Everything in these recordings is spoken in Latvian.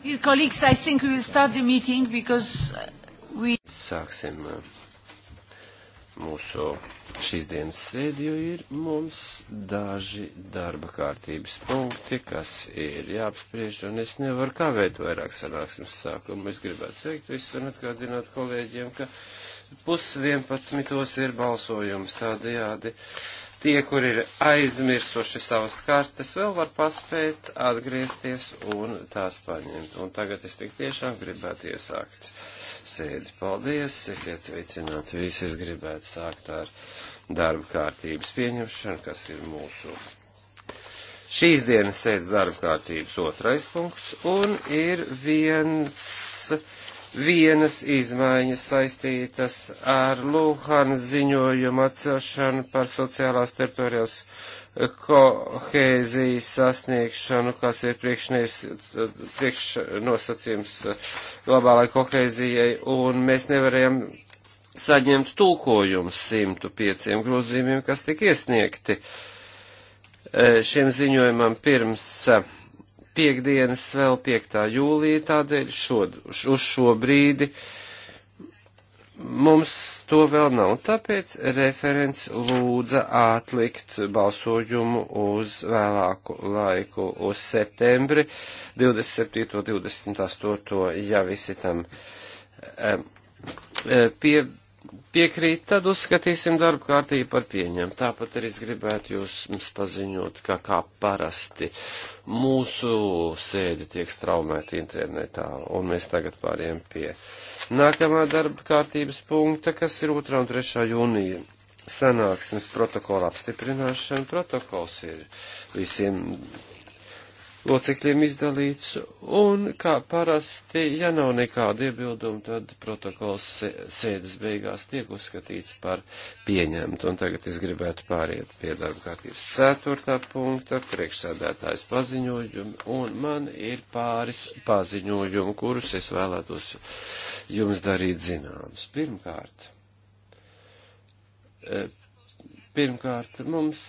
Dear colleagues, I think we will start the meeting because uh, we... Sāksim uh, mūsu šīs dienas sēdi, jo ir mums daži darba kārtības punkti, kas ir jāapspriež, un es nevaru kavēt vairāk sanāksmes sākumu. Es gribētu sveikt visus un atgādināt kolēģiem, ka pus vienpadsmitos ir balsojums tādajādi. Uh, tie, kur ir aizmirsuši savas kartes, vēl var paspēt atgriezties un tās paņemt. Un tagad es tik tiešām gribētu iesākt sēdi. Paldies, esiet sveicināti visi, es gribētu sākt ar darba kārtības pieņemšanu, kas ir mūsu šīs dienas sēdes darba kārtības otrais punkts, un ir viens vienas izmaiņas saistītas ar Lūhanu ziņojumu atcelšanu par sociālās teritorijas kohēzijas sasniegšanu, kas ir priekšnosacījums globālai kohēzijai, un mēs nevarējām saņemt tulkojumu 105 grozījumiem, kas tika iesniegti šiem ziņojumam pirms piekdienas vēl 5. jūlija, tādēļ šo, uz šo brīdi mums to vēl nav. Tāpēc referents lūdza atlikt balsojumu uz vēlāku laiku, uz septembri 27. 28. ja visi tam um, pie piekrīt, tad uzskatīsim darbu kārtību par pieņemtu. Tāpat arī es gribētu jūs paziņot, ka kā parasti mūsu sēdi tiek straumēta internetā, un mēs tagad pāriem pie nākamā darba kārtības punkta, kas ir 2. un 3. jūnija sanāksmes protokola apstiprināšana. Protokols ir visiem locekļiem izdalīts, un kā parasti, ja nav nekāda iebilduma, tad protokols sēdes beigās tiek uzskatīts par pieņemtu. Un tagad es gribētu pāriet pie darba kārtības ceturtā punkta, priekšsēdētājs paziņojumi, un man ir pāris paziņojumi, kurus es vēlētos jums darīt zināms. Pirmkārt, eh, pirmkārt mums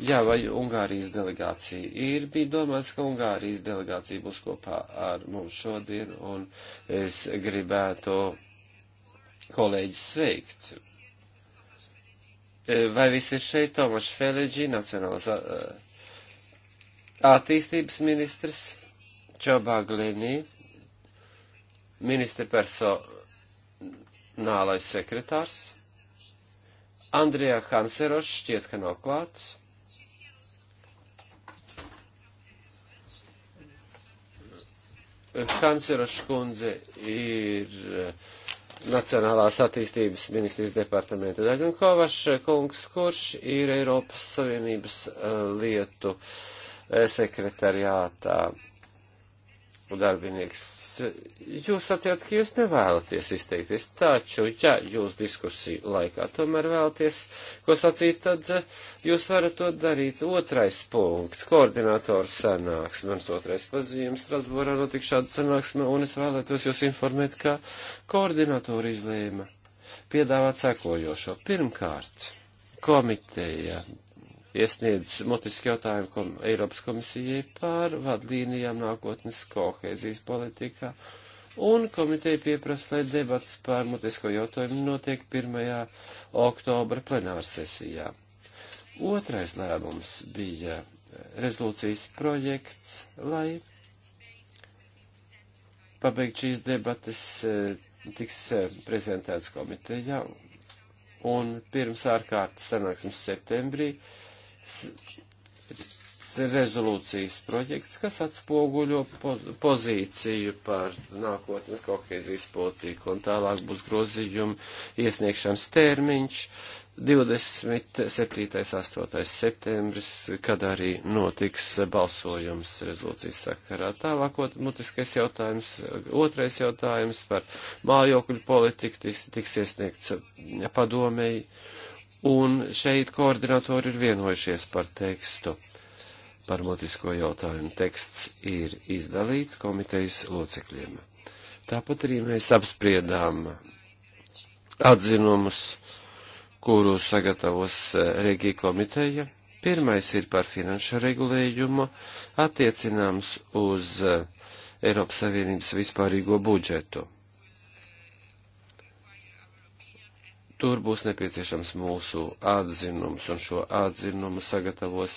Jā, vai Ungārijas delegācija ir, bija domāts, ka Ungārijas delegācija būs kopā ar mums šodien, un es gribētu kolēģis sveikt. Eh, vai viss ir šeit Tomaš Feleģi, Nacionālās eh, attīstības ministrs, Čobā Glinī, ministra personālais sekretārs, Andrijā Hanserošs šķiet, ka nav klāts. Kanceraša kundze ir eh, Nacionālās attīstības ministrijas departamenta Daļunkovaša eh, kungs, kurš ir Eiropas Savienības eh, lietu sekretariātā darbinieks, jūs sacījāt, ka jūs nevēlaties izteikties, taču, ja jūs diskusiju laikā tomēr vēlaties, ko sacīt, tad eh, jūs varat to darīt. Otrais punkts, koordinātors sanāksme, mans otrais pazīmes, Strasbūrā notika šāda sanāksme, un es vēlētos jūs informēt, ka koordinātori izlēma piedāvāt sekojošo. Pirmkārt, komiteja iesniedz mutiski jautājumu kom Eiropas komisijai par vadlīnijām nākotnes kohēzijas politikā, un komiteja pieprasa, lai debats par mutisko jautājumu notiek 1. oktobra plenārsesijā. Otrais lēmums bija rezolūcijas projekts, lai pabeigt šīs debates eh, tiks eh, prezentēts komitejā, un pirms ārkārtas sanāksmes septembrī uh, rezolūcijas projekts, kas atspoguļo pozīciju par nākotnes kohēzijas politiku, un tālāk būs grozījuma iesniegšanas termiņš 27.8. septembris, kad arī notiks balsojums rezolūcijas sakarā. Tālāk mutiskais jautājums, otrais jautājums par mājokļu politiku tiks, tiks iesniegts padomēji un šeit koordinatori ir vienojušies par tekstu. Par motisko jautājumu teksts ir izdalīts komitejas locekļiem. Tāpat arī mēs apspriedām atzinumus, kurus sagatavos eh, Rīgī komiteja. Pirmais ir par finanšu regulējumu attiecināms uz eh, Eiropas Savienības vispārīgo budžetu. Tur būs nepieciešams mūsu atzinums, un šo atzinumu sagatavos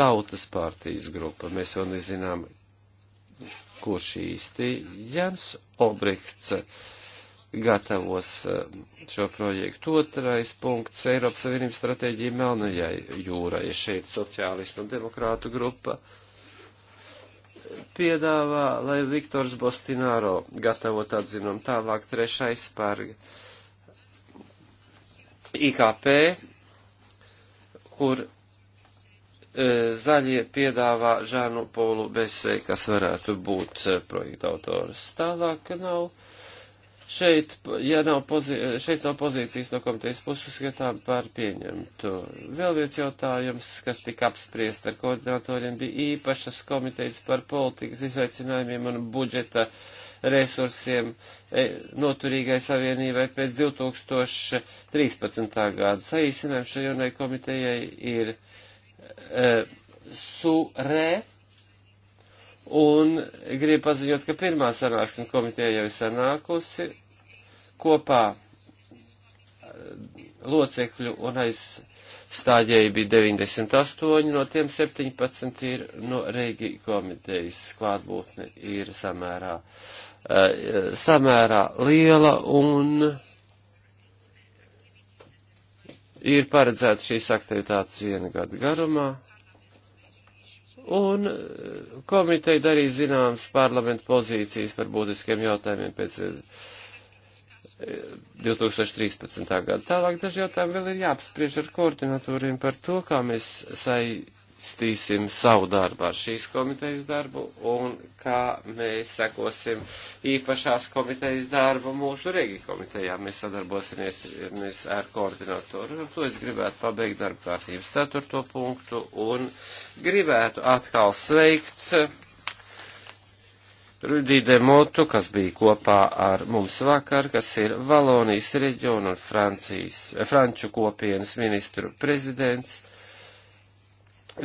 tautas partijas grupa. Mēs vēl nezinām, kurš īsti Jans Obrikts gatavos eh, šo projektu. Otrais punkts - Eiropas Savienības stratēģija Melnajai jūrai. Šeit sociālistu un demokrātu grupa piedāvā, lai Viktors Bostināro gatavot atzinumu tālāk trešais par IKP, kur e, zaļie piedāvā Žānu Polu Besē, kas varētu būt e, projekta autors. Tālāk nav. Šeit, ja nav pozī, šeit nav pozīcijas no komitejas puses, ka tām par pieņemtu. Vēl viens jautājums, kas tika apspriest ar koordinatoriem, bija īpašas komitejas par politikas izaicinājumiem un budžeta uh, resursiem e, noturīgai savienībai pēc 2013. gada. Saīsinājums šai jaunai komitejai ir uh, SURE. Un gribu paziņot, ka pirmā sanāksme komiteja jau ir sanākusi kopā e, locekļu un aizstāģēji bija 98, no tiem 17 ir no Rēgi komitejas klātbūtne ir samērā uh, Eh, samērā liela un ir paredzēta šīs aktivitātes viena gada garumā. Un eh, komiteja darīja zināmas parlamentu pozīcijas par būtiskiem jautājumiem pēc 2013. Eh, gada. Tālāk daži jautājumi vēl ir jāapspriež ar koordinatoriem par to, kā mēs sai attīstīsim savu darbu ar šīs komitejas darbu un kā mēs sekosim īpašās komitejas darbu mūsu regi komitejā. Mēs sadarbosimies ar koordinatoru. Un to es gribētu pabeigt darba kārtības ceturto punktu un gribētu atkal sveikt Rudī Demotu, kas bija kopā ar mums vakar, kas ir Valonijas reģiona un Francijas, Franču kopienas ministru prezidents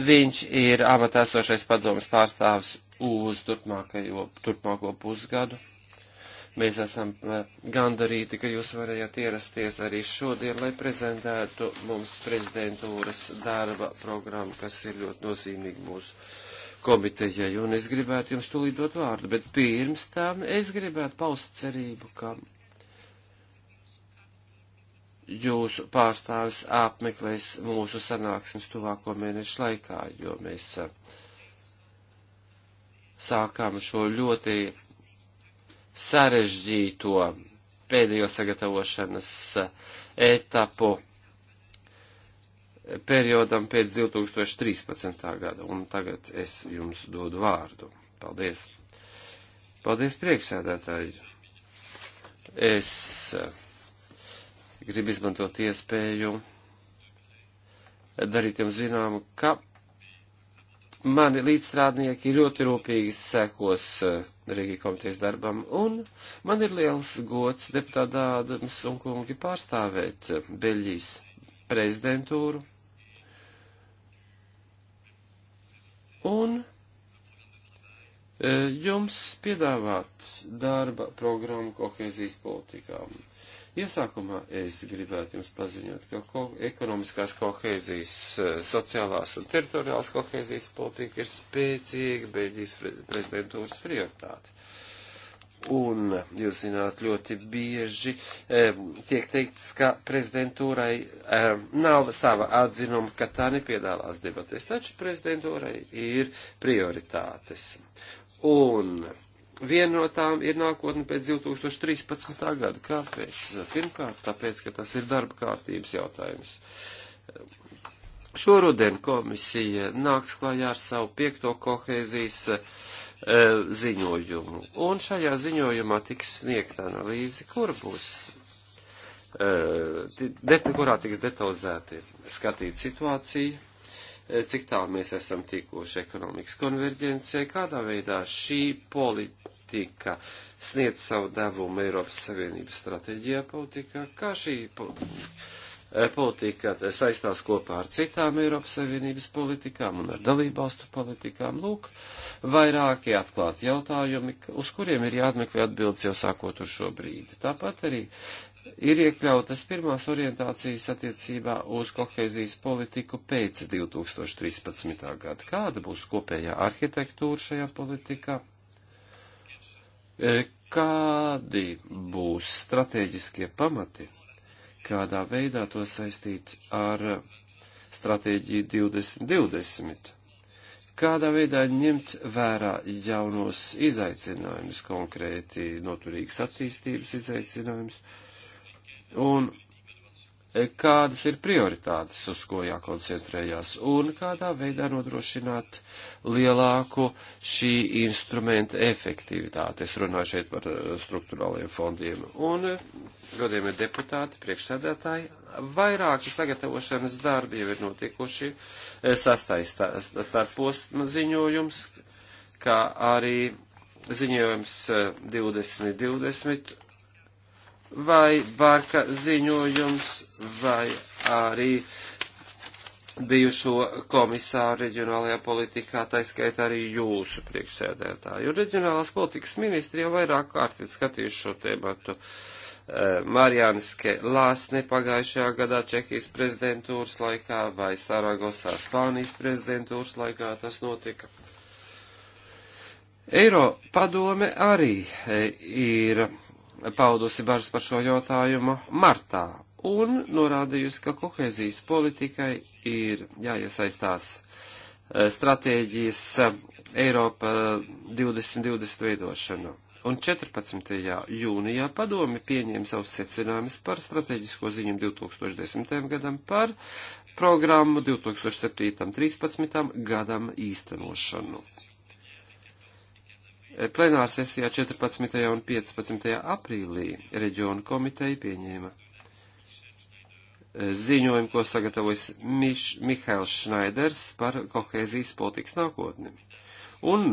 Viņš ir amatēsošais padomas pārstāvs uz turpmākajo, turpmāko pusgadu. Mēs esam eh, gandarīti, ka jūs varējāt ierasties arī šodien, lai prezentētu mums prezidentūras darba programmu, kas ir ļoti nozīmīgi mūsu komitejai. Un es gribētu jums tūlīt dot vārdu, bet pirms tam es gribētu paust cerību, ka jūsu pārstāvis apmeklēs mūsu sanāksmes tuvāko mēnešu laikā, jo mēs eh, sākām šo ļoti sarežģīto pēdējo sagatavošanas eh, etapu periodam pēc 2013. gada, un tagad es jums dodu vārdu. Paldies! Paldies priekšsēdētāji! Es uh, gribu izmantot iespēju darīt jums zināmu, ka mani līdzstrādnieki ļoti rūpīgi sekos eh, Rīgas komitejas darbam, un man ir liels gods deputātā Ādams un kungi pārstāvēt eh, Beļģijas prezidentūru. Un eh, jums piedāvāt darba programmu kohēzijas politikām. Iesākumā es gribētu jums paziņot, ka ko ekonomiskās kohēzijas, eh, sociālās un teritoriālās kohēzijas politika ir spēcīga Beļģijas prezidentūras prioritāte. Un, jūs zināt, ļoti bieži e, tiek teikts, ka prezidentūrai e, nav sava atzinuma, ka tā nepiedalās debatēs, taču prezidentūrai ir prioritātes. Un Viena no tām ir nākotne pēc 2013. gada. Kāpēc? Pirmkārt, tāpēc, ka tas ir darba kārtības jautājums. Šoruden komisija nāks klājā ar savu piekto kohēzijas e, ziņojumu, un šajā ziņojumā tiks sniegta analīze, kur būs, e, det, kurā tiks detalizēti skatīt situāciju, e, cik tālu mēs esam tikuši ekonomikas konverģencijai, kādā veidā šī politika politika sniedz savu devumu Eiropas Savienības stratēģijā politikā, kā šī eh, politika saistās kopā ar citām Eiropas Savienības politikām un ar dalībvalstu politikām. Lūk, vairāki atklāti jautājumi, uz kuriem ir jāatmeklē atbildes jau sākot ar šo brīdi. Tāpat arī ir iekļautas pirmās orientācijas attiecībā uz kohēzijas politiku pēc 2013. gada. Kāda būs kopējā arhitektūra šajā politikā? E, kādi būs strateģiskie pamati, kādā veidā to saistīt ar stratēģiju 2020? kādā veidā ņemt vērā jaunos izaicinājumus, konkrēti noturīgas attīstības izaicinājumus, un kādas ir prioritātes, uz ko jākoncentrējās, un kādā veidā nodrošināt lielāku šī instrumenta efektivitāti. Es runāju šeit par eh, struktūrāliem fondiem. Un, eh, godiem ir deputāti, priekšsēdētāji, vairāki sagatavošanas darbi jau ir notikuši. Eh, sastais starp posma ziņojums, kā arī ziņojums 2020 vai Barka ziņojums, vai arī bijušo komisāru reģionālajā politikā, taiskaitā arī jūsu priekšsēdētāju. Un reģionālās politikas ministri jau vairāk kārt ir skatījuši šo tēmatu. Eh, Marjāniske Lāsne pagājušajā gadā Čehijas prezidentūras laikā vai Saragosā Spānijas prezidentūras laikā tas notika. Eiro padome arī eh, ir paudusi bažas par šo jautājumu martā un norādījusi, ka kohēzijas politikai ir jāiesaistās eh, stratēģijas eh, Eiropa 2020 eh, veidošanu. Un 14. jūnijā padomi pieņēma savus secinājumus par strateģisko ziņu 2010. gadam par programmu 2007.13. gadam īstenošanu. Plenāra sesijā 14. un 15. aprīlī reģionu komiteja pieņēma eh, ziņojumu, ko sagatavojas Miš, Mihails Šnaiders par kohēzijas politikas nākotni. Un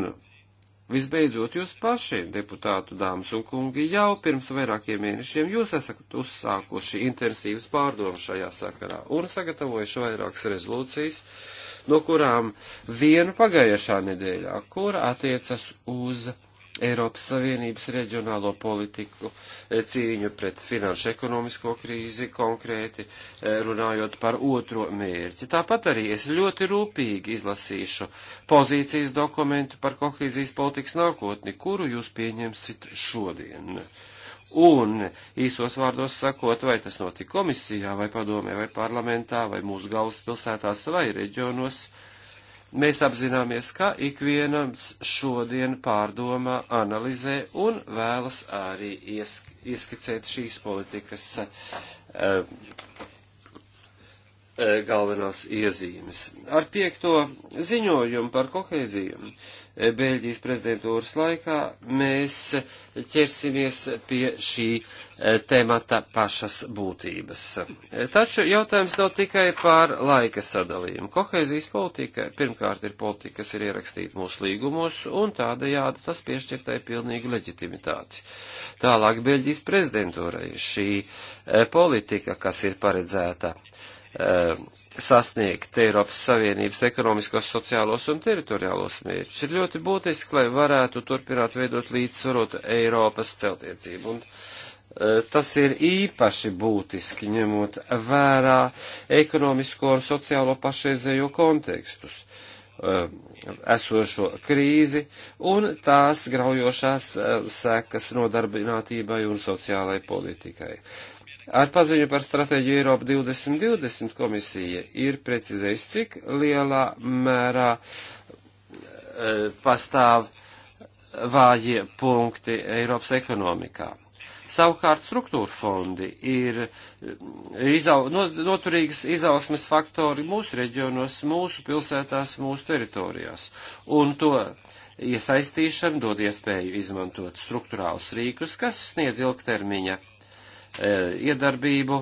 visbeidzot jūs paši, deputātu dāmas un kungi, jau pirms vairākiem mēnešiem jūs esat uzsākuši intensīvas pārdomas šajā sakarā un sagatavojuši vairākas rezolūcijas, uh, no kurām vienu pagājušā nedēļā, kura attiecas uz Eiropas Savienības reģionālo politiku, e, cīņu pret finanšu ekonomisko krīzi, konkrēti e, runājot par otro mērķi. Tāpat arī es ļoti rūpīgi izlasīšu pozīcijas dokumentu par kohēzijas politikas nākotni, kuru jūs pieņemsit šodien. Uh, Un īsos vārdos sakot, vai tas notika komisijā, vai padomē, vai parlamentā, vai mūsu galvaspilsētās, vai reģionos, mēs apzināmies, ka ikvienams šodien pārdomā, analizē un vēlas arī iesk ieskicēt šīs politikas um, galvenās iezīmes. Ar piekto ziņojumu par kohēziju Beļģijas prezidentūras laikā mēs ķersimies pie šī e, temata pašas būtības. E, taču jautājums nav tikai par laika sadalījumu. Kohēzijas politika pirmkārt ir politika, kas ir ierakstīta mūsu līgumos, un tādējādi tas piešķirtai pilnīgu leģitimitāti. Tālāk Beļģijas prezidentūrai šī e, politika, kas ir paredzēta sasniegt Eiropas Savienības ekonomiskos, sociālos un teritoriālos mērķus. Ir ļoti būtiski, lai varētu turpināt veidot līdzsvarot Eiropas celtniecību. Un, eh, Tas ir īpaši būtiski ņemot vērā ekonomisko un sociālo pašreizējo kontekstus, eh, esošo krīzi un tās graujošās eh, sekas nodarbinātībai un sociālai politikai. Ar paziņu par stratēģiju Eiropa 2020 komisija ir precizējusi, cik lielā mērā e, pastāv vājie punkti Eiropas ekonomikā. Savukārt struktūra fondi ir e, izau, noturīgas izaugsmes faktori mūsu reģionos, mūsu pilsētās, mūsu teritorijās. Un to iesaistīšana dod iespēju izmantot struktūrālus rīkus, kas sniedz ilgtermiņa E, iedarbību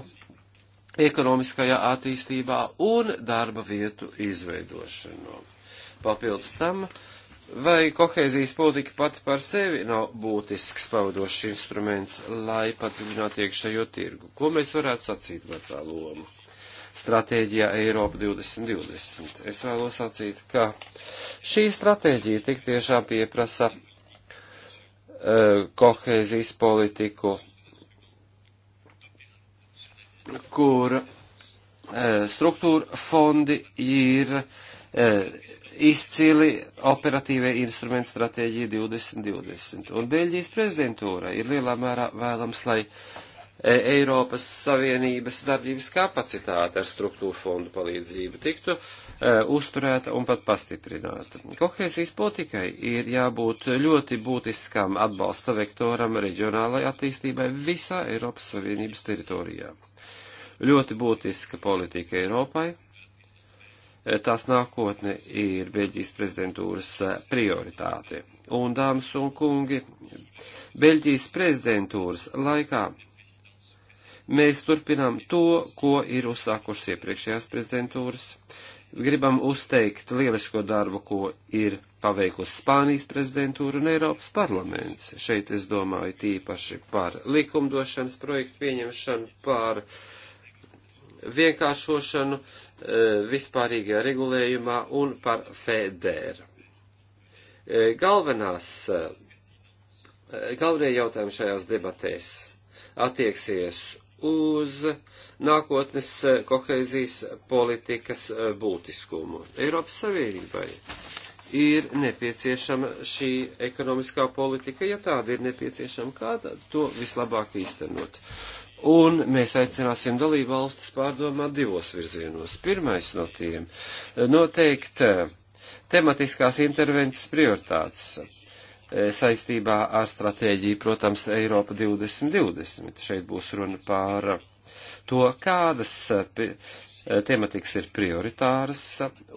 ekonomiskajā attīstībā un darba vietu izveidošanu. Papildus tam, vai kohēzijas politika pati par sevi nav būtisks pavadošs instruments, lai padziļinātu iekšējo tirgu? Ko mēs varētu sacīt par tā lomu? Stratēģijā Eiropa 2020. Es vēlos sacīt, ka šī stratēģija tik tiešām pieprasa uh, kohēzijas politiku kur eh, struktūra fondi ir eh, izcili operatīvie instrumenti stratēģija 2020. Un Beļģijas prezidentūra ir lielā mērā vēlams, lai eh, Eiropas Savienības darbības kapacitāte ar struktūru fondu palīdzību tiktu uh, uzturēta un pat pastiprināta. Kohēzijas politikai ir jābūt ļoti būtiskam atbalsta vektoram reģionālai attīstībai visā Eiropas Savienības teritorijā. Uh, ļoti būtiska politika Eiropai. E, tās nākotne ir Beļģijas prezidentūras e, prioritāte. Un, dāmas un kungi, Beļģijas prezidentūras laikā mēs turpinām to, ko ir uzsākušas iepriekšējās prezidentūras. Gribam uzteikt lielisko darbu, ko ir paveikusi Spānijas prezidentūra un Eiropas parlaments. Šeit es domāju tīpaši par likumdošanas projektu pieņemšanu, par uh, vienkāršošanu e, vispārīgajā regulējumā un par FEDER. E, galvenās, e, galvenie jautājumi šajās debatēs attieksies uz nākotnes kohēzijas politikas būtiskumu. Eiropas Savienībai ir nepieciešama šī ekonomiskā politika, ja tāda ir nepieciešama, kā to vislabāk īstenot. Uh, Un mēs aicināsim dalību valstis pārdomāt divos virzienos. Pirmais no tiem - noteikt eh, tematiskās intervences prioritātes eh, saistībā ar stratēģiju, protams, Eiropa 2020. Šeit būs runa par to, kādas eh, Eh, tematikas ir prioritāras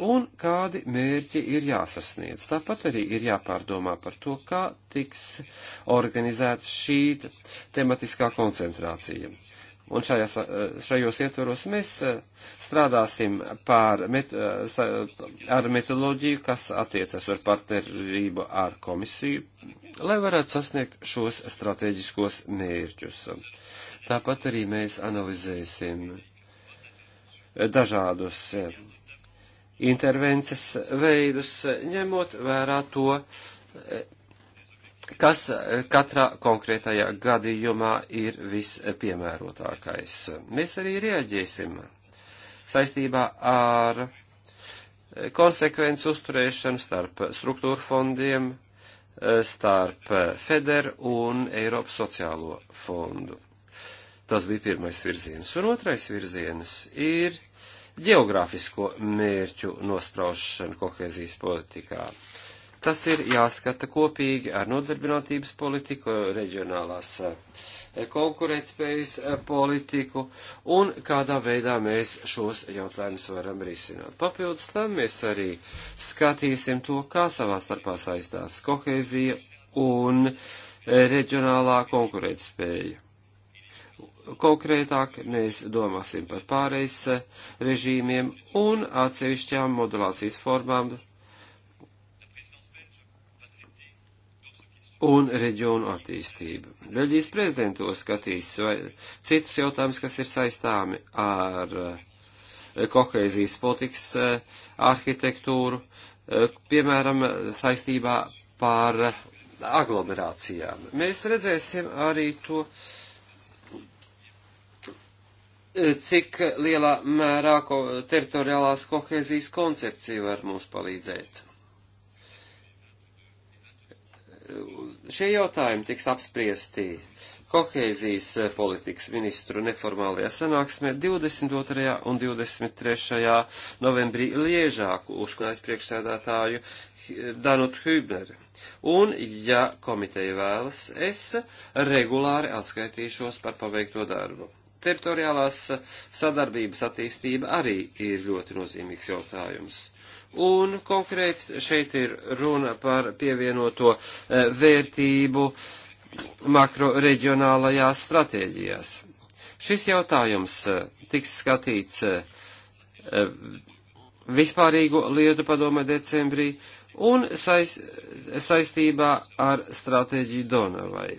un kādi mērķi ir jāsasniedz. Tāpat arī ir jāpārdomā par to, kā tiks organizēta šī tematiskā koncentrācija. Un šajās, eh, šajos ietvaros mēs eh, strādāsim pār, met, ar metodoloģiju, kas attiecas ar partnerību ar komisiju, lai varētu sasniegt šos strateģiskos mērķus. Tāpat arī mēs analizēsim dažādus eh, intervences veidus, ņemot vērā to, eh, kas eh, katrā konkrētajā gadījumā ir vispiemērotākais. Mēs arī rieģēsim saistībā ar konsekvences uzturēšanu starp struktūra fondiem, starp FEDER un Eiropas sociālo fondu. Tas bija pirmais virziens. Un otrais virziens ir geogrāfisko mērķu nospraušana kohēzijas politikā. Tas ir jāskata kopīgi ar nodarbinātības politiku, reģionālās eh, konkurētspējas eh, politiku un kādā veidā mēs šos jautājumus varam risināt. Papildus tam mēs arī skatīsim to, kā savā starpā saistās kohēzija un eh, reģionālā konkurētspēja. Konkrētāk mēs domāsim par pārejas eh, režīmiem un atsevišķām modulācijas formām un reģionu attīstību. Beļģijas prezidentūra skatīs vai citus jautājumus, kas ir saistāmi ar eh, kohēzijas politikas eh, arhitektūru, piemēram, saistībā par aglomerācijām. Mēs redzēsim arī to, uh, cik lielā mērā ko teritoriālās kohēzijas koncepcija var mums palīdzēt. Šie jautājumi tiks apspriesti kohēzijas politikas ministru neformālajā sanāksmē 22. un 23. novembrī Liežā, uzklājas priekšsēdētāju Danutu Hübneri. Un, ja komiteja vēlas, es regulāri atskaitīšos par paveikto darbu. Teritoriālās sadarbības attīstība arī ir ļoti nozīmīgs jautājums. Un konkrēti šeit ir runa par pievienoto e, vērtību makroreģionālajās stratēģijās. Šis jautājums e, tiks skatīts e, vispārīgo lietu padome decembrī un saist, saistībā ar stratēģiju Donavai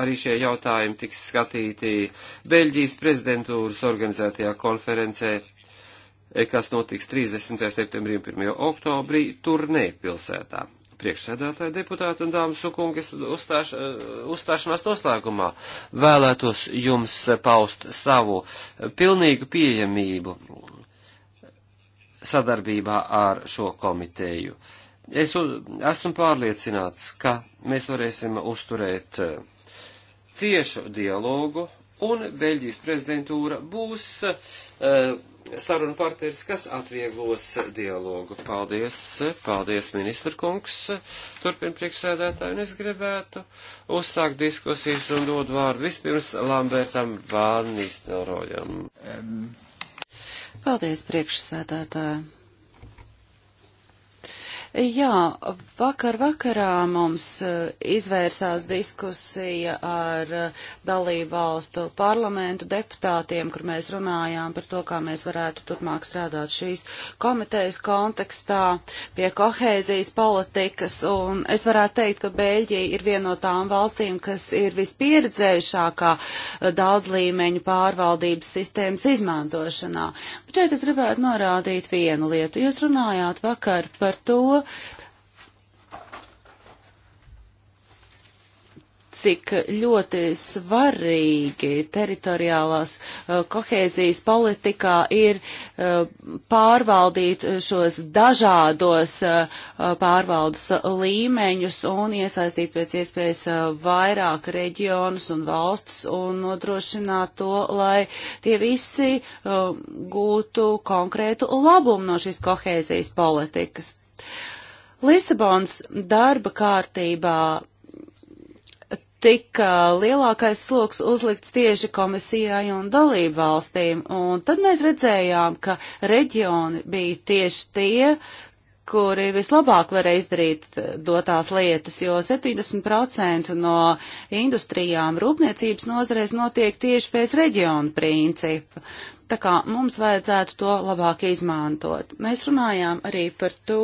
arī šie jautājumi tiks skatīti Beļģijas prezidentūras organizētajā konferencē, eh, kas notiks 30. septembrī un 1. oktobrī turnē pilsētā. Priekšsēdētāji, deputāti un dāmas un kungi, uzstāš, eh, uzstāšanās noslēgumā vēlētos jums paust savu pilnīgu pieejamību sadarbībā ar šo komiteju. Es esmu pārliecināts, ka mēs varēsim uzturēt eh, ciešu dialogu, un Beļģijas prezidentūra būs uh, saruna partneris, kas atvieglos dialogu. Paldies, paldies, ministra kungs, turpin priekšsēdētāji, un es gribētu uzsākt diskusijas un dod vārdu vispirms Lambertam Vānīs Norojam. Paldies, priekšsēdētāji. Jā, vakar vakarā mums eh, izvērsās diskusija ar eh, dalību valstu parlamentu deputātiem, kur mēs runājām par to, kā mēs varētu turpmāk strādāt šīs komitejas kontekstā pie kohēzijas politikas. Un es varētu teikt, ka Beļģija ir viena no tām valstīm, kas ir vispieredzējušākā eh, daudzlīmeņu pārvaldības sistēmas izmantošanā. Bet šeit es gribētu norādīt vienu lietu. Jūs runājāt vakar par to, to, cik ļoti svarīgi teritoriālās uh, kohēzijas politikā ir uh, pārvaldīt šos dažādos uh, uh pārvaldes līmeņus un iesaistīt pēc iespējas uh, vairāk reģionus un valstis un nodrošināt to, lai tie visi uh, gūtu konkrētu labumu no šīs kohēzijas politikas. Lisabons darba kārtībā tika lielākais sloks uzlikts tieši komisijai un dalību valstīm, un tad mēs redzējām, ka reģioni bija tieši tie, kuri vislabāk varēja izdarīt eh, dotās lietas, jo 70% no industrijām rūpniecības nozarēs notiek tieši pēc reģionu principa. Tā kā mums vajadzētu to labāk izmantot. Mēs runājām arī par to,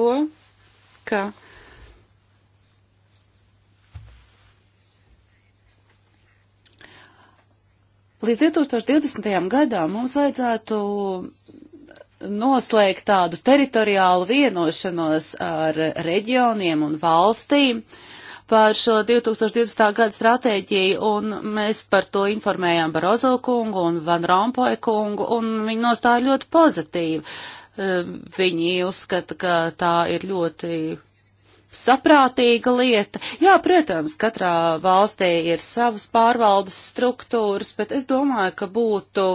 ka līdz 2020. gadām mums vajadzētu noslēgt tādu teritoriālu vienošanos ar reģioniem un valstīm, uh, par šo 2020. gada stratēģiju, un mēs par to informējām Barozo kungu un Van Rompoja kungu, un viņi nostāja ļoti pozitīvi. E, viņi uzskata, ka tā ir ļoti saprātīga lieta. Jā, protams, katrā valstī ir savas pārvaldes struktūras, bet es domāju, ka būtu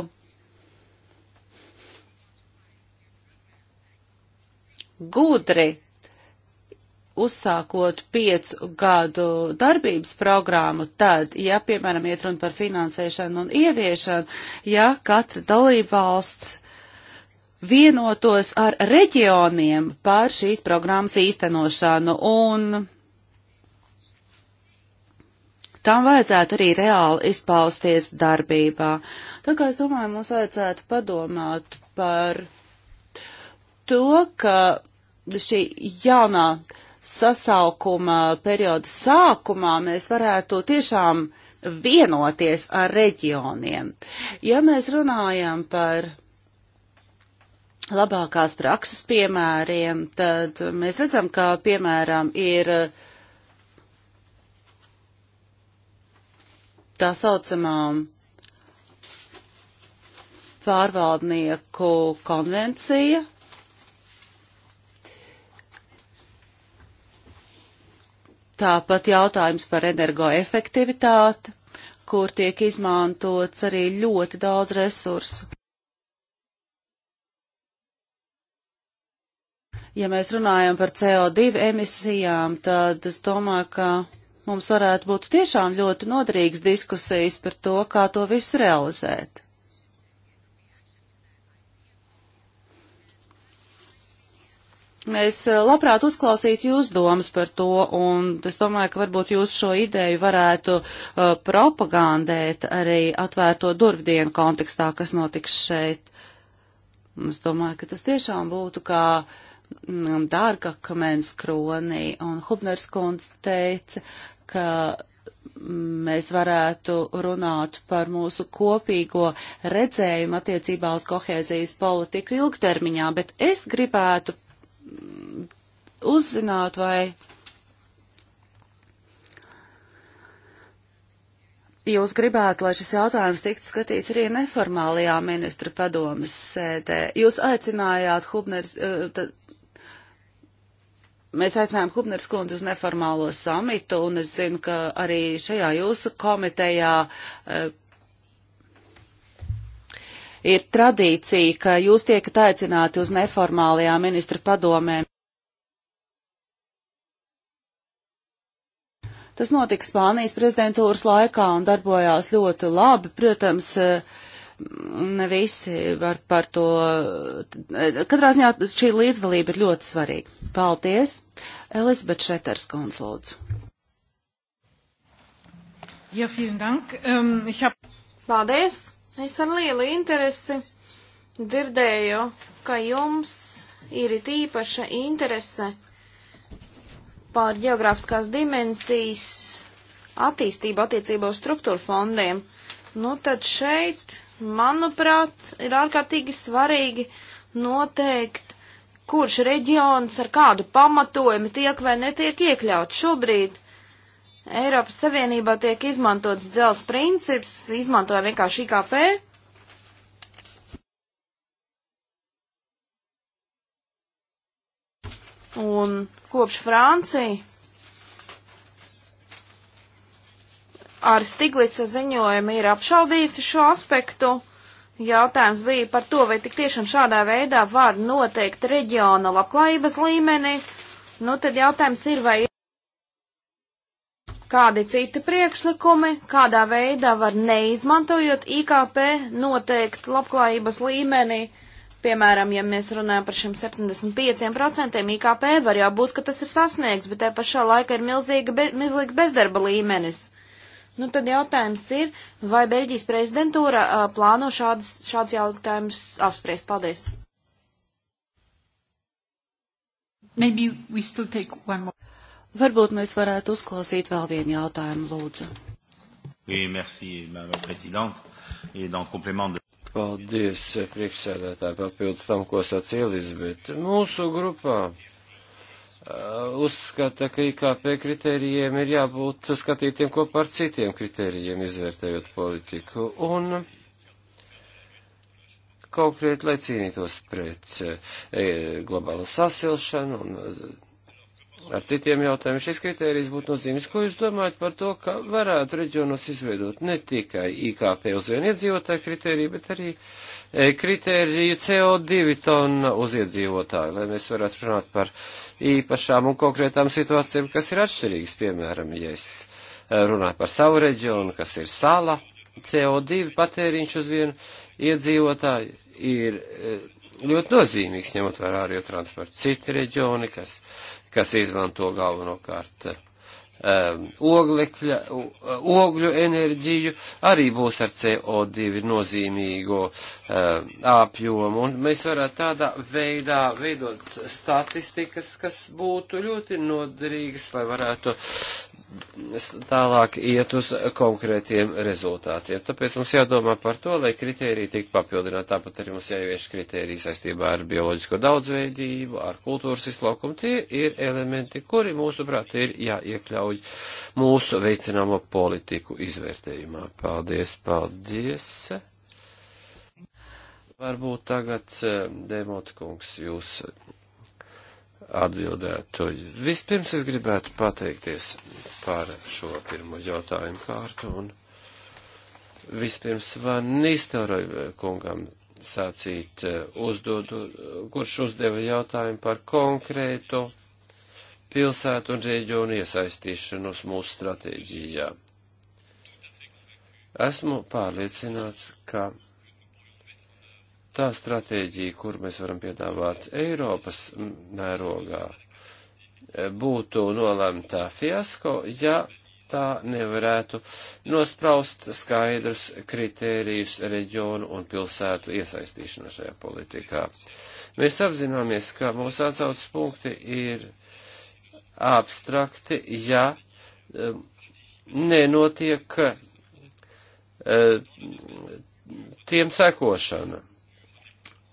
gudri uzsākot piecu gadu darbības programmu, tad, ja, piemēram, iet runa par finansēšanu un ieviešanu, ja katra dalībvalsts vienotos ar reģioniem par šīs programmas īstenošanu un tam vajadzētu arī reāli izpausties darbībā. Tā kā es domāju, mums vajadzētu padomāt par to, ka šī jaunā uh, sasaukuma perioda sākumā mēs varētu tiešām vienoties ar reģioniem. Ja mēs runājam par labākās prakses piemēriem, tad mēs redzam, ka piemēram ir tā saucamā pārvaldnieku konvencija, Tāpat jautājums par energoefektivitāti, kur tiek izmantots arī ļoti daudz resursu. Ja mēs runājam par CO2 emisijām, tad es domāju, ka mums varētu būt tiešām ļoti noderīgas diskusijas par to, kā to visu realizēt. Es eh, labprāt uzklausītu jūs domas par to, un es domāju, ka varbūt jūs šo ideju varētu uh, propagandēt arī atvērto durvdienu kontekstā, kas notiks šeit. Un es domāju, ka tas tiešām būtu kā mm, dārga kamens kronī, un Hubners kundze teica, ka mm, mēs varētu runāt par mūsu kopīgo redzējumu attiecībā uz kohēzijas politiku ilgtermiņā, bet es gribētu uzzināt, vai jūs gribētu, lai šis jautājums tiktu skatīts arī neformālajā ministra padomas sēdē. Jūs aicinājāt Hubners. Eh, tad, Mēs aicinājām Hubners kundzi uz neformālo samitu, un es zinu, ka arī šajā jūsu komitejā eh, ir tradīcija, ka jūs tiekat aicināti uz neformālajām ministra padomēm. Tas notika Spānijas prezidentūras laikā un darbojās ļoti labi. Protams, eh, ne visi var par to. Eh, katrā ziņā šī līdzdalība ir ļoti svarīga. Paldies! Elisabeth Šeters konslūdzu. Ja, dank. Um, hab... Paldies! Es ar lielu interesi dzirdēju, ka jums ir īpaša interese par geogrāfiskās dimensijas attīstību attiecībā uz struktūra fondiem, nu tad šeit, manuprāt, ir ārkārtīgi svarīgi noteikt, kurš reģions ar kādu pamatojumu tiek vai netiek iekļauts šobrīd. Eiropas Savienībā tiek izmantots dzels princips, izmantoja vienkārši IKP. Un kopš Francija ar Stiglica ziņojumu ir apšaubījusi šo aspektu. Jautājums bija par to, vai tik tiešām šādā veidā var noteikt reģiona labklājības līmeni. Nu, tad jautājums ir, vai ir kādi citi priekšlikumi, kādā veidā var neizmantojot IKP noteikt labklājības līmeni. Uh, Piemēram, ja mēs runājam par šiem 75% IKP, var jau būt, ka tas ir sasniegts, bet te pašā laikā ir milzīga, be, milzīga bezdarba līmenis. Nu, tad jautājums ir, vai Beļģijas prezidentūra uh, plāno šādas, šāds jautājums apspriest? Paldies. Varbūt mēs varētu uzklausīt vēl vienu jautājumu, lūdzu. Oui, merci, madame la présidente. Et dans complément de... Paldies, priekšsēdētāji, papildus tam, ko sacīja Elizabete. Mūsu grupā uh, uzskata, ka IKP kritērijiem ir jābūt skatītiem kopā ar citiem kritērijiem, izvērtējot politiku. Un konkrēti, lai cīnītos pret e, uh, globālu sasilšanu un uh, ar citiem jautājumiem. Šis kriterijs būtu nozīmes. Ko jūs domājat par to, ka varētu reģionos izveidot ne tikai IKP uz vienu iedzīvotāju kriteriju, bet arī e, kritēriju CO2 tonna uz iedzīvotāju, lai mēs varētu runāt par īpašām un konkrētām situācijām, kas ir atšķirīgas, piemēram, ja es e, runāju par savu reģionu, kas ir sala, CO2 patēriņš uz vienu iedzīvotāju ir e, ļoti nozīmīgs, ņemot vērā arī transportu. Citi reģioni, kas kas izmanto galvenokārt um, oglekļa, ogļu enerģiju, arī būs ar CO2 nozīmīgo um, apjomu. Un mēs varētu tādā veidā veidot statistikas, kas būtu ļoti noderīgas, lai varētu tālāk iet uz konkrētiem rezultātiem. Tāpēc mums jādomā par to, lai kritērija tiktu papildināta. Tāpat arī mums jāievieš kritērija saistībā ar bioloģisko daudzveidību, ar kultūras izplaukumu. Tie ir elementi, kuri, mūsuprāt, ir jāiekļauj mūsu veicināmo politiku izvērtējumā. Paldies, paldies. Varbūt tagad, eh, Demotkungs, jūs atbildētu. Vispirms es gribētu pateikties par šo pirmo jautājumu kārtu un vispirms Van Nistelroju eh, kungam sācīt eh, uzdodu, kurš uzdeva jautājumu par konkrētu pilsētu un reģionu iesaistīšanos mūsu stratēģijā. Esmu pārliecināts, ka tā stratēģija, kur mēs varam piedāvāt Eiropas mērogā, būtu nolemta fiasko, ja tā nevarētu nospraust skaidrus kritērijus reģionu un pilsētu iesaistīšanu šajā politikā. Mēs apzināmies, ka mūsu atsaucas punkti ir abstrakti, ja um, nenotiek uh, tiem sekošana.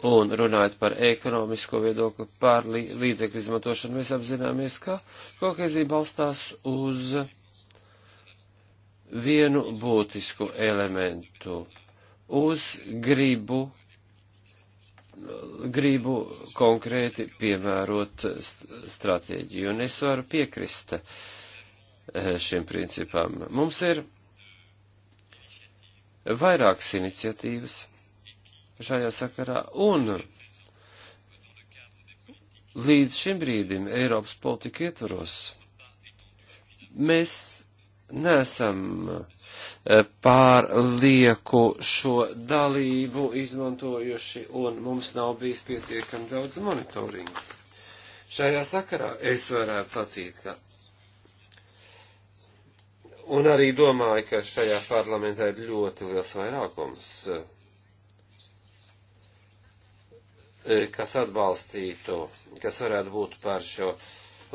Un runājot par ekonomisko viedokli, par līdzekļu izmantošanu, mēs apzināmies, ka kohēzija balstās uz vienu būtisku elementu - uz gribu, gribu konkrēti piemērot st stratēģiju. Un es varu piekrist eh, šim principam. Mums ir vairākas iniciatīvas šajā sakarā. Un līdz šim brīdim Eiropas politika ietvaros mēs nesam eh, pārlieku šo dalību izmantojuši un mums nav bijis pietiekami daudz monitoringu. Šajā sakarā es varētu sacīt, ka Un arī domāju, ka šajā parlamentā ir ļoti liels vairākums eh, kas atbalstītu, kas varētu būt par šo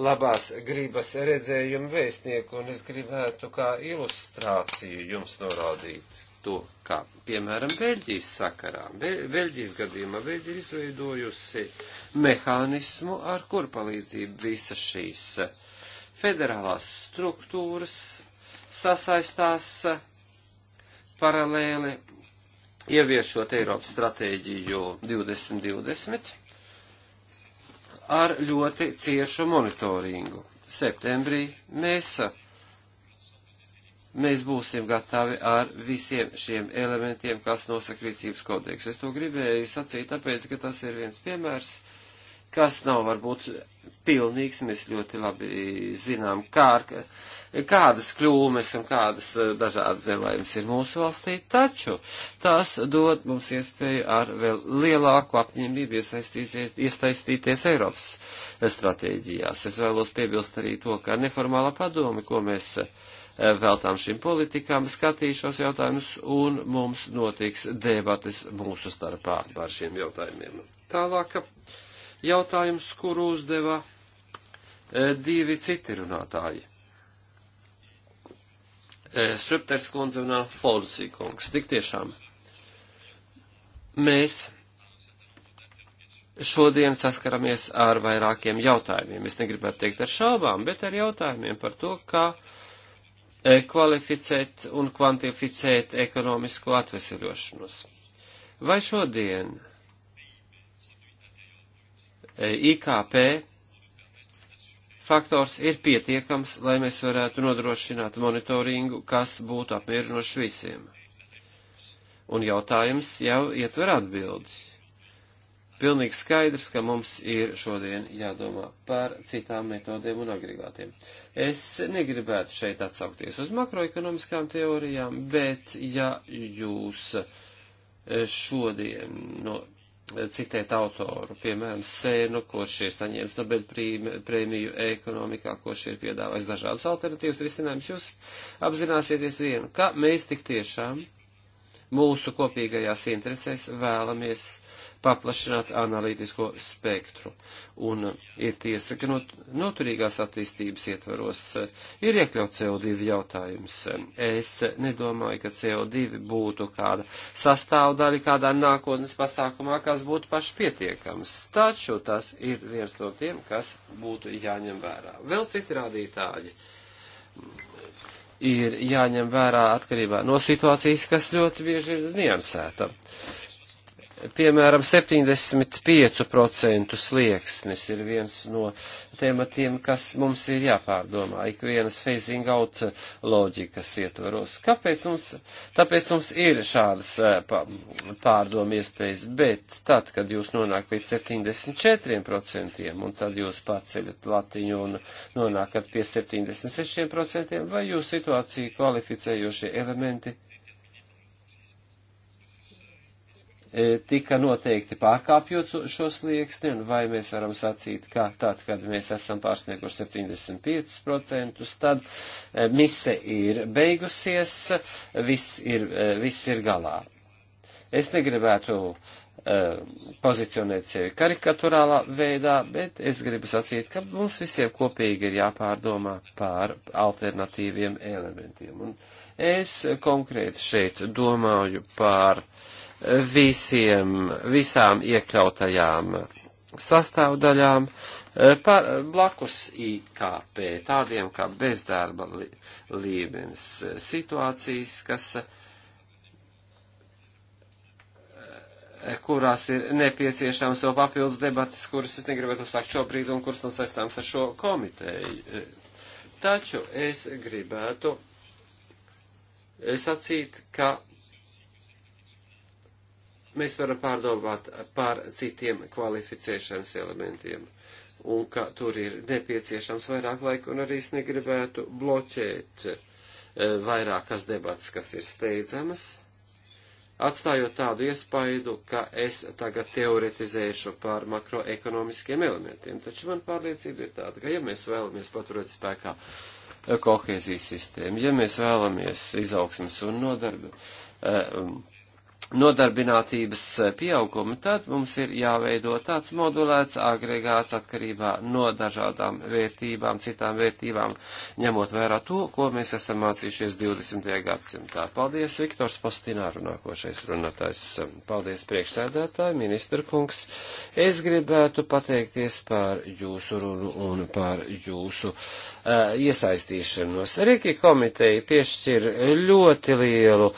labās gribas redzējumu vēstnieku, un es gribētu kā ilustrāciju jums norādīt to, kā piemēram Beļģijas sakarā. Beļģijas gadījumā Beļģija ir izveidojusi mehānismu, ar kur palīdzību visas šīs federālās struktūras sasaistās paralēli ieviešot Eiropas stratēģiju 2020 ar ļoti ciešu monitoringu. Septembrī mēs, mēs būsim gatavi ar visiem šiem elementiem, kas nosaka rīcības kodeksu. Es to gribēju sacīt, tāpēc, ka tas ir viens piemērs, kas nav varbūt pilnīgs. Mēs ļoti labi zinām, kā ar kādas kļūmes un kādas eh, dažādas nelaimes ir mūsu valstī, taču tas dod mums iespēju ar vēl lielāku apņēmību iesaistīties Eiropas stratēģijās. Es vēlos piebilst arī to, ka neformālā padome, ko mēs eh, veltām šīm politikām, skatīšos jautājumus, un mums notiks debates mūsu starpā par šiem jautājumiem. Tālāk jautājums, kuru uzdeva eh, divi citi runātāji. Eh, Šripters kundze un Alfonsī kungs. Tik tiešām mēs šodien saskaramies ar vairākiem jautājumiem. Es negribētu teikt ar šaubām, bet ar jautājumiem par to, kā eh, kvalificēt un kvantificēt ekonomisko atveseļošanos. Vai šodien eh, IKP faktors ir pietiekams, lai mēs varētu nodrošināt monitoringu, kas būtu apmierinošs visiem. Un jautājums jau ietver atbildi. Pilnīgi skaidrs, ka mums ir šodien jādomā par citām metodēm un agregātiem. Es negribētu šeit atsaukties uz makroekonomiskām teorijām, bet ja jūs šodien no citēt autoru, piemēram, Sēnu, kurš ir saņēmis Nobelprēmiju ekonomikā, kurš ir piedāvājis dažādas alternatīvas risinājumus, jūs apzināsieties vienu, ka mēs tik tiešām mūsu kopīgajās interesēs vēlamies paplašināt analītisko spektru. Un uh, ir tiesa, ka not, noturīgās attīstības ietvaros uh, ir iekļauts CO2 jautājums. Es nedomāju, ka CO2 būtu kāda sastāvdaļa kādā nākotnes pasākumā, kas būtu pašpietiekams. Taču tas ir viens no tiem, kas būtu jāņem vērā. Vēl citi rādītāji ir jāņem vērā atkarībā no situācijas, kas ļoti bieži ir niansēta. Uh, Piemēram, 75% slieksnis ir viens no tematiem, kas mums ir jāpārdomā ikvienas phasing out loģikas ietvaros. Kāpēc mums, tāpēc mums ir šādas eh, pārdomu iespējas, bet tad, kad jūs nonākat līdz 74% un tad jūs paceļat latiņu un nonākat pie 76%, vai jūs situāciju kvalificējošie elementi E, tika noteikti pārkāpjot šo slieksni, un vai mēs varam sacīt, ka tad, kad mēs esam pārsnieguši 75%, tad e, mise ir beigusies, viss ir, e, viss ir galā. Es negribētu pozicionēt sevi karikaturālā veidā, bet es gribu sacīt, ka mums visiem kopīgi ir jāpārdomā pār alternatīviem elementiem. Un es konkrēti šeit domāju pār uh, visiem, visām iekļautajām sastāvdaļām e, par e, blakus IKP, tādiem kā bezdarba līmenis, e, situācijas, kas, kurās ir nepieciešams vēl papildus debatas, kuras es negribētu uzsākt šobrīd un kuras nav saistāms ar šo komiteju. Taču es gribētu sacīt, ka mēs varam pārdomāt par citiem kvalificēšanas elementiem un ka tur ir nepieciešams vairāk laika un arī es negribētu bloķēt e, vairākas debatas, kas ir steidzamas, atstājot tādu iespaidu, ka es tagad teoretizēšu par makroekonomiskiem elementiem. Taču man pārliecība ir tāda, ka ja mēs vēlamies paturēt spēkā e, kohēzijas sistēmu, ja mēs vēlamies izaugsmas un nodarbi, e, nodarbinātības eh, pieaugumi, tad mums ir jāveido tāds modulēts agregāts atkarībā no dažādām vērtībām, citām vērtībām, ņemot vērā to, ko mēs esam mācījušies 20. gadsimtā. Paldies, Viktors Postināru, nākošais runātājs. Paldies, priekšsēdētāji, ministra kungs. Es gribētu pateikties par jūsu runu un par jūsu uh, iesaistīšanos. Riki komiteja piešķir ļoti lielu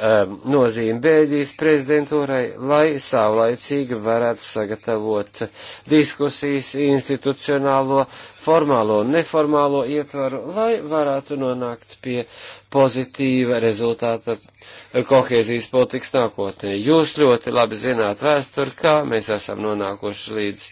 um, nozīmi Bēļģijas prezidentūrai, lai saulaicīgi varētu sagatavot diskusijas institucionālo, formālo un neformālo ietvaru, lai varētu nonākt pie pozitīva rezultāta kohēzijas politikas nākotnē. Jūs ļoti labi zināt vēsturi, kā mēs esam nonākuši līdz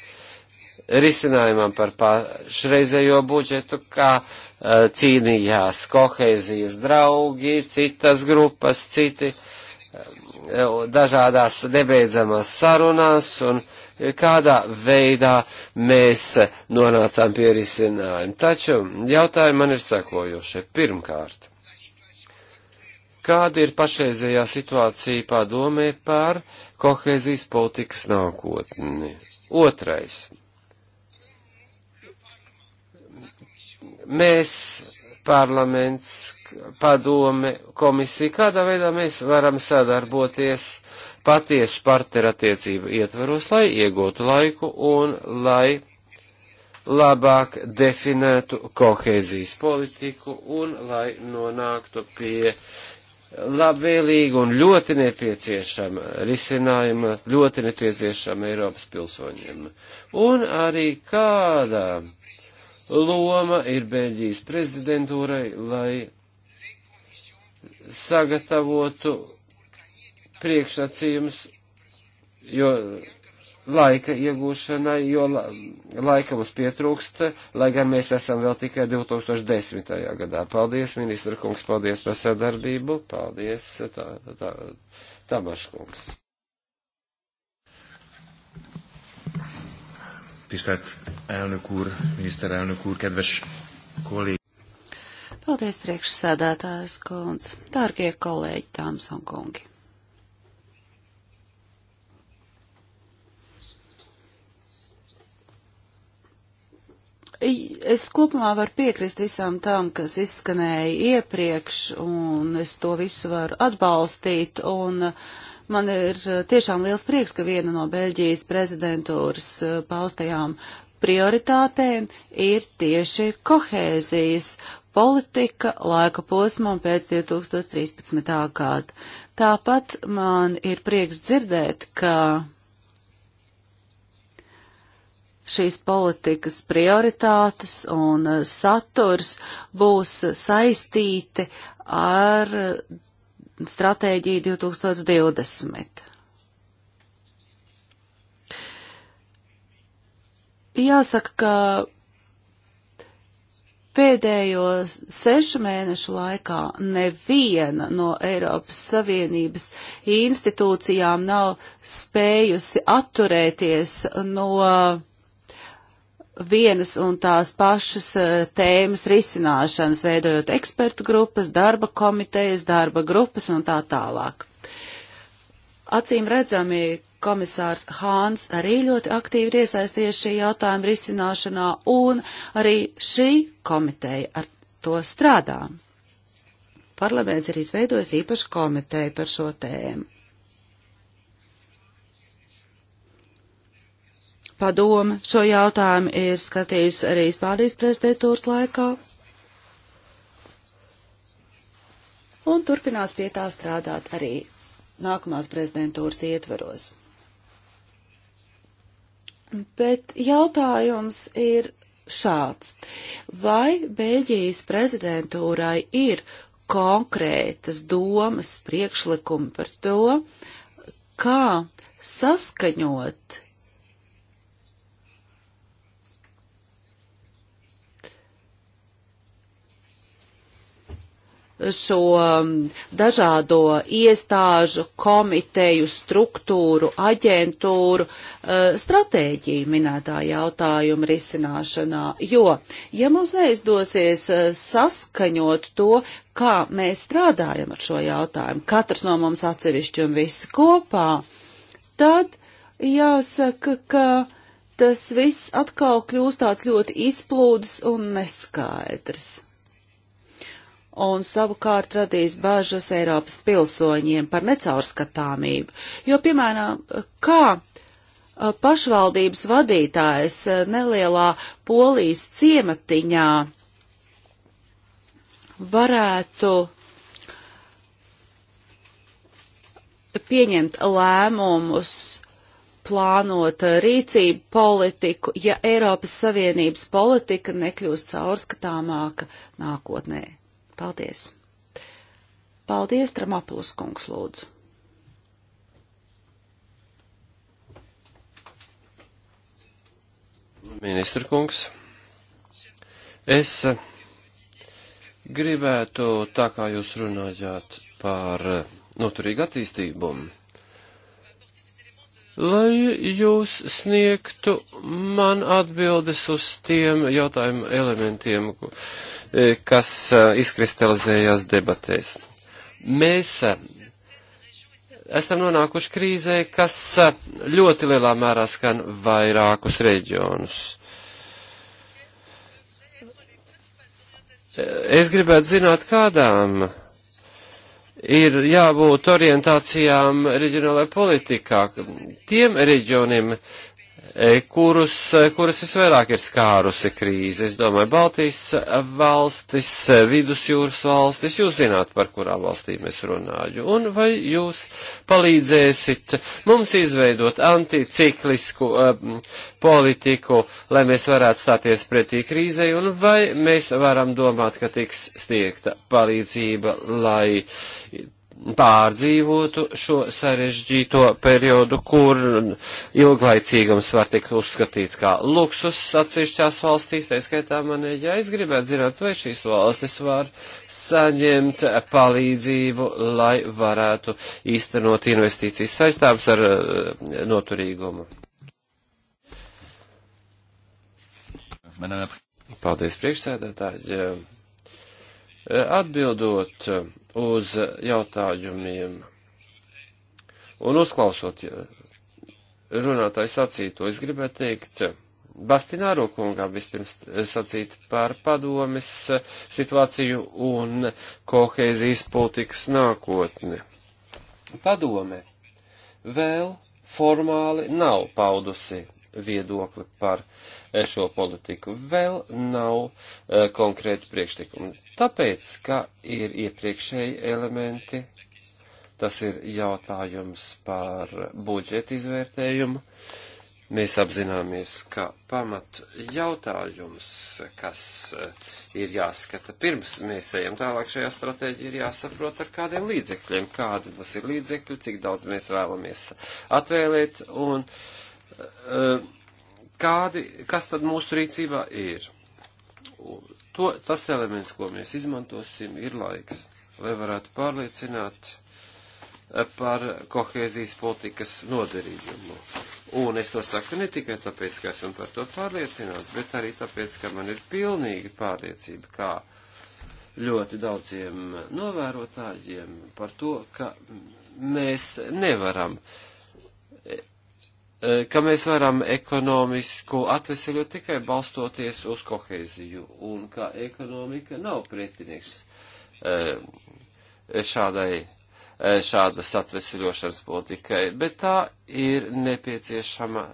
risinājumam par pašreizējo budžetu, kā uh, cīnījās kohēzijas draugi, citas grupas, citi uh, dažādās nebeidzamās sarunās un eh, kādā veidā mēs nonācām pie risinājumu. Taču jautājumi man ir sekojošie. Pirmkārt, kāda ir pašreizējā situācija padomē par kohēzijas politikas nākotni? Otrais mēs, parlaments, padome, komisija, kādā veidā mēs varam sadarboties patiesu partneru attiecību ietvaros, lai iegūtu laiku un lai labāk definētu kohēzijas politiku un lai nonāktu pie labvēlīga un ļoti nepieciešama risinājuma, ļoti nepieciešama Eiropas pilsoņiem. Un arī kādā loma ir Beļģijas prezidentūrai, lai sagatavotu priekšsacījums, jo laika iegūšanai, jo la, laika mums pietrūkst, lai gan mēs esam vēl tikai 2010. gadā. Paldies, ministra kungs, paldies par sadarbību, paldies, tā, tā, Tamaškungs. Tisztelt elnök úr, miniszterelnök úr, kedves kollégi! Paldies, priekšsēdētājs kundz, dārgie kolēģi, dāmas un kungi! Es kopumā varu piekrist visām tām, kas izskanēja iepriekš, un es to visu varu atbalstīt, un uh, Man ir eh, tiešām liels prieks, ka viena no Beļģijas prezidentūras eh, paustajām prioritātēm ir tieši kohēzijas politika laika posmam pēc 2013. gada. Tāpat man ir prieks dzirdēt, ka šīs politikas prioritātes un eh, saturs būs saistīti ar stratēģija 2020. Jāsaka, ka pēdējo sešu mēnešu laikā neviena no Eiropas Savienības institūcijām nav spējusi atturēties no vienas un tās pašas eh, tēmas risināšanas, veidojot ekspertu grupas, darba komitejas, darba grupas un tā tālāk. Acīm redzami, komisārs Hāns arī ļoti aktīvi ir iesaistījies šī jautājuma risināšanā, un arī šī komiteja ar to strādā. Parlaments ir izveidojis īpašu komiteju par šo tēmu. Padome šo jautājumu ir skatījis arī Spānijas prezidentūras laikā un turpinās pie tā strādāt arī nākamās prezidentūras ietvaros. Bet jautājums ir šāds. Vai Beļģijas prezidentūrai ir konkrētas domas priekšlikumi par to, kā saskaņot šo um, dažādo iestāžu, komiteju, struktūru, aģentūru uh, stratēģiju minētā jautājuma risināšanā. Jo, ja mums neizdosies uh, saskaņot to, kā mēs strādājam ar šo jautājumu, katrs no mums atsevišķi un visi kopā, tad jāsaka, ka tas viss atkal kļūst tāds ļoti izplūdes un neskaidrs un savukārt radīs bažas Eiropas pilsoņiem par necaurskatāmību. Jo, piemēram, kā pašvaldības vadītājs nelielā polijas ciematiņā varētu pieņemt lēmumus, plānot rīcību politiku, ja Eiropas Savienības politika nekļūst caurskatāmāka nākotnē. Paldies! Paldies, Tramapulus kungs, lūdzu! Ministra kungs, es eh, gribētu, tā kā jūs runājāt par eh, noturīgu attīstību, lai jūs sniegtu man atbildes uz tiem jautājumu elementiem, e, kas e, izkristalizējās debatēs. Mēs e, esam nonākuši krīzē, kas ļoti lielā mērā skan vairākus reģionus. Es gribētu zināt, kādām ir jābūt orientācijām reģionālajā politikā. Tiem reģioniem, E, kurus, e, kuras visvairāk ir skārusi krīze. Es domāju, Baltijas valstis, e, vidusjūras valstis, jūs zināt, par kurām valstīm es runāju. Un vai jūs palīdzēsit mums izveidot anticiklisku um, politiku, lai mēs varētu stāties pretī krīzei, un vai mēs varam domāt, ka tiks stiegta palīdzība, lai pārdzīvotu šo sarežģīto periodu, kur ilglaicīgums var tikt uzskatīts kā luksus atsevišķās valstīs, tā skaitā manē, ja es gribētu zināt, vai šīs valstis var saņemt palīdzību, lai varētu īstenot investīcijas saistāms ar eh, noturīgumu. Paldies, priekšsēdētāji. Atbildot uz jautājumiem. Un uzklausot runātāju sacīto, es gribētu teikt, Bastināro kungām vispirms sacīt par padomis situāciju un kohēzijas politikas nākotni. Padome vēl formāli nav paudusi viedokli par eh, šo politiku. Vēl nav uh, konkrētu priekšlikumu. Tāpēc, ka ir iepriekšēji elementi, tas ir jautājums par budžeta izvērtējumu. Mēs apzināmies, ka pamat jautājums, kas eh, ir jāskata pirms mēs ejam tālāk šajā stratēģijā, ir jāsaprot ar kādiem līdzekļiem, kādi mums ir līdzekļi, cik daudz mēs vēlamies atvēlēt un uh, Eh, kādi, kas tad mūsu rīcībā ir. To, tas elements, ko mēs izmantosim, ir laiks, lai varētu pārliecināt eh, par kohēzijas politikas noderīgumu. Un es to saku ne tikai tāpēc, ka esam par to pārliecināts, bet arī tāpēc, ka man ir pilnīga pārliecība, kā ļoti daudziem novērotājiem par to, ka mēs nevaram uh, E, ka mēs varam ekonomisku atveseļot tikai balstoties uz kohēziju, un ka ekonomika nav pretinieks e, šādai, e, šādas atveseļošanas politikai, bet tā ir nepieciešama,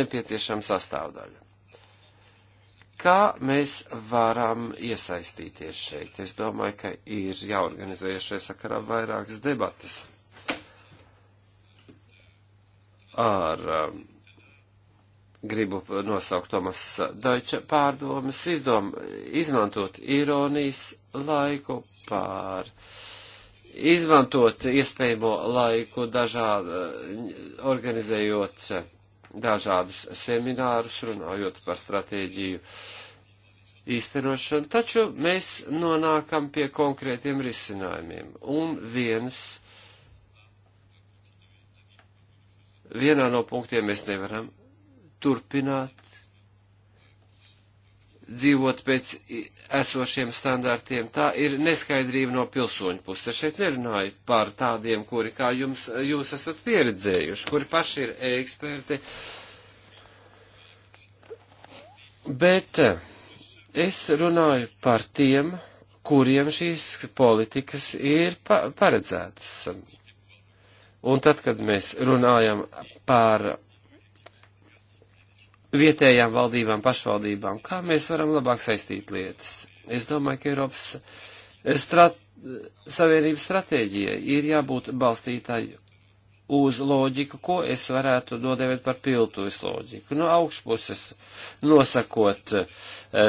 nepieciešama sastāvdaļa. Kā mēs varam iesaistīties šeit? Es domāju, ka ir jāorganizē šai sakarā vairākas debatas ar um, gribu nosaukt Tomas Deutsche pārdomas, izdom, izmantot ironijas laiku pār, izmantot iespējamo laiku dažāda, uh, organizējot dažādus seminārus, runājot par stratēģiju īstenošanu, taču mēs nonākam pie konkrētiem risinājumiem. Un viens vienā no punktiem mēs nevaram turpināt dzīvot pēc esošiem standartiem. Tā ir neskaidrība no pilsoņu puses. Es šeit nerunāju par tādiem, kuri kā jums, jūs esat pieredzējuši, kuri paši ir eksperti. Bet eh, es runāju par tiem, kuriem šīs politikas ir paredzētas Un tad, kad mēs runājam par vietējām valdībām, pašvaldībām, kā mēs varam labāk saistīt lietas, es domāju, ka Eiropas strat Savienības stratēģijai ir jābūt balstītāji uz loģiku, ko es varētu nodēvēt par piltuvis loģiku. No nu, augšpuses nosakot e,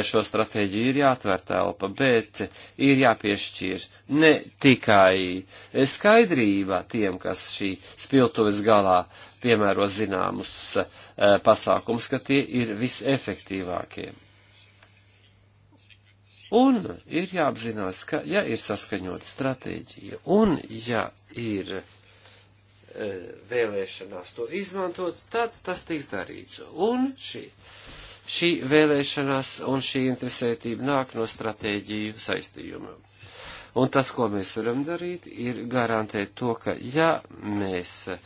šo stratēģiju ir jāatver telpa, bet ir jāpiešķir ne tikai skaidrība tiem, kas šī spiltuvis galā piemēro zināmus e, pasākums, ka tie ir visefektīvākie. Un ir jāapzinās, ka, ja ir saskaņota stratēģija, un ja ir E, vēlēšanās to izmantot, tad tas tiks darīts. Un šī, šī vēlēšanās un šī interesētība nāk no stratēģiju saistījumiem. Un tas, ko mēs varam darīt, ir garantēt to, ka ja mēs e,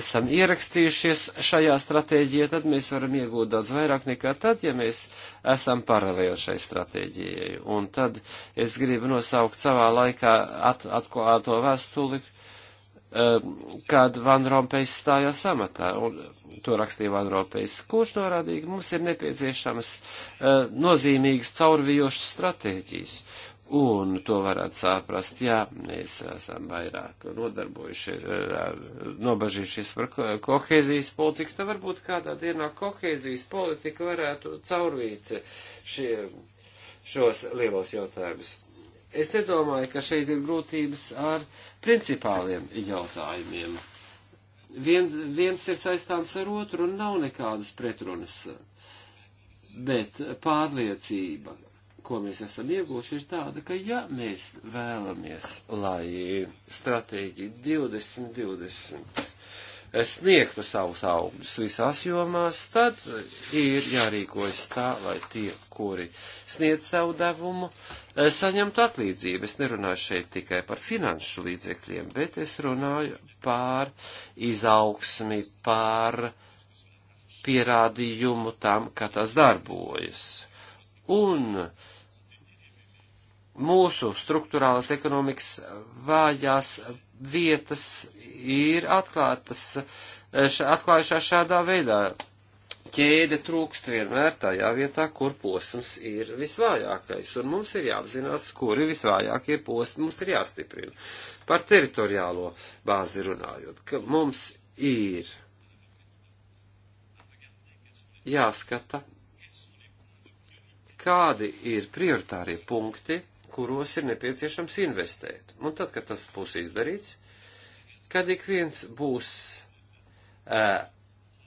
esam ierakstījušies šajā stratēģijā, tad mēs varam iegūt daudz vairāk nekā tad, ja mēs esam paralēli šai stratēģijai. Un tad es gribu nosaukt savā laikā at, at, at, to vēstuli, Um, kad Van Rompējs stājās amatā, un to rakstīja Van Rompējs, kurš norādīja, ka mums ir nepieciešamas uh, nozīmīgas caurvijošas stratēģijas. Un to varētu saprast, jā, mēs esam vairāk nodarbojuši, uh, nobažījušies par kohēzijas politiku, tad varbūt kādā dienā kohēzijas politika varētu caurvīt šie, šos lielos jautājumus es nedomāju, ka šeit ir grūtības ar principāliem jautājumiem. Viens, viens ir saistāms ar otru un nav nekādas pretrunas, bet pārliecība, ko mēs esam ieguvuši, ir tāda, ka ja mēs vēlamies, lai stratēģija 2020 sniegtu savus augļus visās jomās, tad ir jārīkojas tā, lai tie, kuri sniedz savu devumu, eh, saņemtu atlīdzību. Es nerunāju šeit tikai par finanšu līdzekļiem, bet es runāju pār izaugsmi, pār pierādījumu tam, ka tas darbojas. Un mūsu struktūrālas ekonomikas vājās vietas ir atklātas, eh, ša, atklājušās šādā veidā. Ķēde trūkst vienmēr tajā vietā, kur posms ir visvājākais, un mums ir jāapzinās, kuri visvājākie posmi mums ir jāstiprina. Par teritoriālo bāzi runājot, ka mums ir jāskata, kādi ir prioritārie punkti, kuros ir nepieciešams investēt. Un tad, kad tas būs izdarīts, kad ik viens būs uh,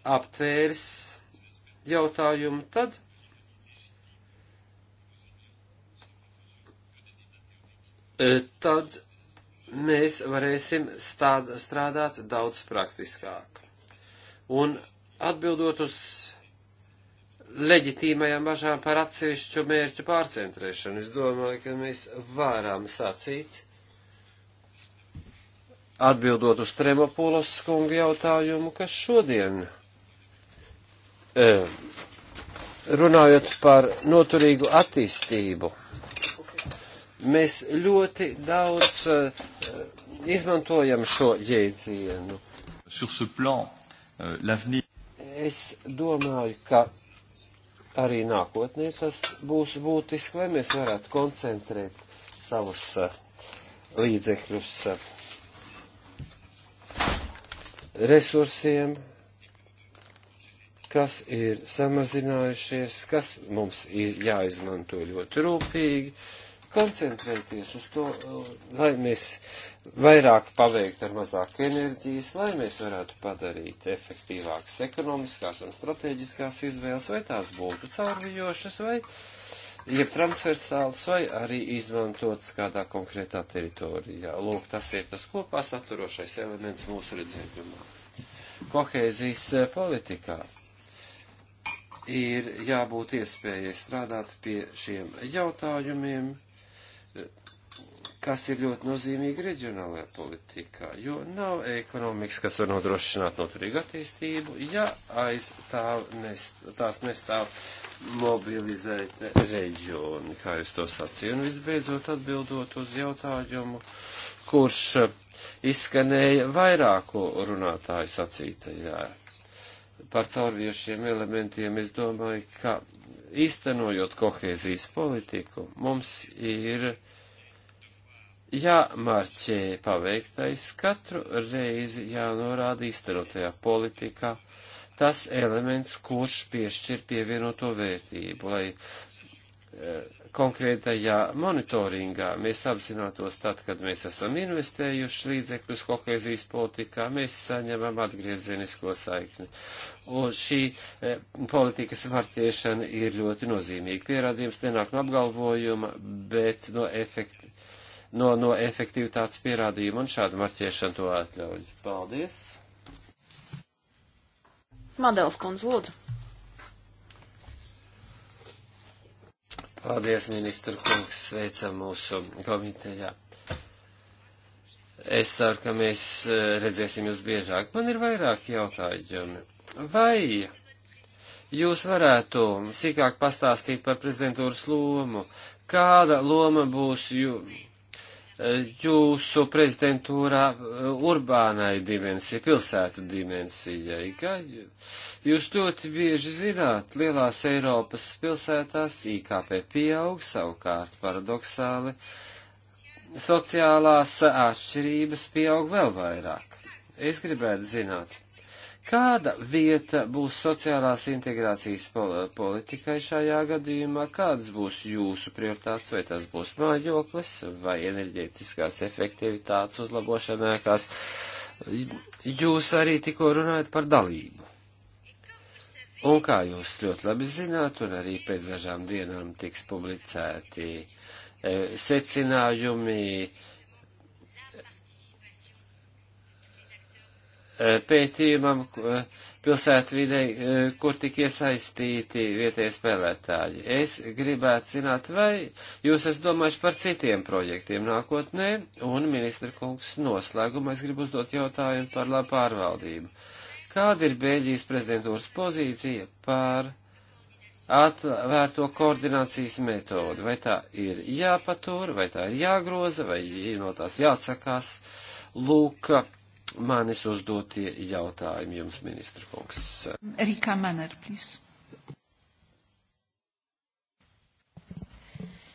aptvērs jautājumu, tad tad mēs varēsim stād, strādāt daudz praktiskāk. Un atbildot uz leģitīmajām bažām par atsevišķu mērķu pārcentrēšanu. Es domāju, ka mēs varam sacīt, atbildot uz Tremopulas kungu jautājumu, kas šodien, e, runājot par noturīgu attīstību, mēs ļoti daudz e, izmantojam šo jēdzienu. E, es domāju, ka arī nākotnē tas būs būtiski, lai mēs varētu koncentrēt savus eh, līdzekļus eh, resursiem, kas ir samazinājušies, kas mums ir jāizmanto ļoti rūpīgi, koncentrēties uz to, eh, lai mēs vairāk paveikt ar mazāk enerģijas, lai mēs varētu padarīt efektīvākas ekonomiskās un strateģiskās izvēles, vai tās būtu caurvijošas, vai jeb transversāls, vai arī izmantotas kādā konkrētā teritorijā. Lūk, tas ir tas kopā saturošais elements mūsu redzējumā. Kohēzijas eh, politikā ir jābūt iespējai strādāt pie šiem jautājumiem, kas ir ļoti nozīmīgi reģionālajā politikā, jo nav ekonomikas, kas var nodrošināt noturīgu attīstību, ja aiz tā nest, tās nestāv mobilizēt reģioni, kā jūs to sacījāt. Un visbeidzot atbildot uz jautājumu, kurš izskanēja vairāku runātāju sacītajā. Par caurviešiem elementiem es domāju, ka īstenojot kohēzijas politiku, mums ir jāmarķē paveiktais katru reizi jānorāda īstenotajā politikā tas elements, kurš piešķir pievienoto vērtību, lai e, konkrētajā monitoringā mēs apzinātos tad, kad mēs esam investējuši līdzekļus kohēzijas politikā, mēs saņemam atgriezenisko saikni. Un šī e, politikas marķiešana ir ļoti nozīmīga. Pierādījums nenāk no apgalvojuma, bet no efekta no, no efektivitātes pierādījuma, un šāda marķēšana to atļauj. Paldies! Madēls kundze, lūdzu. Paldies, ministra kungs, sveicam mūsu komitejā. Es ceru, ka mēs e, redzēsim jūs biežāk. Man ir vairāki jautājumi. Vai jūs varētu sīkāk pastāstīt par prezidentūras lomu? Kāda loma būs jūs? jūsu prezidentūrā eh, urbānai dimensijai, pilsētu dimensijai, ka jūs ļoti bieži zināt, lielās Eiropas pilsētās IKP pieaug savukārt paradoxāli, sociālās atšķirības pieaug vēl vairāk. Es gribētu zināt, Kāda vieta būs sociālās integrācijas politikai šajā gadījumā? Kādas būs jūsu prioritātes? Vai tas būs mājoklis vai enerģētiskās efektivitātes uzlabošana ēkās? Jūs arī tikko runājat par dalību. Un kā jūs ļoti labi zināt, un arī pēc dažām dienām tiks publicēti e, secinājumi, pētījumam pilsētvidei, e, kur tik iesaistīti vietējie spēlētāji. Es gribētu zināt, vai jūs esat domājuši par citiem projektiem nākotnē, un ministra kungs noslēgumā es gribu uzdot jautājumu par labu pārvaldību. Kāda ir Bēļģijas prezidentūras pozīcija par atvērto koordinācijas metodu? Vai tā ir jāpatur, vai tā ir jāgroza, vai no tās jāatsakās? Lūk, manis uzdotie jautājumi jums, ministra kungs. Rika Manner, please.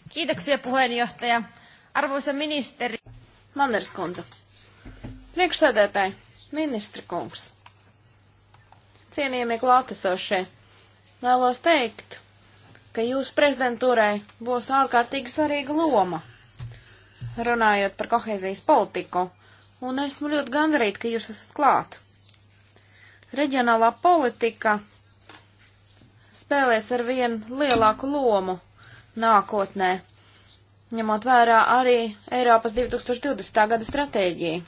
Kiitoksia puheenjohtaja. Arvoisa ministeri. Manners kundze. Priekšsēdētāji, ministra kungs. Cienījamie klātesošie, vēlos teikt, ka jūsu prezidentūrai būs ārkārtīgi svarīga loma, runājot par kohēzijas politiku un esmu ļoti gandarīta, ka jūs esat klāt. Reģionālā politika spēlēs ar vien lielāku lomu nākotnē, ņemot vērā arī Eiropas 2020. gada stratēģiju.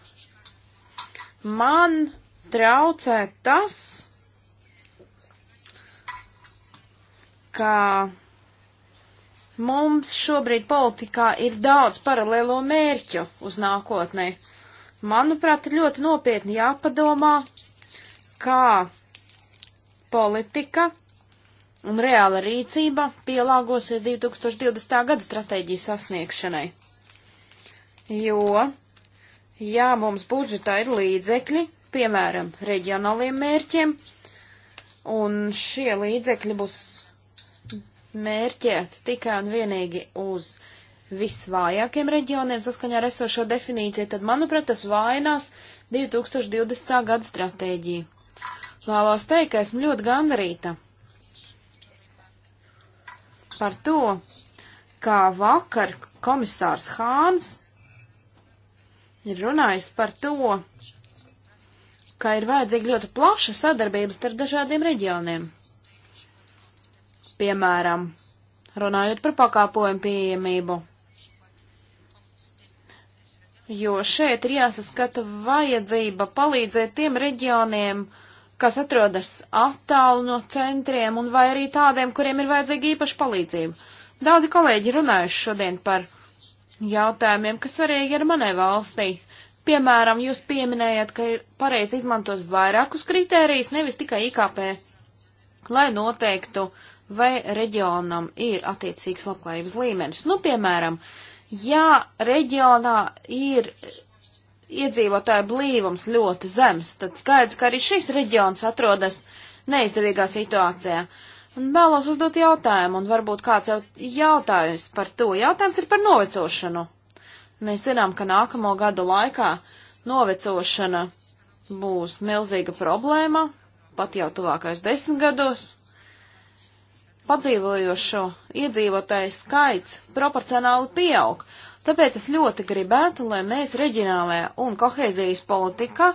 Man traucē tas, ka mums šobrīd politikā ir daudz paralēlo mērķu uz nākotnē. Manuprāt, ir ļoti nopietni jāpadomā, kā politika un reāla rīcība pielāgosies 2020. gada stratēģijas sasniegšanai. Jo, ja mums budžetā ir līdzekļi, piemēram, reģionāliem mērķiem, un šie līdzekļi būs mērķēti tikai un vienīgi uz uh, visvājākiem reģioniem saskaņā ar esošo definīciju, tad, manuprāt, tas vainās 2020. gada stratēģiju. Vēlos teikt, ka esmu ļoti gandarīta par to, kā vakar komisārs Hāns ir runājis par to, ka ir vajadzīga ļoti plaša sadarbības starp dažādiem reģioniem. Piemēram, runājot par pakāpojumu pieejamību jo šeit ir jāsaskata vajadzība palīdzēt tiem reģioniem, kas atrodas attālu no centriem, un vai arī tādiem, kuriem ir vajadzīga īpaša palīdzība. Daudzi kolēģi runājuši šodien par jautājumiem, kas svarīgi ir manai valstī. Piemēram, jūs pieminējat, ka ir pareizi izmantot vairākus kritērijus, nevis tikai IKP, lai noteiktu, vai reģionam ir attiecīgs labklājības līmenis. Nu, piemēram, uh, Ja reģionā ir iedzīvotāju blīvums ļoti zems, tad skaidrs, ka arī šis reģions atrodas neizdevīgā situācijā. Un vēlos uzdot jautājumu, un varbūt kāds jau jautājums par to. Jautājums ir par novecošanu. Mēs zinām, ka nākamo gadu laikā novecošana būs milzīga problēma, pat jau tuvākais desmit gados padzīvojošo iedzīvotāju skaits proporcionāli pieaug. Tāpēc es ļoti gribētu, lai mēs reģionālajā un kohēzijas politikā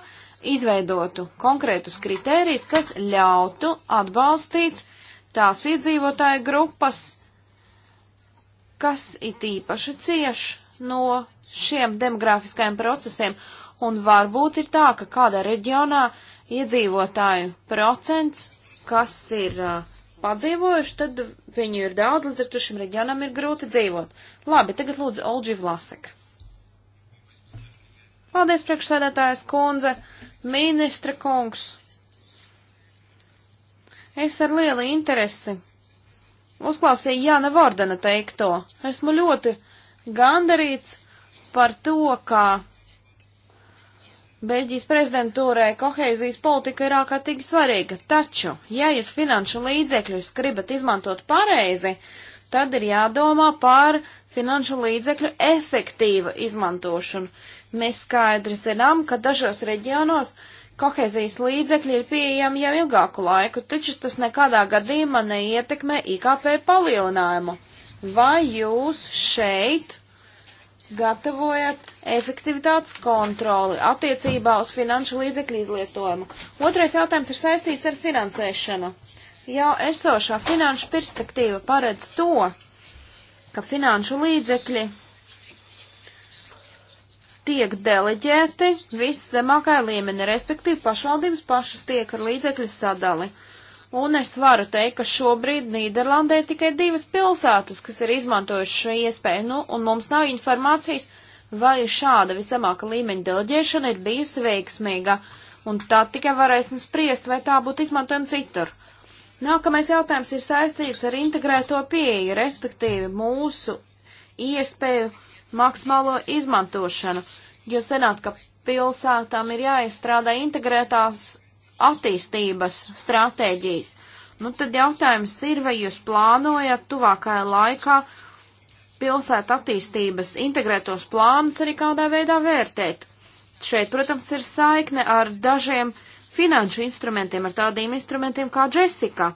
izveidotu konkrētus kritērijus, kas ļautu atbalstīt tās iedzīvotāju grupas, kas it īpaši cieš no šiem demografiskajiem procesiem, un varbūt ir tā, ka kādā reģionā iedzīvotāju procents, kas ir uh, padzīvojuši, tad viņu ir daudz, līdz ar to šim reģionam ir grūti dzīvot. Labi, tagad lūdzu Olģi Vlasek. Paldies, priekšsēdētājas kundze, ministra kungs. Es ar lielu interesi uzklausīju Jāna Vordana teikto. Esmu ļoti gandarīts par to, ka Beļģijas prezidentūrai kohēzijas politika ir ārkārtīgi svarīga, taču, ja jūs finanšu līdzekļus gribat izmantot pareizi, tad ir jādomā par finanšu līdzekļu efektīvu izmantošanu. Mēs skaidri zinām, ka dažos reģionos kohēzijas līdzekļi ir pieejami jau ilgāku laiku, taču tas nekādā gadījumā neietekmē IKP palielinājumu. Vai jūs šeit gatavojat efektivitātes kontroli attiecībā uz finanšu līdzekļu izlietojumu. Otrais jautājums ir saistīts ar finansēšanu. Jau esošā finanšu perspektīva paredz to, ka finanšu līdzekļi tiek deleģēti viszemākajā līmenī, respektīvi pašvaldības pašas tiek ar līdzekļu sadali. Uh, Un es varu teikt, ka šobrīd Nīderlandē ir tikai divas pilsētas, kas ir izmantojušas šo iespēju, nu, un mums nav informācijas, vai šāda visamāka līmeņa deleģēšana ir bijusi veiksmīga, un tā tikai varēsim spriest, vai tā būtu izmantojama citur. Nākamais jautājums ir saistīts ar integrēto pieeju, respektīvi mūsu iespēju maksimālo izmantošanu. Jūs zināt, ka pilsētām ir jāizstrādā integrētās attīstības stratēģijas. Nu, tad jautājums ir, vai jūs plānojat tuvākajā laikā pilsētu attīstības integrētos plānus arī kādā veidā vērtēt? Šeit, protams, ir saikne ar dažiem finanšu instrumentiem, ar tādiem instrumentiem kā Jessica.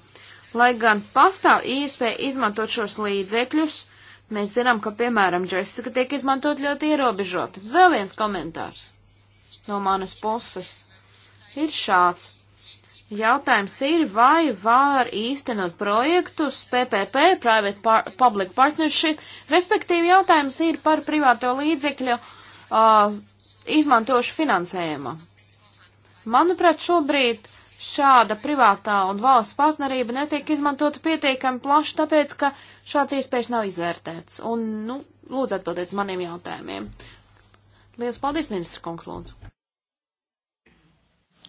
Lai gan pastāv iespēja izmantot šos līdzekļus, mēs zinām, ka, piemēram, Jessica tiek izmantot ļoti ierobežoti. Vēl viens komentārs no manas puses ir šāds. Jautājums ir, vai var īstenot projektus PPP, Private par Public Partnership, respektīvi jautājums ir par privāto līdzekļu uh, izmantošu finansējumu. Manuprāt, šobrīd šāda privātā un valsts partnerība netiek izmantota pietiekami plaši, tāpēc, ka šāds iespējas nav izvērtēts. Un, nu, lūdzu atbildēt uz maniem jautājumiem. Lielas paldies, ministra kungs, lūdzu.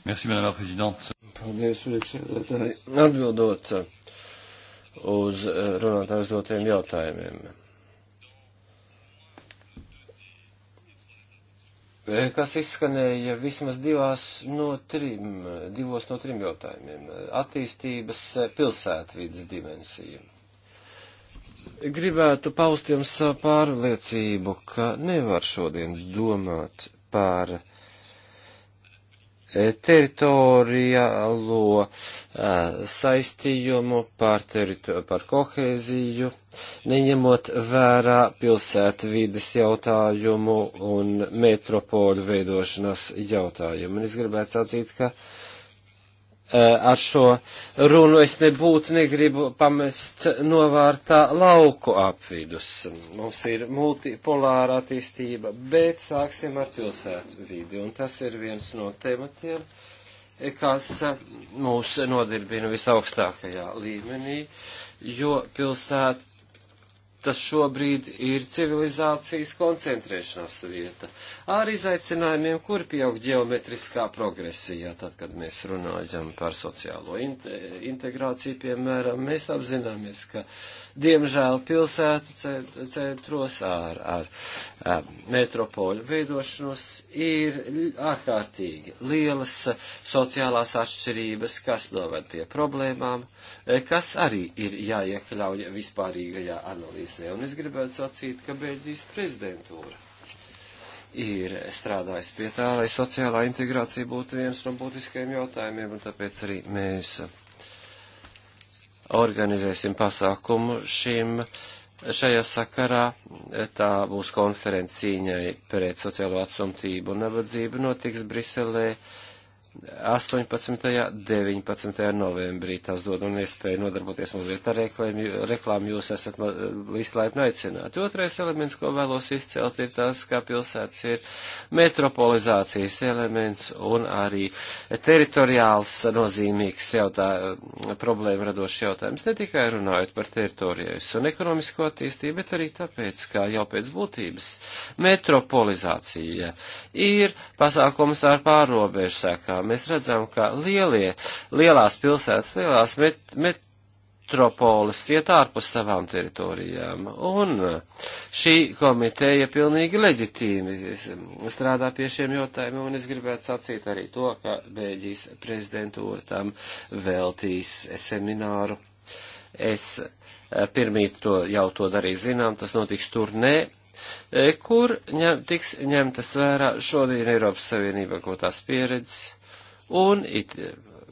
Merci, madame la prezidente. Paldies, priekšsēdētāji. Atbildot uz eh, runātājs dotiem jautājumiem. Eh, kas izskanēja vismaz divās no trim, divos no trim jautājumiem. Attīstības eh, pilsētvidas dimensija. Gribētu paust jums pārliecību, ka nevar šodien domāt par E, teritoriālo e, saistījumu par, terito par kohēziju, neņemot vērā pilsētu vides jautājumu un metropoļu veidošanas jautājumu. Un es gribētu sacīt, ka uh, Eh, ar šo runu es nebūtu negribu pamest novārtā lauku apvidus. Mums ir multipolāra attīstība, bet sāksim ar pilsētu vidi, un tas ir viens no tematiem, eh, kas mūs nodarbina visaugstākajā līmenī, jo pilsēta tas šobrīd ir civilizācijas koncentrēšanās vieta, ar izaicinājumiem, kur pieaug ģeometriskā progresijā, tad, kad mēs runājam par sociālo inte integrāciju, piemēram, mēs apzināmies, ka, diemžēl, pilsētu centros ar, ar, ar metropoļu veidošanos ir ārkārtīgi lielas sociālās atšķirības, kas noved pie problēmām, kas arī ir jāiekļauj vispārīgajā analīzē realizē. Un es gribētu sacīt, ka Beļģijas prezidentūra ir strādājis pie tā, lai sociālā integrācija būtu viens no būtiskajiem jautājumiem, un tāpēc arī mēs organizēsim pasākumu šim, šajā sakarā. Tā būs konferencīņai pret sociālo atsumtību un nabadzību notiks Briselē 18. un 19. novembrī tas dod un iespēju nodarboties mazliet ar reklāmu, reklāmu jūs esat vislaipni aicināti. Otrais elements, ko vēlos izcelt, ir tas, kā pilsētas ir metropolizācijas elements un arī teritoriāls nozīmīgs jautā, problēma radošs jautājums. Ne tikai runājot par teritorijas un ekonomisko attīstību, bet arī tāpēc, ka jau pēc būtības metropolizācija ir pasākums ar pārobežu sekām mēs redzam, ka lielie, lielās pilsētas, lielās met, metropoles iet ārpus savām teritorijām. Un šī komiteja pilnīgi leģitīmi strādā pie šiem jautājumiem, un es gribētu sacīt arī to, ka Bēļģijas prezidentūra tam veltīs semināru. Es eh, pirmīt to jau to darīju zinām, tas notiks turnē, eh, kur ņem, tiks ņemtas vērā šodien Eiropas Savienība gūtās pieredzes un it,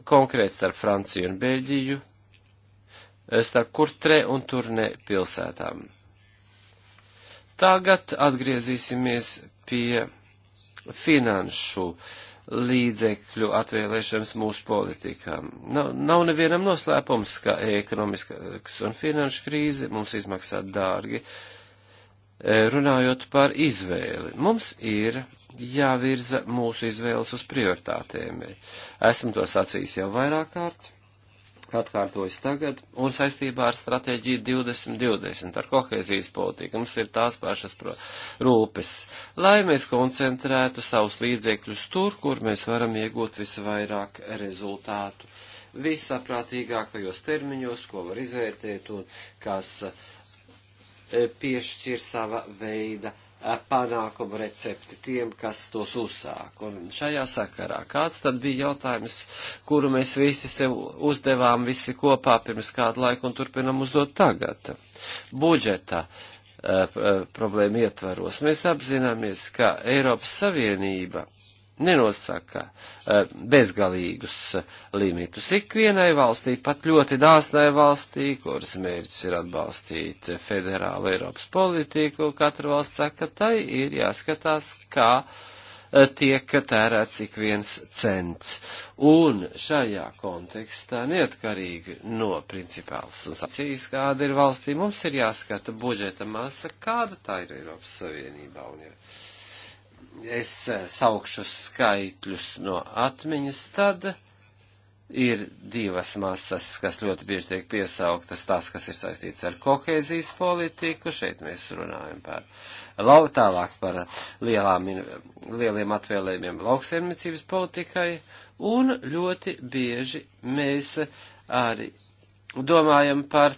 konkrēti starp Franciju un Bēļģiju, eh, starp Kurtre un Turne pilsētām. Tagad atgriezīsimies pie finanšu līdzekļu atvēlēšanas mūsu politikām. Nav, nav nevienam noslēpums, ka ekonomiskas un finanšu krīze mums izmaksā dārgi. Eh, runājot par izvēli, mums ir jāvirza mūsu izvēles uz prioritātēm. Esmu to sacījis jau vairāk kārt, atkārtojas tagad, un saistībā ar stratēģiju 2020, ar kohēzijas politiku, mums ir tās pašas rūpes, lai mēs koncentrētu savus līdzekļus tur, kur mēs varam iegūt visvairāk rezultātu, vissaprātīgākajos termiņos, ko var izvērtēt un kas e, piešķir sava veida Eh, panākumu recepti tiem, kas tos uzsāk. Un šajā sakarā kāds tad bija jautājums, kuru mēs visi sev uzdevām visi kopā pirms kādu laiku un turpinam uzdot tagad? Budžeta uh, problēma ietvaros. Mēs apzināmies, ka Eiropas Savienība nenosaka eh, bezgalīgus eh, limitus. Ikvienai valstī, pat ļoti dāsnai valstī, kuras mērķis ir atbalstīt federālu Eiropas politiku, katra valsts saka, ka tai ir jāskatās, kā eh, tiek tērēts ik viens cents. Un šajā kontekstā, neatkarīgi no principāls un sacīs, kāda ir valstī, mums ir jāskata budžeta masa, kāda tā ir Eiropas Savienībā. Un, ja es eh, saukšu skaitļus no atmiņas, tad ir divas masas, kas ļoti bieži tiek piesauktas, tās, kas ir saistīts ar kohēzijas politiku, šeit mēs runājam par lau, tālāk par lielām, lieliem atvēlējumiem lauksaimniecības politikai, un ļoti bieži mēs arī domājam par,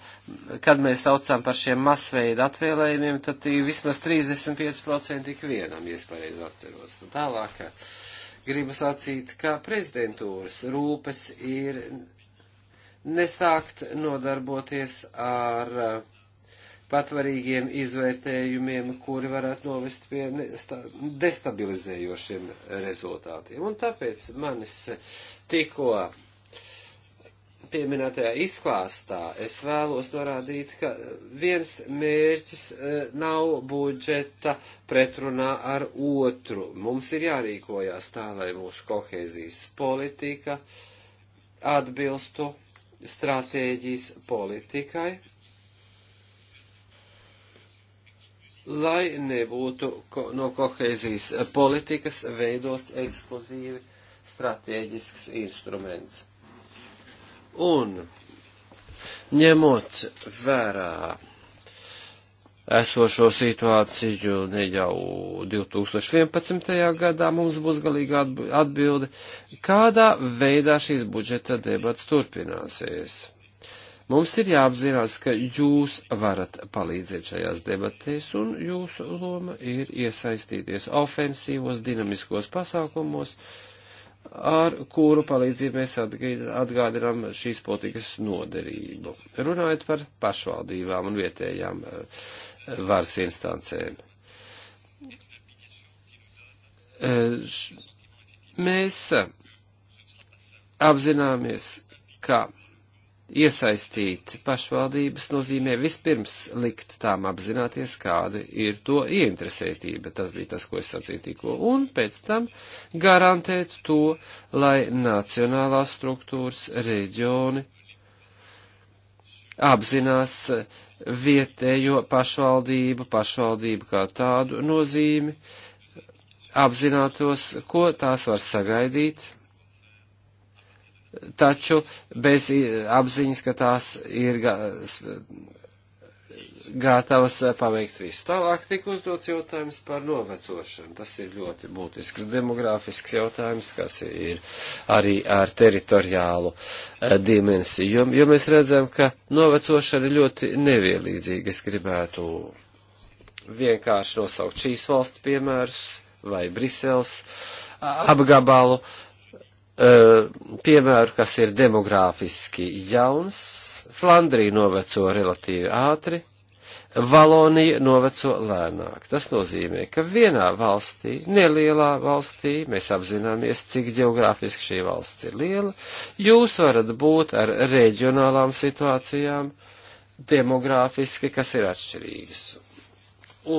kad mēs saucam par šiem masveida atvēlējumiem, tad vismaz 35% ik vienam, ja es pareizi atceros. Tālāk eh, gribu sacīt, ka prezidentūras rūpes ir nesākt nodarboties ar eh, patvarīgiem izvērtējumiem, kuri varētu novest pie destabilizējošiem rezultātiem. Un tāpēc manis tikko pieminētajā izklāstā es vēlos norādīt, ka viens mērķis e, nav budžeta pretrunā ar otru. Mums ir jārīkojās tā, lai mūsu kohēzijas politika atbilstu stratēģijas politikai, lai nebūtu ko, no kohēzijas politikas veidots ekskluzīvi stratēģisks instruments Un ņemot vērā esošo situāciju ne jau 2011. gadā mums būs galīga atbilde, kādā veidā šīs budžeta debats turpināsies. Mums ir jāapzinās, ka jūs varat palīdzēt šajās debatēs, un jūsu loma ir iesaistīties ofensīvos, dinamiskos pasākumos, uh, ar kuru palīdzību mēs atgādinām šīs politikas noderību. Runājot par pašvaldībām un vietējām eh, varas instancēm. Eh, mēs eh, apzināmies, ka Iesaistīt pašvaldības nozīmē vispirms likt tām apzināties, kāda ir to ieinteresētība, tas bija tas, ko es sacīju tikko, un pēc tam garantēt to, lai nacionālās struktūras reģioni apzinās vietējo pašvaldību, pašvaldību kā tādu nozīmi, apzinātos, ko tās var sagaidīt taču bez apziņas, ka tās ir gatavas eh, paveikt visu. Tālāk tika uzdots jautājums par novecošanu. Tas ir ļoti būtisks demogrāfisks jautājums, kas ir arī ar teritoriālu eh, dimensiju, jo, jo mēs redzam, ka novecošana ir ļoti nevienlīdzīga. Es gribētu vienkārši nosaukt šīs valsts piemērus vai Briseles apgabalu. Uh, Eh, piemēru, kas ir demogrāfiski jauns. Flandrija noveco relatīvi ātri, Valonija noveco lēnāk. Tas nozīmē, ka vienā valstī, nelielā valstī, mēs apzināmies, cik geogrāfiski šī valsts ir liela, jūs varat būt ar reģionālām situācijām demogrāfiski, kas ir atšķirīgas.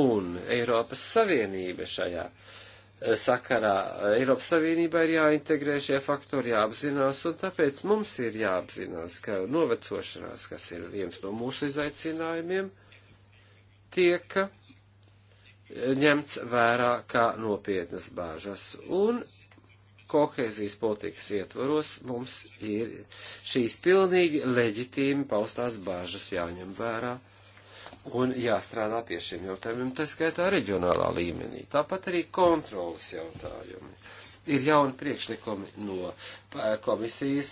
Un Eiropas Savienība šajā uh, Eh, sakarā Eiropas Savienībā ir jāintegrē šie faktori, jāapzinās, un tāpēc mums ir jāapzinās, ka novecošanās, kas ir viens no mūsu izaicinājumiem, tiek eh, ņemts vērā kā nopietnas bāžas, un kohēzijas politikas ietvaros mums ir šīs pilnīgi leģitīmi paustās bāžas jāņem vērā un jāstrādā pie šiem jautājumiem, tā skaitā reģionālā līmenī. Tāpat arī kontrolas jautājumi. Ir jauni priekšlikumi no komisijas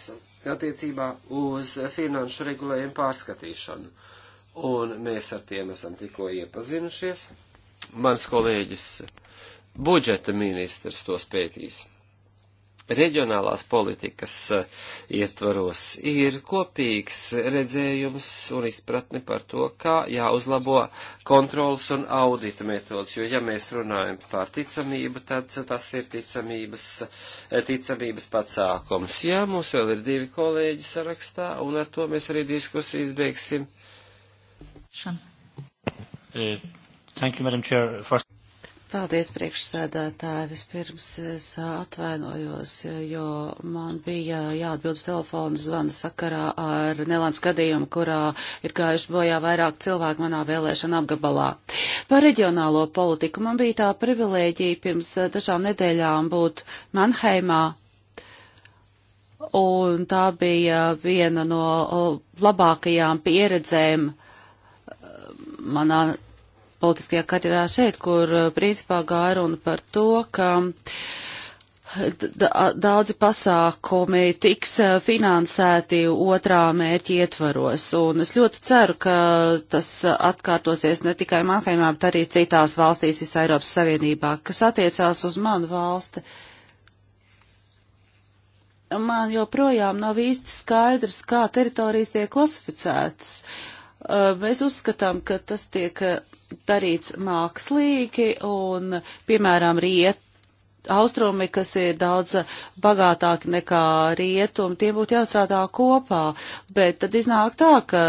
attiecībā uz finanšu regulējumu pārskatīšanu. Un mēs ar tiem esam tikko iepazinušies. Mans kolēģis budžeta ministrs tos pētīs reģionālās politikas eh, ietvaros ir kopīgs redzējums un izpratne par to, kā jāuzlabo kontrolas un audita metodas, jo ja mēs runājam par ticamību, tad tas ir ticamības, eh, ticamības pasākums. Jā, mums vēl ir divi kolēģi sarakstā, un ar to mēs arī diskusijas beigsim. Šan. Eh, thank you, Madam Chair. First... Paldies, priekšsēdētāji. Vispirms es atvainojos, jo man bija jāatbild telefonu zvana sakarā ar nelēms gadījumu, kurā ir gājuši bojā vairāk cilvēku manā vēlēšana apgabalā. Par reģionālo politiku man bija tā privilēģija pirms dažām nedēļām būt Manheimā. Un tā bija viena no labākajām pieredzēm manā politiskajā karjerā šeit, kur eh, principā gāja runa par to, ka eh, daudzi pasākumi tiks eh, finansēti otrā mērķa ietvaros. Un es ļoti ceru, ka tas atkārtosies ne tikai Manheimā, bet arī citās valstīs visā Eiropas Savienībā, kas attiecās uz manu valsti man joprojām nav īsti skaidrs, kā teritorijas tiek klasificētas. Mēs uzskatām, ka tas tiek darīts mākslīgi un, piemēram, riet austrumi, kas ir daudz bagātāki nekā rietumi, tie būtu jāstrādā kopā, bet tad iznāk tā, ka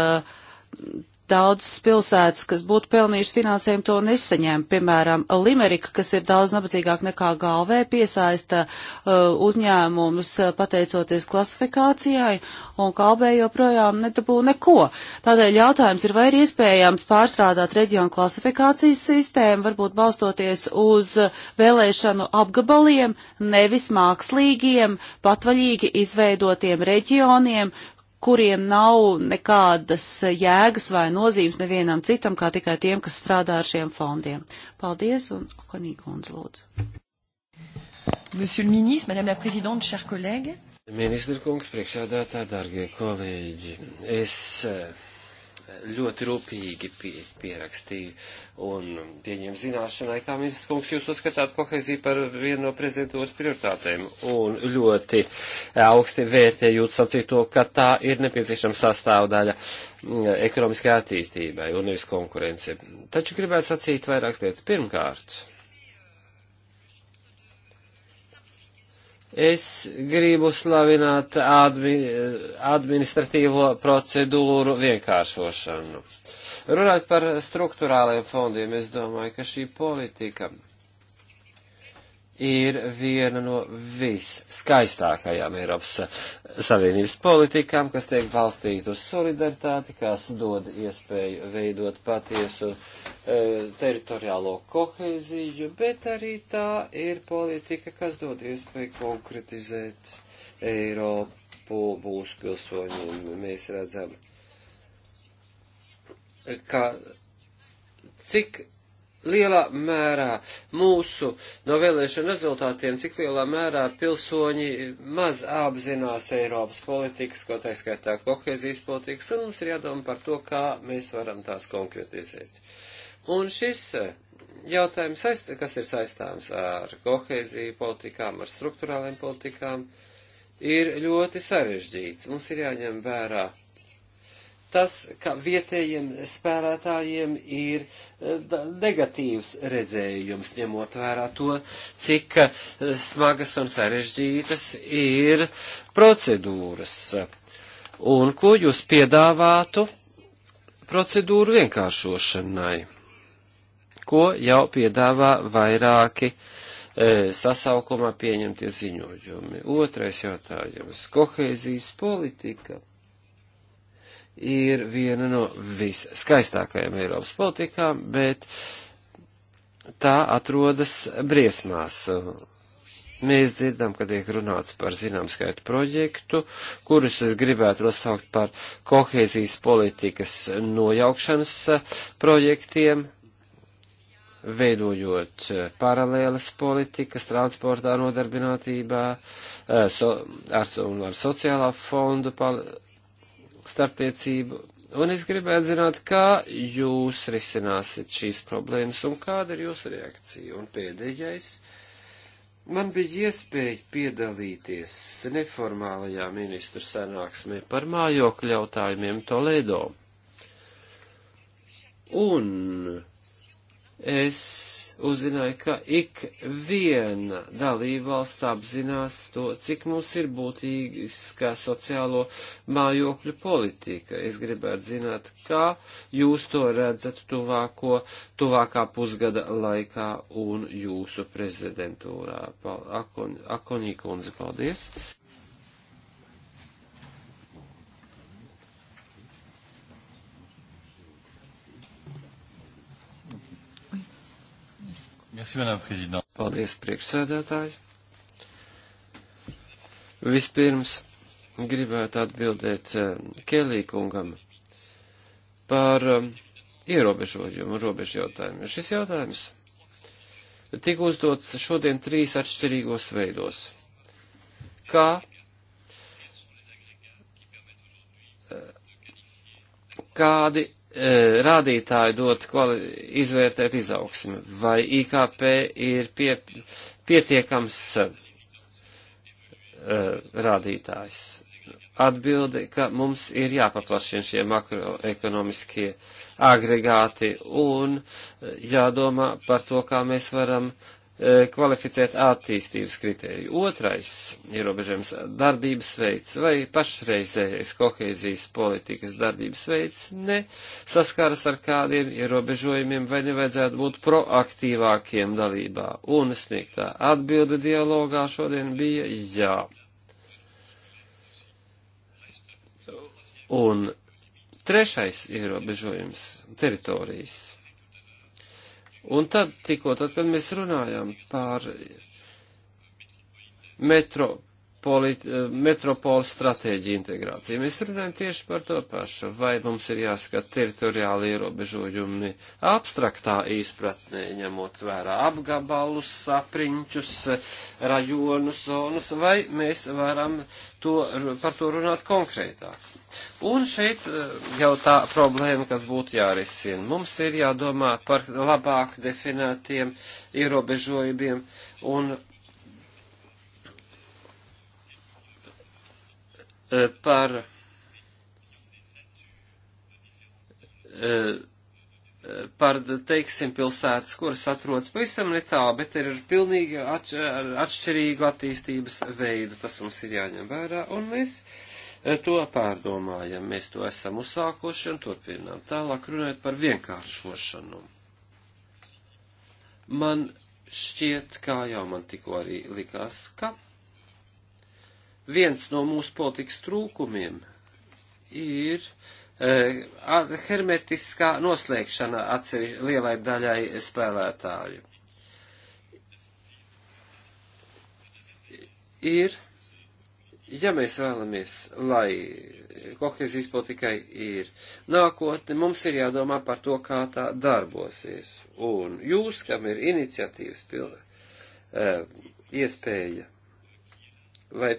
Daudzas pilsētas, kas būtu pelnījušas finansējumu, to nesaņēma. Piemēram, Limerika, kas ir daudz nabadzīgāk nekā galvē, piesaista uh, uzņēmumus uh, pateicoties klasifikācijai, un kalbē joprojām nedabū neko. Tādēļ jautājums ir, vai ir iespējams pārstrādāt reģionu klasifikācijas sistēmu, varbūt balstoties uz vēlēšanu apgabaliem, nevis mākslīgiem, patvaļīgi izveidotiem reģioniem, kuriem nav nekādas jēgas vai nozīmes nevienam citam, kā tikai tiem, kas strādā ar šiem fondiem. Paldies un Okanīgons lūdzu. Monsieur le ministre, Madame la Présidente, chers collègues. Ministra kungs, priekšādātā, dārgie kolēģi, es uh, ļoti rūpīgi pie, pierakstīju un pieņem zināšanai, kā ministrs kungs jūs uzskatāt koheziju par vienu no prezidentūras prioritātēm un ļoti augsti vērtējot sacīto, ka tā ir nepieciešama sastāvdaļa mm, ekonomiskajā attīstībai un nevis konkurence. Taču gribētu sacīt vairākas lietas. Pirmkārt, Es gribu slavināt admi, administratīvo procedūru vienkāršošanu. Runāt par struktūrāliem fondiem, es domāju, ka šī politika ir viena no visskaistākajām Eiropas Savienības politikām, kas tiek balstīta uz solidaritāti, kas dod iespēju veidot patiesu e, teritoriālo koheiziju, bet arī tā ir politika, kas dod iespēju konkretizēt Eiropu mūsu pilsoņiem. Mēs redzam, ka cik lielā mērā mūsu no vēlēšana rezultātiem, cik lielā mērā pilsoņi maz apzinās Eiropas politikas, ko tā skaitā kohēzijas politikas, un mums ir jādomā par to, kā mēs varam tās konkretizēt. Un šis eh, jautājums, kas ir saistāms ar kohēziju politikām, ar struktūrāliem politikām, ir ļoti sarežģīts. Mums ir jāņem vērā tas, ka vietējiem spēlētājiem ir e, negatīvs redzējums, ņemot vērā to, cik e, smagas un sarežģītas ir procedūras. Un ko jūs piedāvātu procedūru vienkāršošanai? Ko jau piedāvā vairāki e, sasaukumā pieņemtie ziņojumi. Otrais jautājums - kohēzijas politika ir viena no visskaistākajām Eiropas politikām, bet tā atrodas briesmās. Mēs dzirdam, ka tiek runāts par zinām skaitu projektu, kurus es gribētu nosaukt par kohēzijas politikas nojaukšanas projektiem, veidojot paralēlas politikas transportā nodarbinātībā so, ar, un ar sociālā fondu pal, starpniecību. Un es gribētu zināt, kā jūs risināsiet šīs problēmas un kāda ir jūsu reakcija. Un pēdējais, man bija iespēja piedalīties neformālajā ministru sanāksmē par mājokļu jautājumiem Toledo. Un es uzzināju, ka ik viena dalībvalsts apzinās to, cik mums ir būtīga sociālo mājokļu politika. Es gribētu zināt, kā jūs to redzat tuvāko, tuvākā pusgada laikā un jūsu prezidentūrā. Akoņī kundze, paldies! Merci, madame prezident. Paldies, priekšsēdētāji. Vispirms gribētu atbildēt eh, Kelī kungam par eh, ierobežojumu, robežu jautājumu. Šis jautājums tika uzdots šodien trīs atšķirīgos veidos. Kā, eh, kādi E, rādītāji dot kvali, izvērtēt izaugsmi, vai IKP ir pie, pietiekams uh, rādītājs. Atbildi, ka mums ir jāpaplašina šie makroekonomiskie agregāti un jādomā par to, kā mēs varam E, kvalificēt attīstības kritēriju. Otrais ierobežojums - darbības veids vai pašreizējais kohēzijas politikas darbības veids ne saskaras ar kādiem ierobežojumiem vai nevajadzētu būt proaktīvākiem dalībā. Un sniegtā atbilde dialogā šodien bija jā. Un trešais ierobežojums - teritorijas Un tad, tikko tad, kad mēs runājam par metro Eh, metropoli stratēģija integrācija. Mēs runājam tieši par to pašu. Vai mums ir jāskat teritoriāli ierobežojumi abstraktā izpratnē, ņemot vērā apgabalus, sapriņķus, rajonu zonas, vai mēs varam to, par to runāt konkrētāk? Un šeit eh, jau tā problēma, kas būtu jārisina. Mums ir jādomā par labāk definētiem ierobežojumiem un Eh, par eh, eh, par, teiksim, pilsētas, kuras atrodas pavisam netālu, bet ir pilnīgi atš atšķirīgu attīstības veidu. Tas mums ir jāņem vērā, un mēs to pārdomājam. Mēs to esam uzsākuši un turpinām tālāk runāt par vienkāršošanu. Man šķiet, kā jau man tikko arī likās, ka viens no mūsu politikas trūkumiem ir uh, hermetiskā noslēgšana atsevišķi lielai daļai spēlētāju. Ir, ja mēs vēlamies, lai kohezijas politikai ir nākotne, mums ir jādomā par to, kā tā darbosies. Un jūs, kam ir iniciatīvas pilna, uh, e, iespēja vai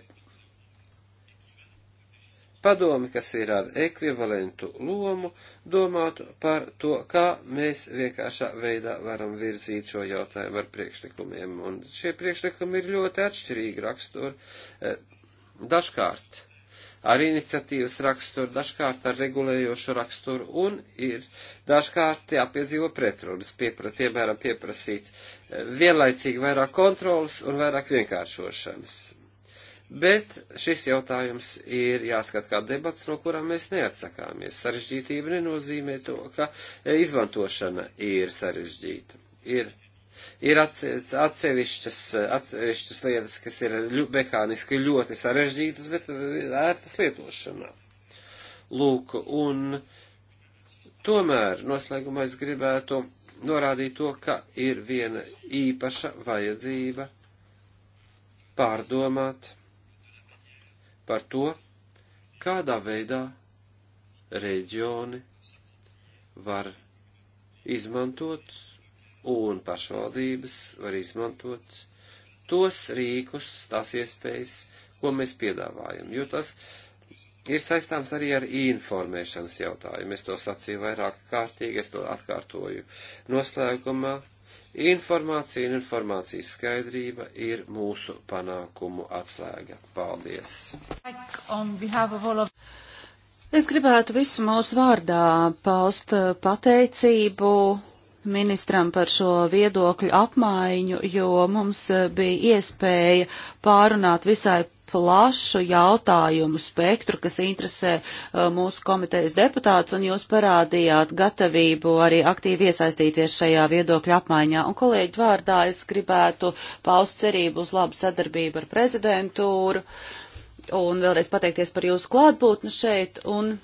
padomi, kas ir ar ekvivalentu lomu, domātu par to, kā mēs vienkāršā veidā varam virzīt šo jautājumu ar priekšlikumiem. Un šie priekšlikumi ir ļoti atšķirīgi rakstur. Eh, dažkārt ar iniciatīvas raksturu, dažkārt ar regulējošu raksturu un ir dažkārt jāpiedzīvo pretrunas, piepra, piemēram, pieprasīt eh, vienlaicīgi vairāk kontrolas un vairāk vienkāršošanas Bet šis jautājums ir jāskat kā debats, no kurām mēs neatsakāmies. Sarežģītība nenozīmē to, ka e, izmantošana ir sarežģīta. Ir, ir atsevišķas, e, atsevišķas lietas, kas ir ļu, mehāniski ļoti sarežģītas, bet e, ērtas lietošanā. Lūk, un tomēr noslēgumā es gribētu norādīt to, ka ir viena īpaša vajadzība pārdomāt par to, kādā veidā reģioni var izmantot un pašvaldības var izmantot tos rīkus, tās iespējas, ko mēs piedāvājam, jo tas ir saistāms arī ar informēšanas jautājumu. Es to sacīju vairāk kārtīgi, es to atkārtoju noslēgumā Informācija un informācijas skaidrība ir mūsu panākumu atslēga. Paldies! Es gribētu visu mūsu vārdā paust pateicību ministram par šo viedokļu apmaiņu, jo mums bija iespēja pārunāt visai plašu jautājumu spektru, kas interesē uh, mūsu komitejas deputātus, un jūs parādījāt gatavību arī aktīvi iesaistīties šajā viedokļa apmaiņā. Un kolēģi vārdā es gribētu paust cerību uz labu sadarbību ar prezidentūru un vēlreiz pateikties par jūsu klātbūtni šeit. Un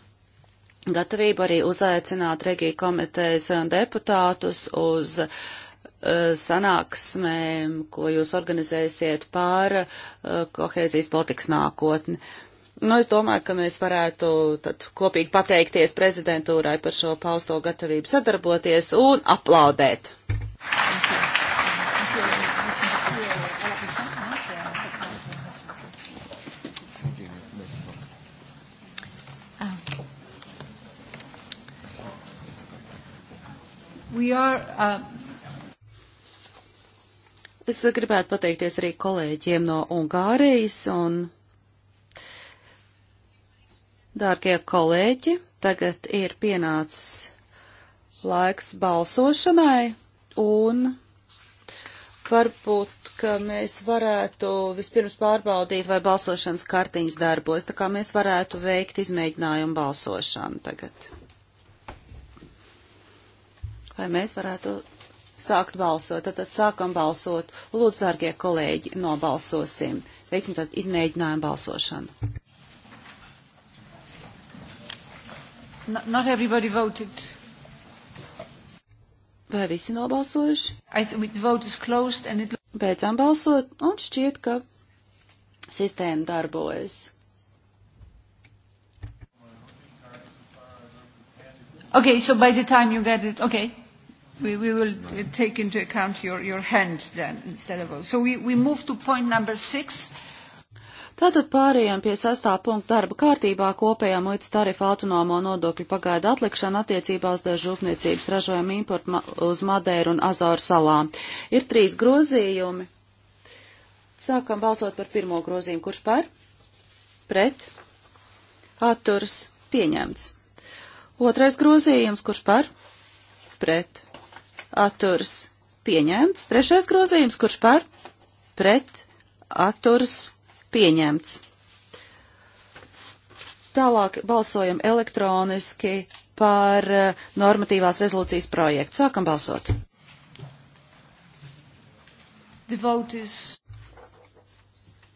gatavību arī uzaicināt Regija komitejas deputātus uz uh, Eh, sanāksmēm, ko jūs organizēsiet pār eh, kohēzijas politikas nākotni. Nu, es domāju, ka mēs varētu tad kopīgi pateikties prezidentūrai par šo pausto gatavību sadarboties un aplaudēt. We are, uh, Es gribētu pateikties arī kolēģiem no Ungārijas un, dārgie kolēģi, tagad ir pienācis laiks balsošanai un varbūt, ka mēs varētu vispirms pārbaudīt, vai balsošanas kartiņas darbojas, tā kā mēs varētu veikt izmēģinājumu balsošanu tagad. Vai mēs varētu sākt balsot. Tad, tad sākam balsot. Lūdzu, dārgie kolēģi, nobalsosim. Veiksim tad izmēģinājumu balsošanu. Not, not everybody voted. Vai visi nobalsojuši? It... Beidzām balsot, un šķiet, ka sistēma darbojas. Okay, so by the time you get it, okay. We, we will uh, take into account your, your hand then instead of vote. So we, we move to point number six. Tātad pārējām pie sastā punkta darba kārtībā kopējā muitas tarifa autonomo nodokļu pagaida atlikšana attiecībā uz dažu rūpniecības ražojumu importu ma uz Madeiru un Azoru salām. Ir trīs grozījumi. Sākam balsot par pirmo grozījumu. Kurš par? Pret? Atturs? Pieņemts. Otrais grozījums. Kurš par? Pret? atturs pieņemts. Trešais grozījums, kurš par pret atturs pieņemts. Tālāk balsojam elektroniski par eh, normatīvās rezolūcijas projektu. Sākam balsot. The vote is...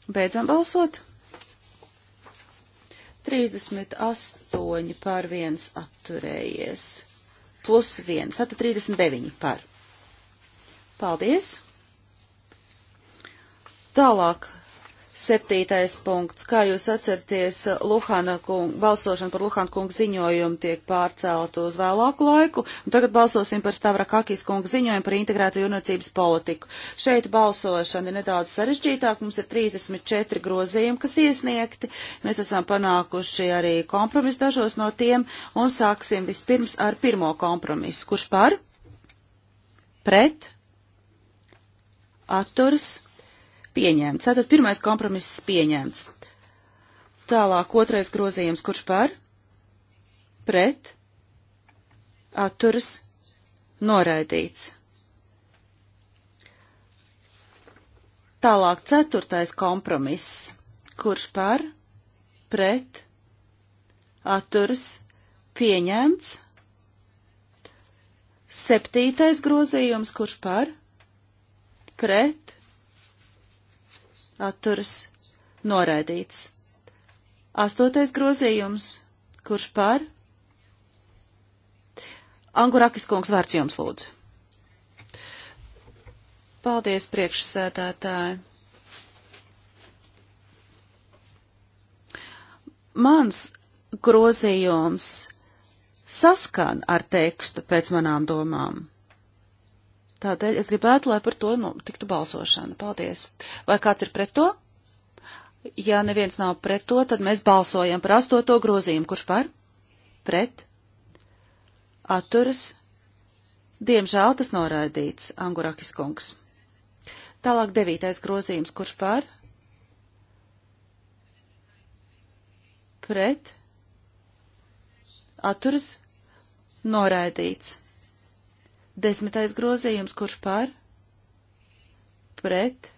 Beidzam balsot. 38 pār 1 atturējies plus 1. Tātad 39 par. Paldies! Tālāk Septītais punkts. Kā jūs atceraties, Luhana kunga, balsošana par Luhana kunga ziņojumu tiek pārcelta uz vēlāku laiku, un tagad balsosim par Stavra Kakis kunga ziņojumu par integrētu jūrniecības politiku. Šeit balsošana ir nedaudz sarežģītāka, mums ir 34 grozījumi, kas iesniegti, mēs esam panākuši arī kompromisu dažos no tiem, un sāksim vispirms ar pirmo kompromisu. Kurš par? Pret? Atturs? pieņemts. Tātad pirmais kompromiss pieņemts. Tālāk otrais grozījums, kurš par, pret, atturas, noraidīts. Tālāk ceturtais kompromiss, kurš par, pret, atturas, pieņemts. Septītais grozījums, kurš par, pret, atturas noraidīts. Astotais grozījums, kurš par? Angurakis kungs vārds jums lūdzu. Paldies, priekšsēdētāji. Mans grozījums saskan ar tekstu pēc manām domām. Tādēļ es gribētu, lai par to nu, tiktu balsošana. Paldies. Vai kāds ir pret to? Ja neviens nav pret to, tad mēs balsojam par astoto grozījumu. Kurš par? Pret? Atturas? Diemžēl tas noraidīts, Angurakis kungs. Tālāk devītais grozījums. Kurš par? Pret? Atturas? Noraidīts. Desmitais grozījums, kurš par, pret,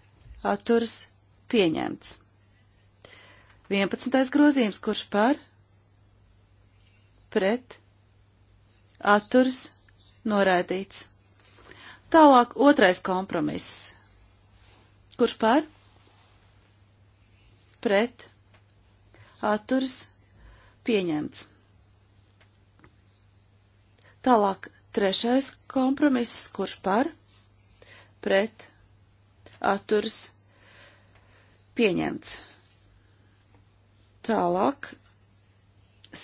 atturs, pieņemts. Vienpadsmitais grozījums, kurš par, pret, atturs, noraidīts. Tālāk otrais kompromiss. Kurš par, pret, atturs, pieņemts. Tālāk Trešais kompromiss, kurš par, pret, atturs, pieņemts. Tālāk,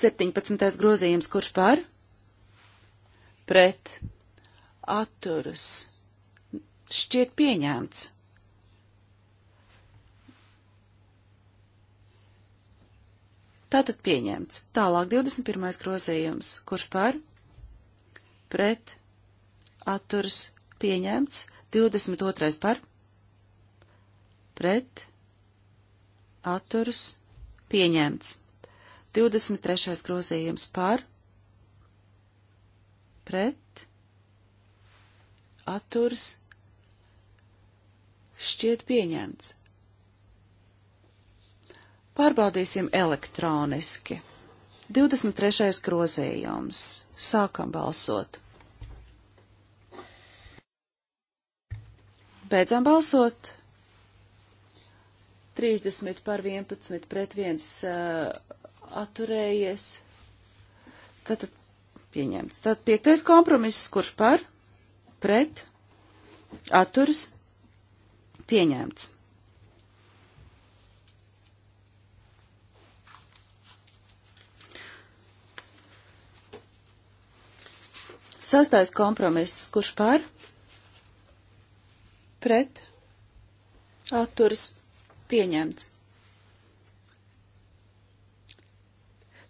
17. grozījums, kurš par, pret, atturs, šķiet pieņemts. Tātad pieņemts. Tālāk 21. grozījums, kurš par, pret, pret atturas pieņemts, 22. par pret atturas pieņemts, 23. grozījums par pret atturas šķiet pieņemts. Pārbaudīsim elektroniski. 23. grozījums. Sākam balsot. Beidzam balsot. 30 par 11 pret 1 uh, atturējies. Tātad pieņemts. Tad piektais kompromiss, kurš par, pret, atturs, pieņemts. Sastais kompromiss, kurš par, pret atturas pieņemts.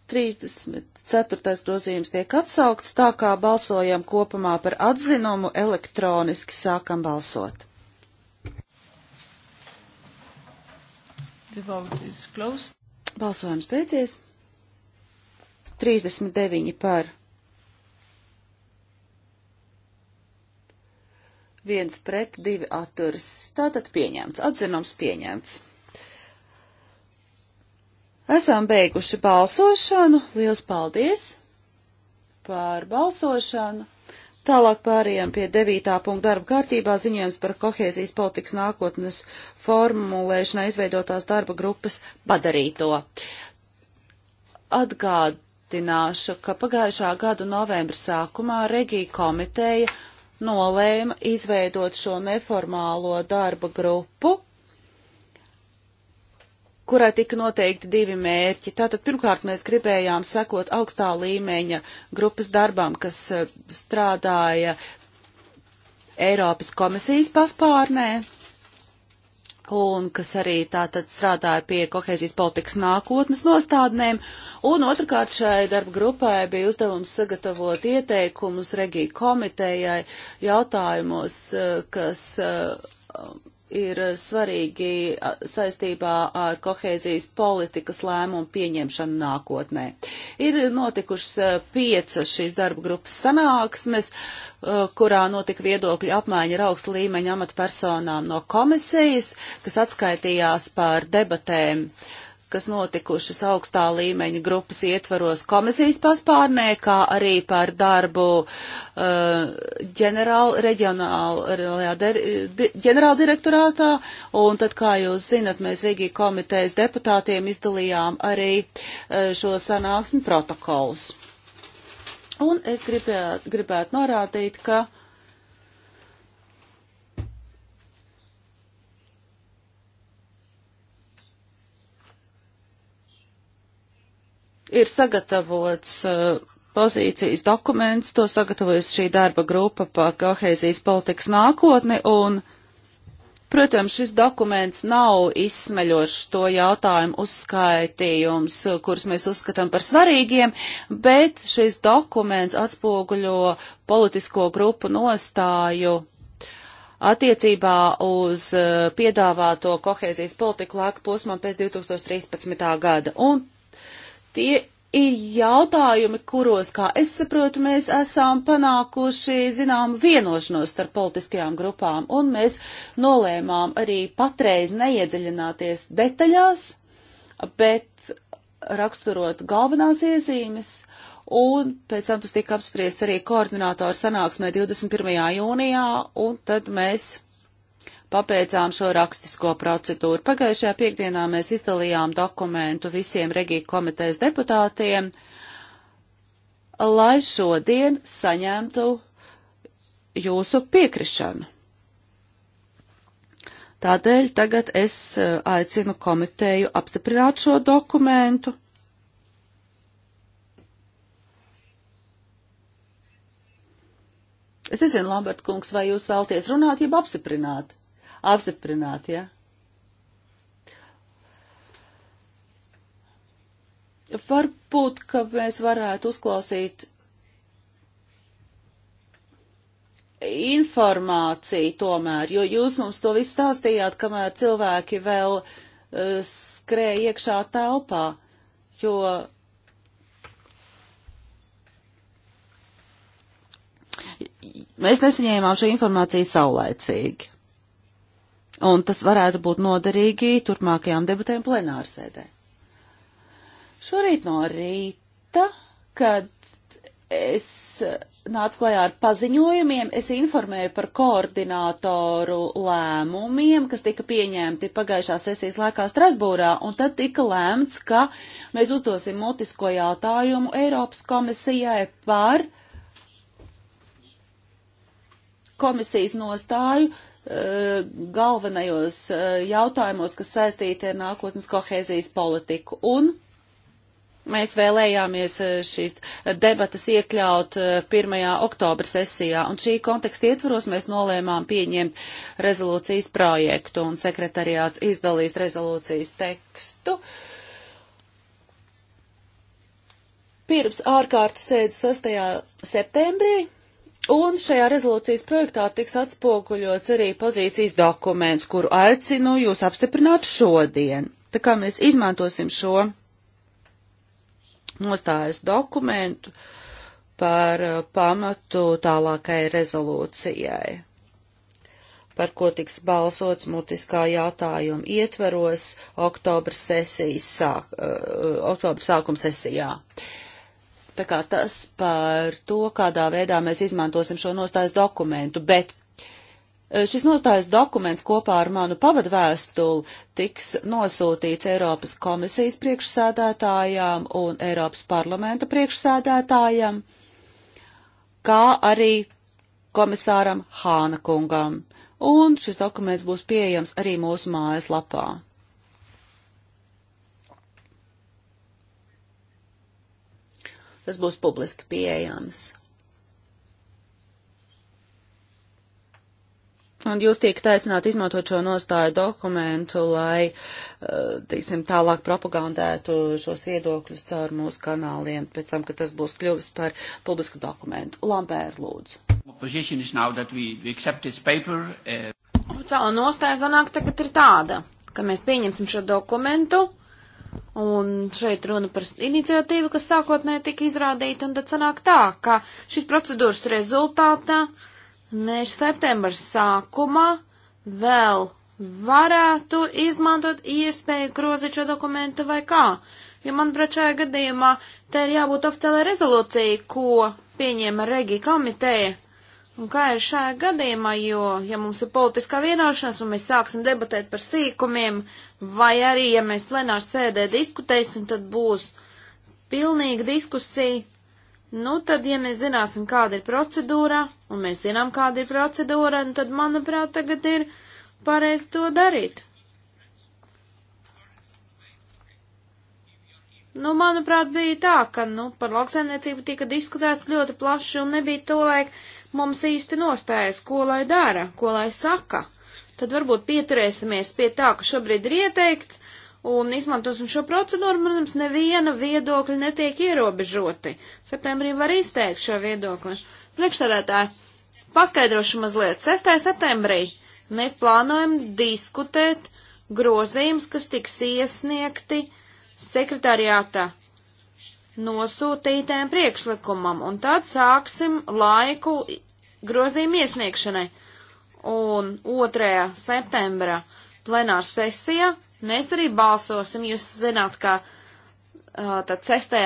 34. grozījums tiek atsaukts, tā kā balsojam kopumā par atzinumu, elektroniski sākam balsot. Balsojums beidzies. 39 par viens pret, divi atturas. Tātad pieņemts, atzinums pieņemts. Esam beiguši balsošanu. Liels paldies par balsošanu! Tālāk pārējām pie devītā punkta darba kārtībā ziņojums par kohēzijas politikas nākotnes formulēšanā izveidotās darba grupas padarīto. Atgādināšu, ka pagājušā gada novembra sākumā Regija komiteja nolēma izveidot šo neformālo darba grupu, kurai tika noteikti divi mērķi. Tātad pirmkārt mēs gribējām sekot augstā līmeņa grupas darbām, kas eh, strādāja Eiropas komisijas paspārnē un kas arī tātad strādāja pie kohēzijas politikas nākotnes nostādnēm. Un otrkārt šai darba grupai bija uzdevums sagatavot ieteikumus Regija komitejai jautājumos, eh, kas eh, ir eh, svarīgi saistībā ar kohēzijas politikas lēmumu pieņemšanu nākotnē. Ir notikušas eh, piecas šīs darba grupas sanāksmes, eh, kurā notika viedokļu apmaiņa ar augstu līmeņu amatpersonām no komisijas, kas atskaitījās par debatēm uh, kas notikušas augstā līmeņa grupas ietvaros komisijas paspārnē, kā arī par darbu uh, ģenerāla reģionālajā di, ģenerāla direktorātā. Un tad, kā jūs zinat, mēs Rīgī komitejas deputātiem izdalījām arī uh, šo sanāksmi protokolus. Un es gribētu, gribētu norādīt, ka uh, ir sagatavots uh, pozīcijas dokuments, to sagatavojas šī darba grupa par kohēzijas politikas nākotni, un, protams, šis dokuments nav izsmeļošs to jautājumu uzskaitījums, kurus mēs uzskatām par svarīgiem, bet šis dokuments atspoguļo politisko grupu nostāju attiecībā uz uh, piedāvāto kohēzijas politiku laika posmam pēc 2013. gada. Un Tie ir jautājumi, kuros, kā es saprotu, mēs esam panākuši zinām vienošanos starp politiskajām grupām, un mēs nolēmām arī patreiz neiedziļināties detaļās, bet raksturot galvenās iezīmes, un pēc tam tas tika apspriests arī koordinātoru sanāksmē 21. jūnijā, un tad mēs papēcām šo rakstisko procedūru. Pagājušajā piekdienā mēs izdalījām dokumentu visiem Regija komitejas deputātiem, lai šodien saņemtu jūsu piekrišanu. Tādēļ tagad es eh, aicinu komiteju apstiprināt šo dokumentu. Es nezinu, Lambert kungs, vai jūs vēlties runāt, jeb apstiprināt? apstiprināt, ja? Varbūt, ka mēs varētu uzklausīt informāciju tomēr, jo jūs mums to visu stāstījāt, kamēr cilvēki vēl uh, skrēja iekšā telpā, jo mēs nesaņēmām šo informāciju saulēcīgi. Un tas varētu būt noderīgi turpmākajām debatēm plenārsēdē. Šorīt no rīta, kad es nācu klajā ar paziņojumiem, es informēju par koordinātoru lēmumiem, kas tika pieņemti pagājušā sesijas laikā Strasbūrā, un tad tika lēmts, ka mēs uzdosim mutisko jautājumu Eiropas komisijai par komisijas nostāju Eh, galvenajos eh, jautājumos, kas saistīti ar nākotnes kohēzijas politiku. Un mēs vēlējāmies eh, šīs debatas iekļaut 1. oktobra sesijā, un šī konteksta ietvaros mēs nolēmām pieņemt rezolūcijas projektu, un sekretariāts izdalīs rezolūcijas tekstu. Pirms ārkārtas sēdes 6. septembrī Un šajā rezolūcijas projektā tiks atspoguļots arī pozīcijas dokuments, kuru aicinu jūs apstiprināt šodien. Tā kā mēs izmantosim šo nostājas dokumentu par uh, pamatu tālākai rezolūcijai, par ko tiks balsots mutiskā jautājuma ietveros oktobra sesijas sāk, uh, oktobra sākuma sesijā. Uh, Tā kā tas par to, kādā veidā mēs izmantosim šo nostājas dokumentu, bet e, Šis nostājas dokuments kopā ar manu pavadvēstuli tiks nosūtīts Eiropas komisijas priekšsēdētājām un Eiropas parlamenta priekšsēdētājām, kā arī komisāram Hāna kungam, un šis dokuments būs pieejams arī mūsu mājas lapā. tas būs publiski pieejams. Un jūs tiekat aicināti izmantot šo nostāju dokumentu, lai, eh, teiksim, tālāk propagandētu šos viedokļus caur mūsu kanāliem, pēc tam, kad tas būs kļuvis par publisku dokumentu. Lampēr, lūdzu. Uh, Oficiālā nostāja zanāk tagad ir tāda, ka mēs pieņemsim šo dokumentu Un šeit runa par iniciatīvu, kas sākotnēji tika izrādīta, un tad sanāk tā, ka šīs procedūras rezultātā mēs septembra sākumā vēl varētu izmantot iespēju grozīt šo dokumentu vai kā. Jo, manuprāt, šajā gadījumā te ir jābūt oficiālai rezolūcija, ko pieņēma Regi komiteja Un kā ir šajā gadījumā, jo, ja mums ir politiskā vienošanās un mēs sāksim debatēt par sīkumiem, vai arī, ja mēs plenāru sēdē diskutēsim, tad būs pilnīga diskusija, nu tad, ja mēs zināsim, kāda ir procedūra, un mēs zinām, kāda ir procedūra, nu tad, manuprāt, tagad ir pareizi to darīt. Nu, manuprāt, bija tā, ka, nu, par lauksaimniecību tika diskutēts ļoti plaši un nebija to laiku mums īsti nostājas, ko lai dara, ko lai saka. Tad varbūt pieturēsimies pie tā, ka šobrīd ir ieteikts, un izmantosim šo procedūru, protams, neviena viedokļa netiek ierobežoti. Septembrī var izteikt šo viedokli. Priekšsēdētāji, paskaidrošu mazliet. 6. septembrī mēs plānojam diskutēt grozījums, kas tiks iesniegti sekretariātā nosūtītēm priekšlikumam, un tad sāksim laiku grozījuma iesniegšanai. Un 2. septembra plenāra sesija mēs arī balsosim. Jūs zināt, ka uh, tad 6.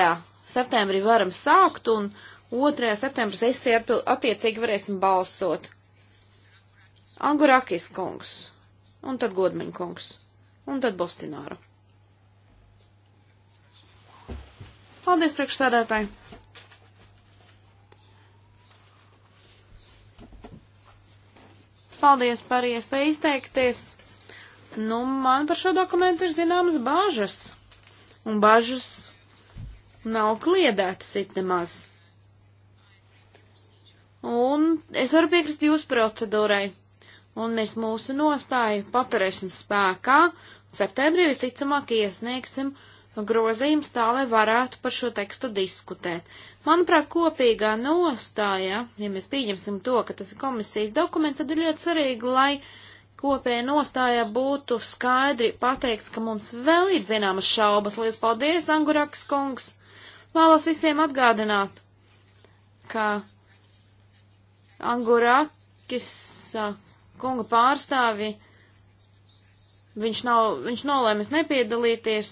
septembrī varam sākt un 2. septembra sesija attiecīgi varēsim balsot. Angurakis kungs, un tad Godmeņa kungs, un tad Bostināra. Paldies, priekšsēdētāji! paldies par iespēju izteikties. Nu, man par šo dokumentu ir zināmas bāžas. Un bāžas nav kliedētas it nemaz. Un es varu piekrist jūsu procedūrai. Un mēs mūsu nostāju paturēsim spēkā. Septembrī visticamāk iesniegsim grozījums tā, lai varētu par šo tekstu diskutēt. Manuprāt, kopīgā nostāja, ja mēs pieņemsim to, ka tas ir komisijas dokuments, tad ir ļoti svarīgi, lai kopējā nostājā būtu skaidri pateikts, ka mums vēl ir zināmas šaubas. Lielas paldies, Anguraks kungs! Vēlos visiem atgādināt, ka Angurakis kunga pārstāvi, viņš, nav, viņš nolēmis nepiedalīties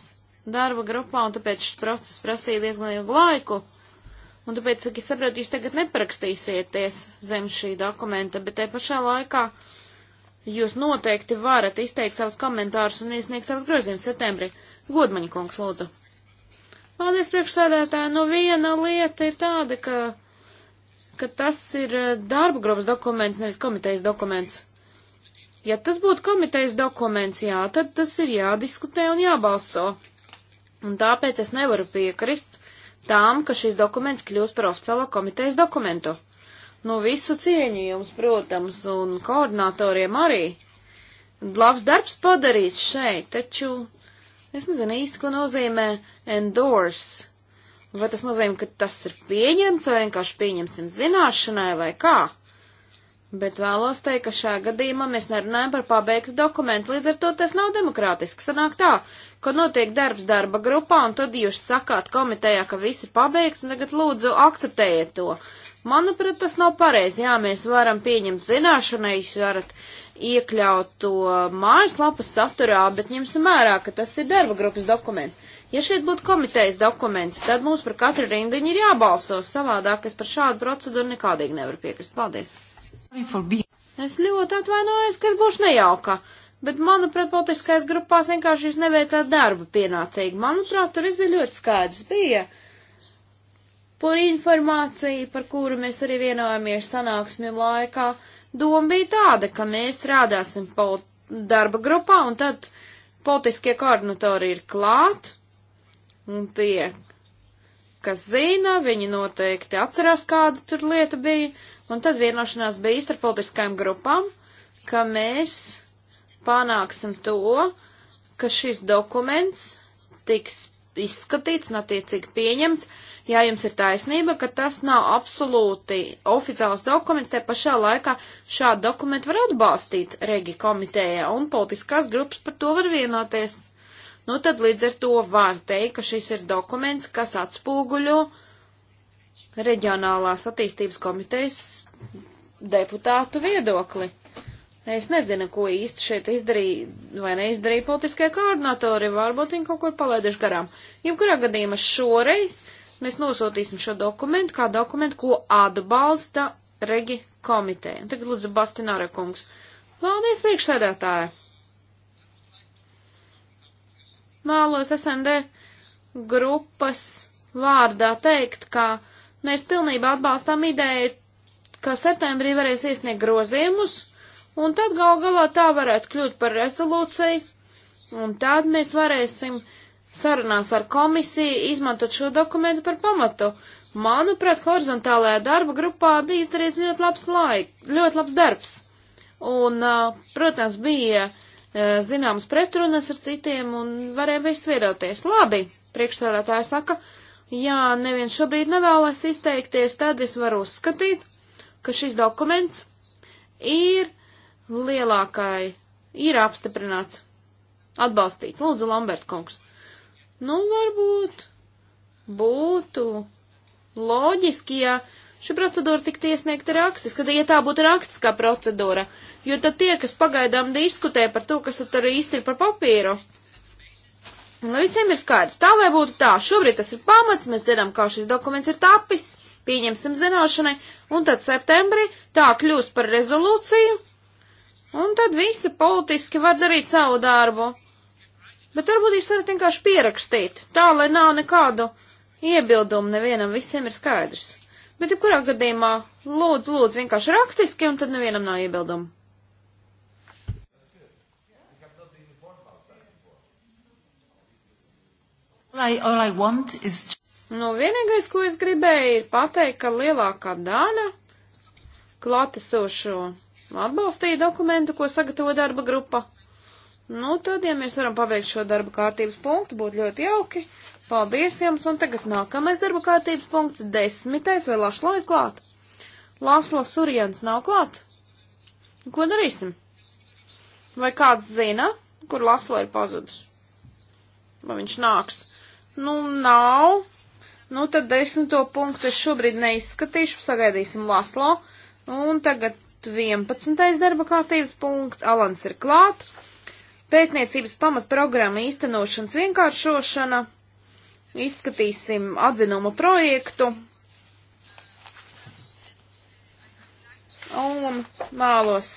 darba grupā, un tāpēc šis process prasīja diezgan ilgu laiku. Un tāpēc, cik es saprotu, jūs tagad neparakstīsieties zem šī dokumenta, bet te pašā laikā jūs noteikti varat izteikt savus komentārus un iesniegt savus grozījumus septembrī. Godmaņa kungs, lūdzu. Paldies, priekšsēdētāji. Nu, viena lieta ir tāda, ka, ka tas ir eh, darba grupas dokuments, nevis komitejas dokuments. Ja tas būtu komitejas dokuments, jā, tad tas ir jādiskutē un jābalso. Un tāpēc es nevaru piekrist tām, ka šis dokuments kļūst par oficiālo komitejas dokumentu. Nu, visu cieņu jums, protams, un koordinatoriem arī. Labs darbs padarīts šeit, taču es nezinu īsti, ko nozīmē endorse. Vai tas nozīmē, ka tas ir pieņemts, vai vienkārši pieņemsim zināšanai, vai kā? Bet vēlos teikt, ka šajā gadījumā mēs nerunājam par pabeigtu dokumentu, līdz ar to tas nav demokrātiski. Sanāk tā, ka notiek darbs darba grupā, un tad jūs sakāt komitejā, ka viss ir pabeigts, un tagad lūdzu akceptējiet to. Manuprāt, tas nav pareizi. Jā, mēs varam pieņemt zināšanai, jūs varat iekļaut to mājaslapas saturā, bet ņemsim vērā, ka tas ir darba grupas dokuments. Ja šeit būtu komitejas dokuments, tad mums par katru rindiņu ir jābalso savādāk, es par šādu procedūru nekādīgi nevaru piekrist. Paldies! Es ļoti atvainojos, ka būšu nejauka. Bet, manuprāt, politiskais grupās vienkārši jūs neveicāt darbu pienācīgi. Manuprāt, tur viss bija ļoti skaidrs. Bija par informāciju, par kuru mēs arī vienojāmies sanāksmju laikā. Doma bija tāda, ka mēs strādāsim darba grupā, un tad politiskie koordinatori ir klāt, un tie, kas zina, viņi noteikti atcerās, kāda tur lieta bija, un tad vienošanās bija starp politiskajām grupām, ka mēs panāksim to, ka šis dokuments tiks izskatīts un attiecīgi pieņemts. Jā, jums ir taisnība, ka tas nav absolūti oficiāls dokuments, te pašā laikā šādu dokumentu var atbalstīt Regi komitējā un politiskās grupas par to var vienoties. Nu tad līdz ar to var teikt, ka šis ir dokuments, kas atspūguļo reģionālās attīstības komitejas deputātu viedokli. Es nezinu, ko īsti šeit izdarīja vai neizdarīja politiskie koordinatori, varbūt viņi kaut kur palaiduši garām. Jebkurā gadījumā šoreiz mēs nosūtīsim šo dokumentu kā dokumentu, ko atbalsta Regi komiteja. Tagad lūdzu Bastinārē kungs. Paldies, priekšsēdētāji! Vēlos SND grupas vārdā teikt, ka mēs pilnībā atbalstām ideju, ka septembrī varēs iesniegt grozījumus un tad gal galā tā varētu kļūt par rezolūciju, un tad mēs varēsim sarunās ar komisiju izmantot šo dokumentu par pamatu. Manuprāt, horizontālajā darba grupā bija izdarīts ļoti labs laik, ļoti labs darbs. Un, uh, protams, bija uh, zināmas pretrunas ar citiem un varēja visu viedoties. Labi, priekšstādātāja saka, ja neviens šobrīd nevēlas izteikties, tad es varu uzskatīt, ka šis dokuments ir lielākai ir apstiprināts, atbalstīts. Lūdzu, Lambert kungs. Nu, varbūt būtu loģiski, ja šī procedūra tiktu iesniegta rakstis, kad ja tā būtu rakstiskā procedūra, jo tad tie, kas pagaidām diskutē par to, kas tur īsti ir par papīru, lai nu, visiem ir skaidrs, tā lai būtu tā, šobrīd tas ir pamats, mēs zinām, kā šis dokuments ir tapis, pieņemsim zināšanai, un tad septembrī tā kļūst par rezolūciju, Un tad visi politiski var darīt savu darbu. Bet varbūt jūs varat vienkārši pierakstīt, tā lai nav nekādu iebildumu nevienam, visiem ir skaidrs. Bet, ja kurā gadījumā, lūdzu, lūdzu, vienkārši rakstiski, un tad nevienam nav iebildumu. All I want is... Nu, vienīgais, ko es gribēju, ir pateikt, ka lielākā dāna klātesošo atbalstīja dokumentu, ko sagatavo darba grupa. Nu, tad, ja mēs varam pabeigt šo darba kārtības punktu, būtu ļoti jauki. Paldies jums, un tagad nākamais darba kārtības punkts, desmitais, vai Lašlo ir klāt? Lasla Surjans nav klāt? Ko darīsim? Vai kāds zina, kur Laslo ir pazudis? Vai viņš nāks? Nu, nav. Nu, tad desmito punktu es šobrīd neizskatīšu, sagaidīsim Laslo. Un tagad 11. darba kārtības punkts, Alans ir klāt, pētniecības pamatprogramma īstenošanas vienkāršošana, izskatīsim atzinuma projektu. Un vēlos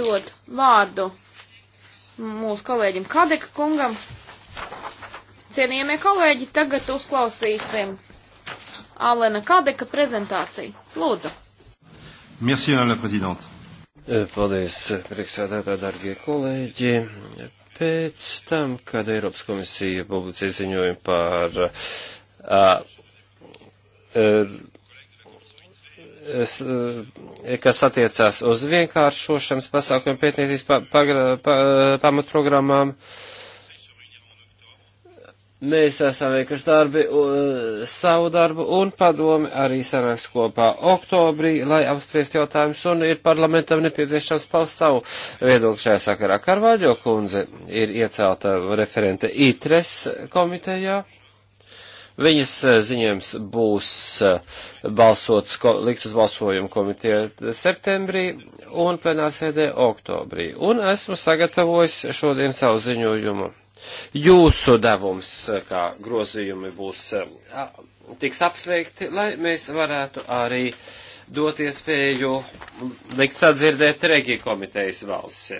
dot vārdu mūsu kolēģim Kadeka kungam. Cienījamie kolēģi, tagad uzklausīsim Alena Kadeka prezentāciju. Lūdzu! Merci, Madame la Présidente. Eh, paldies, priekšsēdētāji, darbie kolēģi. Pēc tam, kad Eiropas komisija publicēja ziņojumu par uh, uh, kas attiecās uz vienkāršošanas pasākumiem pētniecības pa, pa, pa, pamatprogrammām. Pa, Mēs esam veikuši darbi, uh, savu darbu un padomi arī sanāks kopā oktobrī, lai apspriest jautājumus un ir parlamentam nepieciešams paust savu viedokli šajā sakarā. Karvaļo kundze ir iecelta referente ITRES komitejā. Viņas e, ziņojums būs e, balsots, likt uz balsojumu komiteja septembrī un plenārsēdē oktobrī. Un esmu sagatavojis šodien savu ziņojumu jūsu devums, eh, kā grozījumi būs, eh, tiks apsveikti, lai mēs varētu arī dot iespēju likt sadzirdēt Regi komitejas valsts.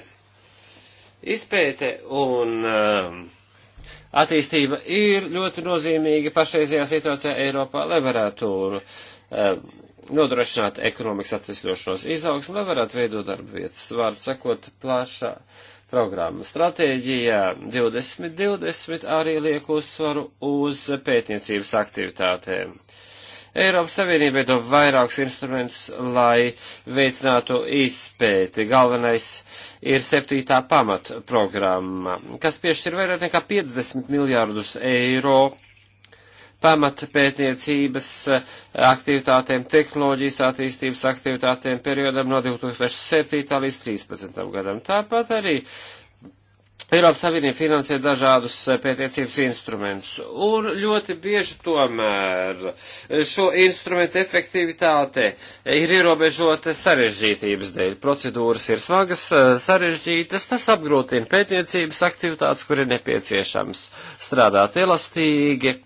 Izpēte un eh, attīstība ir ļoti nozīmīga pašreizajā situācijā Eiropā, lai varētu nodrošināt ekonomikas atvesļošanos izaugsmu, lai varētu veidot darba vietas, vārdu sakot, plašā programma. Stratēģija 2020 arī liek uzsvaru uz pētniecības aktivitātēm. Eiropas Savienība iedod vairākus instrumentus, lai veicinātu izpēti. Galvenais ir septītā pamatprogramma, kas piešķir vairāk nekā 50 miljārdus eiro pamatpētniecības eh, aktivitātēm, tehnoloģijas attīstības aktivitātēm periodam no 2007. līdz 2013. gadam. Tāpat arī Eiropas Savienība finansē dažādus eh, pētniecības instrumentus, un ļoti bieži tomēr eh, šo instrumentu efektivitāte ir ierobežota sarežģītības dēļ. Procedūras ir smagas, sarežģītas, tas apgrūtina pētniecības aktivitātes, kur ir nepieciešams strādāt elastīgi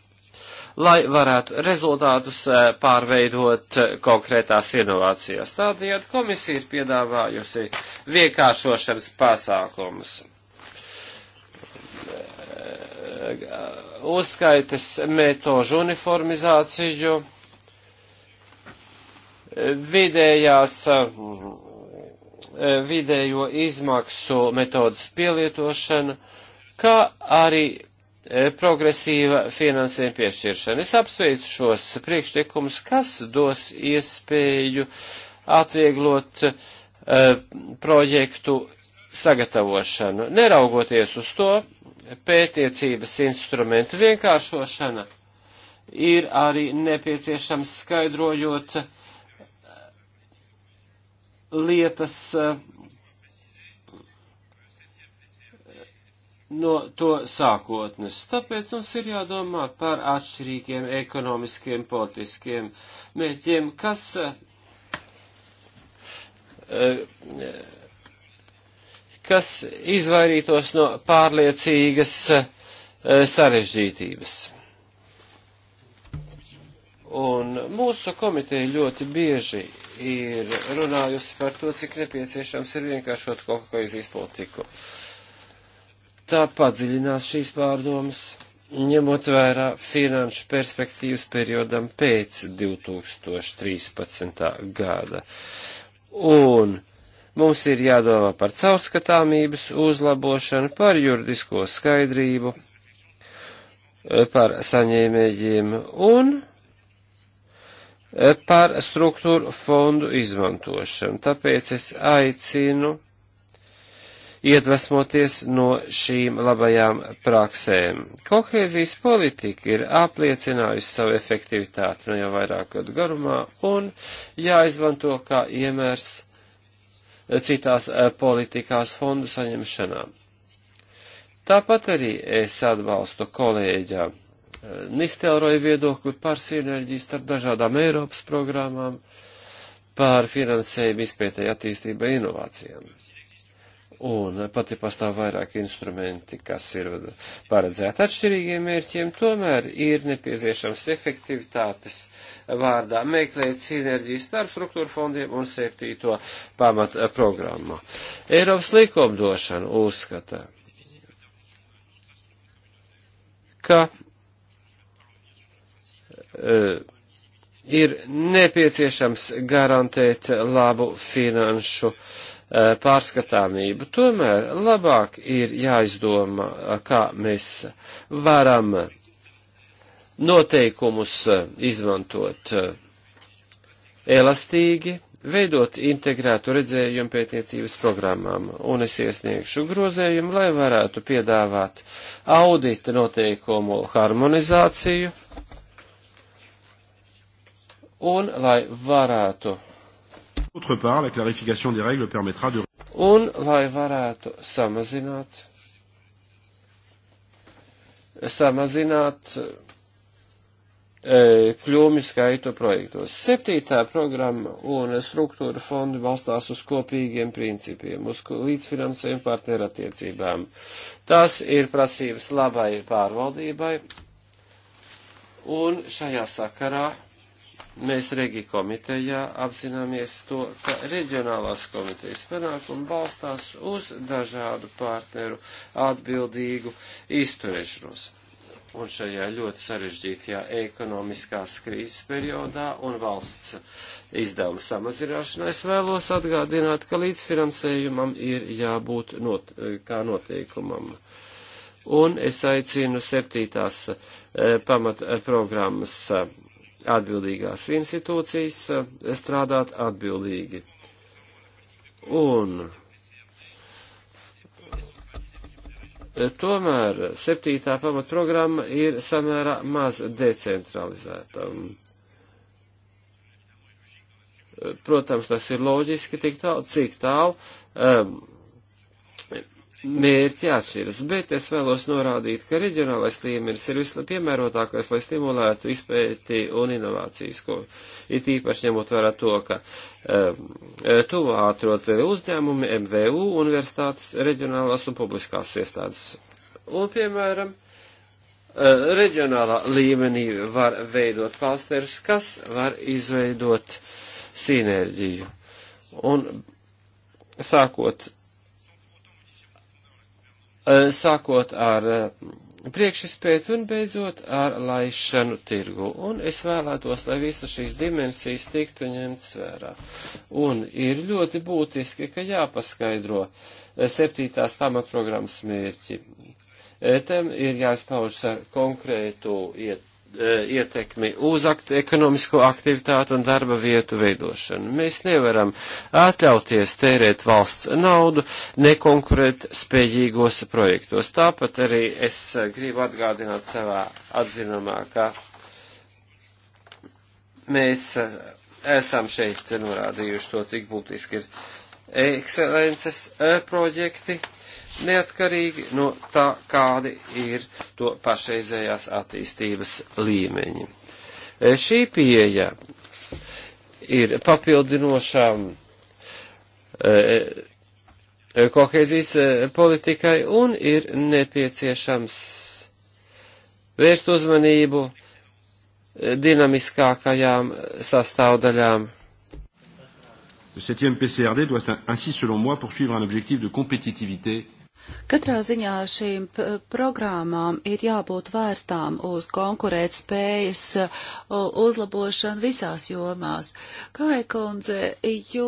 lai varētu rezultātus eh, pārveidot eh, konkrētās inovācijās. Tādējādi komisija ir piedāvājusi vienkāršošanas pasākumus eh, uzskaitas metožu uniformizāciju, vidējās, vidējo izmaksu metodas pielietošana, kā arī E, progresīva finansējuma piešķiršana. Es apsveicu šos priekšlikumus, kas dos iespēju atvieglot uh, projektu sagatavošanu. Neraugoties uz to, pētniecības instrumentu vienkāršošana ir arī nepieciešams skaidrojot e, lietas uh, no to sākotnes. Tāpēc mums ir jādomā par atšķirīgiem ekonomiskiem, politiskiem mērķiem, kas eh, kas izvairītos no pārliecīgas eh, sarežģītības. Un mūsu komiteja ļoti bieži ir runājusi par to, cik nepieciešams ir vienkāršot kohezijas politiku. Uh, tā padziļinās šīs pārdomas, ņemot vērā finanšu perspektīvas periodam pēc 2013. gada. Un mums ir jādomā par caurskatāmības uzlabošanu, par juridisko skaidrību, par saņēmējiem un par struktūru fondu izmantošanu. Tāpēc es aicinu iedvesmoties no šīm labajām praksēm. Kohēzijas politika ir apliecinājusi savu efektivitāti no nu jau vairāk gadu garumā un jāizmanto kā iemērs citās e, politikās fondu saņemšanā. Tāpat arī es atbalstu kolēģa e, Nistelroja viedokli par sinerģiju starp dažādām Eiropas programmām, par finansējumu izpētēji attīstībai inovācijām un pat ja pastāv vairāk instrumenti, kas ir paredzēti atšķirīgiem mērķiem, tomēr ir nepieciešams efektivitātes vārdā meklēt sinerģiju starp struktūra fondiem un septīto pamat programmu. Eiropas likumdošana uzskata, ka uh, ir nepieciešams garantēt labu finanšu uh, Eh, pārskatāmību. Tomēr labāk ir jāizdomā, kā mēs varam noteikumus eh, izmantot eh, elastīgi, veidot integrētu redzējumu pētniecības programmām, un es iesniegšu grozējumu, lai varētu piedāvāt audita noteikumu harmonizāciju, un lai varētu Un lai varētu samazināt, samazināt e, kļūmi skaitu projektos. Septītā programma un struktūra fondi balstās uz kopīgiem principiem, uz līdzfinansējumu partnerattiecībām. Tas ir prasības labai pārvaldībai, un šajā sakarā Mēs Regi komitejā apzināmies to, ka reģionālās komitejas panākumi balstās uz dažādu partneru atbildīgu izturēšanos. Un šajā ļoti sarežģītajā ekonomiskās krīzes periodā un valsts izdevuma samazināšanā es vēlos atgādināt, ka līdzfinansējumam ir jābūt not, kā noteikumam un es aicinu septītās e, pamatprogrammas e, atbildīgās institūcijas eh, strādāt atbildīgi. Un eh, tomēr septītā pamatprogramma ir samērā maz decentralizēta. Eh, protams, tas ir loģiski tik tālu, cik tālu um, mērķi atšķiras, bet es vēlos norādīt, ka reģionālais līmenis ir vispiemērotākais, lai stimulētu izpēti un inovācijas, ko it īpaši ņemot vērā to, ka um, eh, eh, tuvā atrodas lieli uzņēmumi, MVU, universitātes, reģionālās un publiskās iestādes. Un, piemēram, eh, reģionālā līmenī var veidot klasterus, kas var izveidot sinerģiju. Un sākot Eh, sākot ar eh, priekšizpētu un beidzot ar laišanu tirgu. Un es vēlētos, lai visas šīs dimensijas tiktu ņemts vērā. Un ir ļoti būtiski, ka jāpaskaidro eh, septītās pamatprogrammas mērķi. Tam ir jāspauž ar konkrētu iet Eh, ietekmi uz akt ekonomisko aktivitātu un darba vietu veidošanu. Mēs nevaram atļauties tērēt valsts naudu nekonkurēt spējīgos projektos. Tāpat arī es gribu atgādināt savā atzinumā, ka mēs eh, esam šeit norādījuši to, cik būtiski ir ekscelences eh, projekti neatkarīgi no tā, kādi ir to pašreizējās attīstības līmeņi. E, šī pieeja ir papildinošām e, e, kohēzijas politikai un ir nepieciešams vērst uzmanību dinamiskākajām sastāvdaļām. Le septième PCRD doit ainsi, selon moi, poursuivre un objectif de compétitivité Katrā ziņā šīm programmām ir jābūt vērstām uz konkurēt spējas uzlabošanu visās jomās. Kāja kundze, jū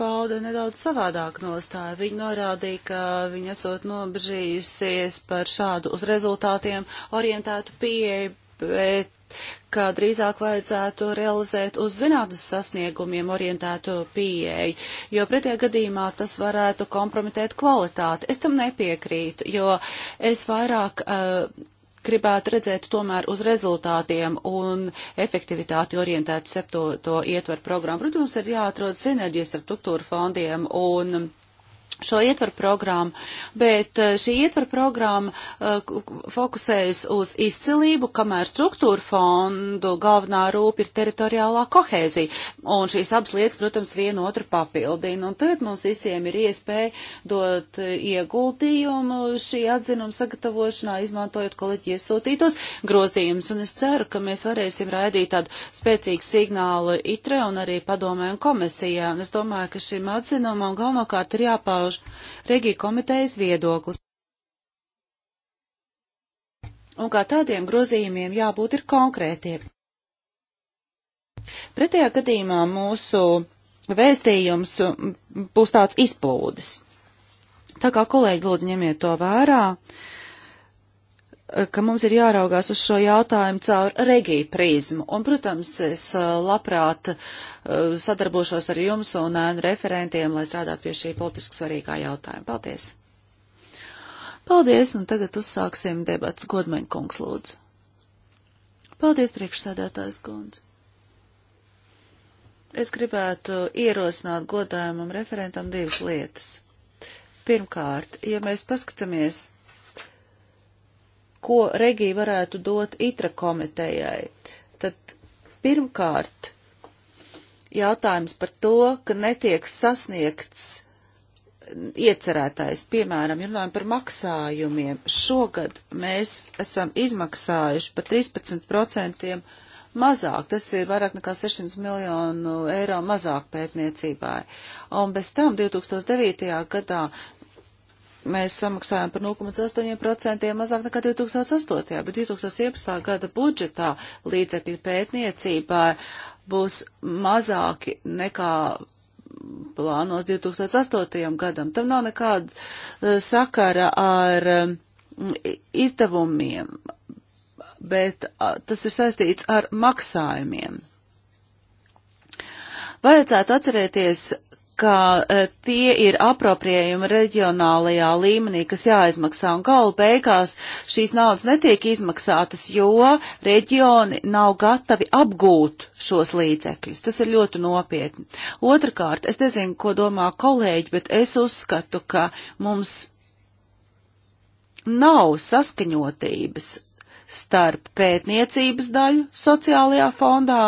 pauda nedaudz savādāk nostāja. Viņa norādīja, ka viņa esot nobežījusies par šādu uz rezultātiem orientētu pieeju, bet ka drīzāk vajadzētu realizēt uz zinātnes sasniegumiem orientēto pieeju, jo pretējā gadījumā tas varētu kompromitēt kvalitāti. Es tam nepiekrītu, jo es vairāk uh, gribētu redzēt tomēr uz rezultātiem un efektivitāti orientētu septo ietveru programmu. Protams, ir jāatrod sinerģijas starp struktūra fondiem un uh, šo ietvaru programmu, bet eh, šī ietvaru programma uh, fokusējas uz izcilību, kamēr struktūra fondu galvenā rūpa ir teritoriālā kohēzija. Un šīs abas lietas, protams, vienu otru papildina. Un tad mums visiem ir iespēja dot eh, ieguldījumu šī atzinuma sagatavošanā, izmantojot kolēģi iesūtītos grozījumus. Un es ceru, ka mēs varēsim raidīt tādu spēcīgu signālu ITRE un arī padomēm komisijām. Es domāju, ka šim atzinumam galvenokārt ir jāpauž jāpauž Regija komitejas viedoklis. Un kā tādiem grozījumiem jābūt ir konkrētiem. Pretējā gadījumā mūsu vēstījums būs tāds izplūdes. Tā kā kolēģi lūdzu ņemiet to vērā, uh, ka mums ir jāraugās uz šo jautājumu caur regiju prizmu. Un, protams, es eh, labprāt eh, sadarbošos ar jums un referentiem, lai strādātu pie šī politiski svarīgā jautājuma. Paldies! Paldies, un tagad uzsāksim debats. Godmaņa kungs lūdzu. Paldies, priekšsēdētājs kundze. Es gribētu ierosināt godājumam referentam divas lietas. Pirmkārt, ja mēs paskatāmies ko Regija varētu dot ITRA komitejai. Tad pirmkārt jautājums par to, ka netiek sasniegts iecerētais, piemēram, runājot par maksājumiem. Šogad mēs esam izmaksājuši par 13% mazāk, tas ir vairāk nekā 600 miljonu eiro mazāk pētniecībai. Un bez tam 2009. gadā mēs samaksājam par 0,8% mazāk nekā 2008. bet 2011. gada budžetā līdzekļi pētniecībai būs mazāki nekā plānos 2008. gadam. Tam nav nekāda eh, sakara ar mm, izdevumiem, bet tas ir saistīts ar maksājumiem. Vajadzētu atcerēties ka eh, tie ir apropriējumi reģionālajā līmenī, kas jāizmaksā, un galu beigās šīs naudas netiek izmaksātas, jo reģioni nav gatavi apgūt šos līdzekļus. Tas ir ļoti nopietni. Otrakārt, es nezinu, ko domā kolēģi, bet es uzskatu, ka mums nav saskaņotības starp pētniecības daļu sociālajā fondā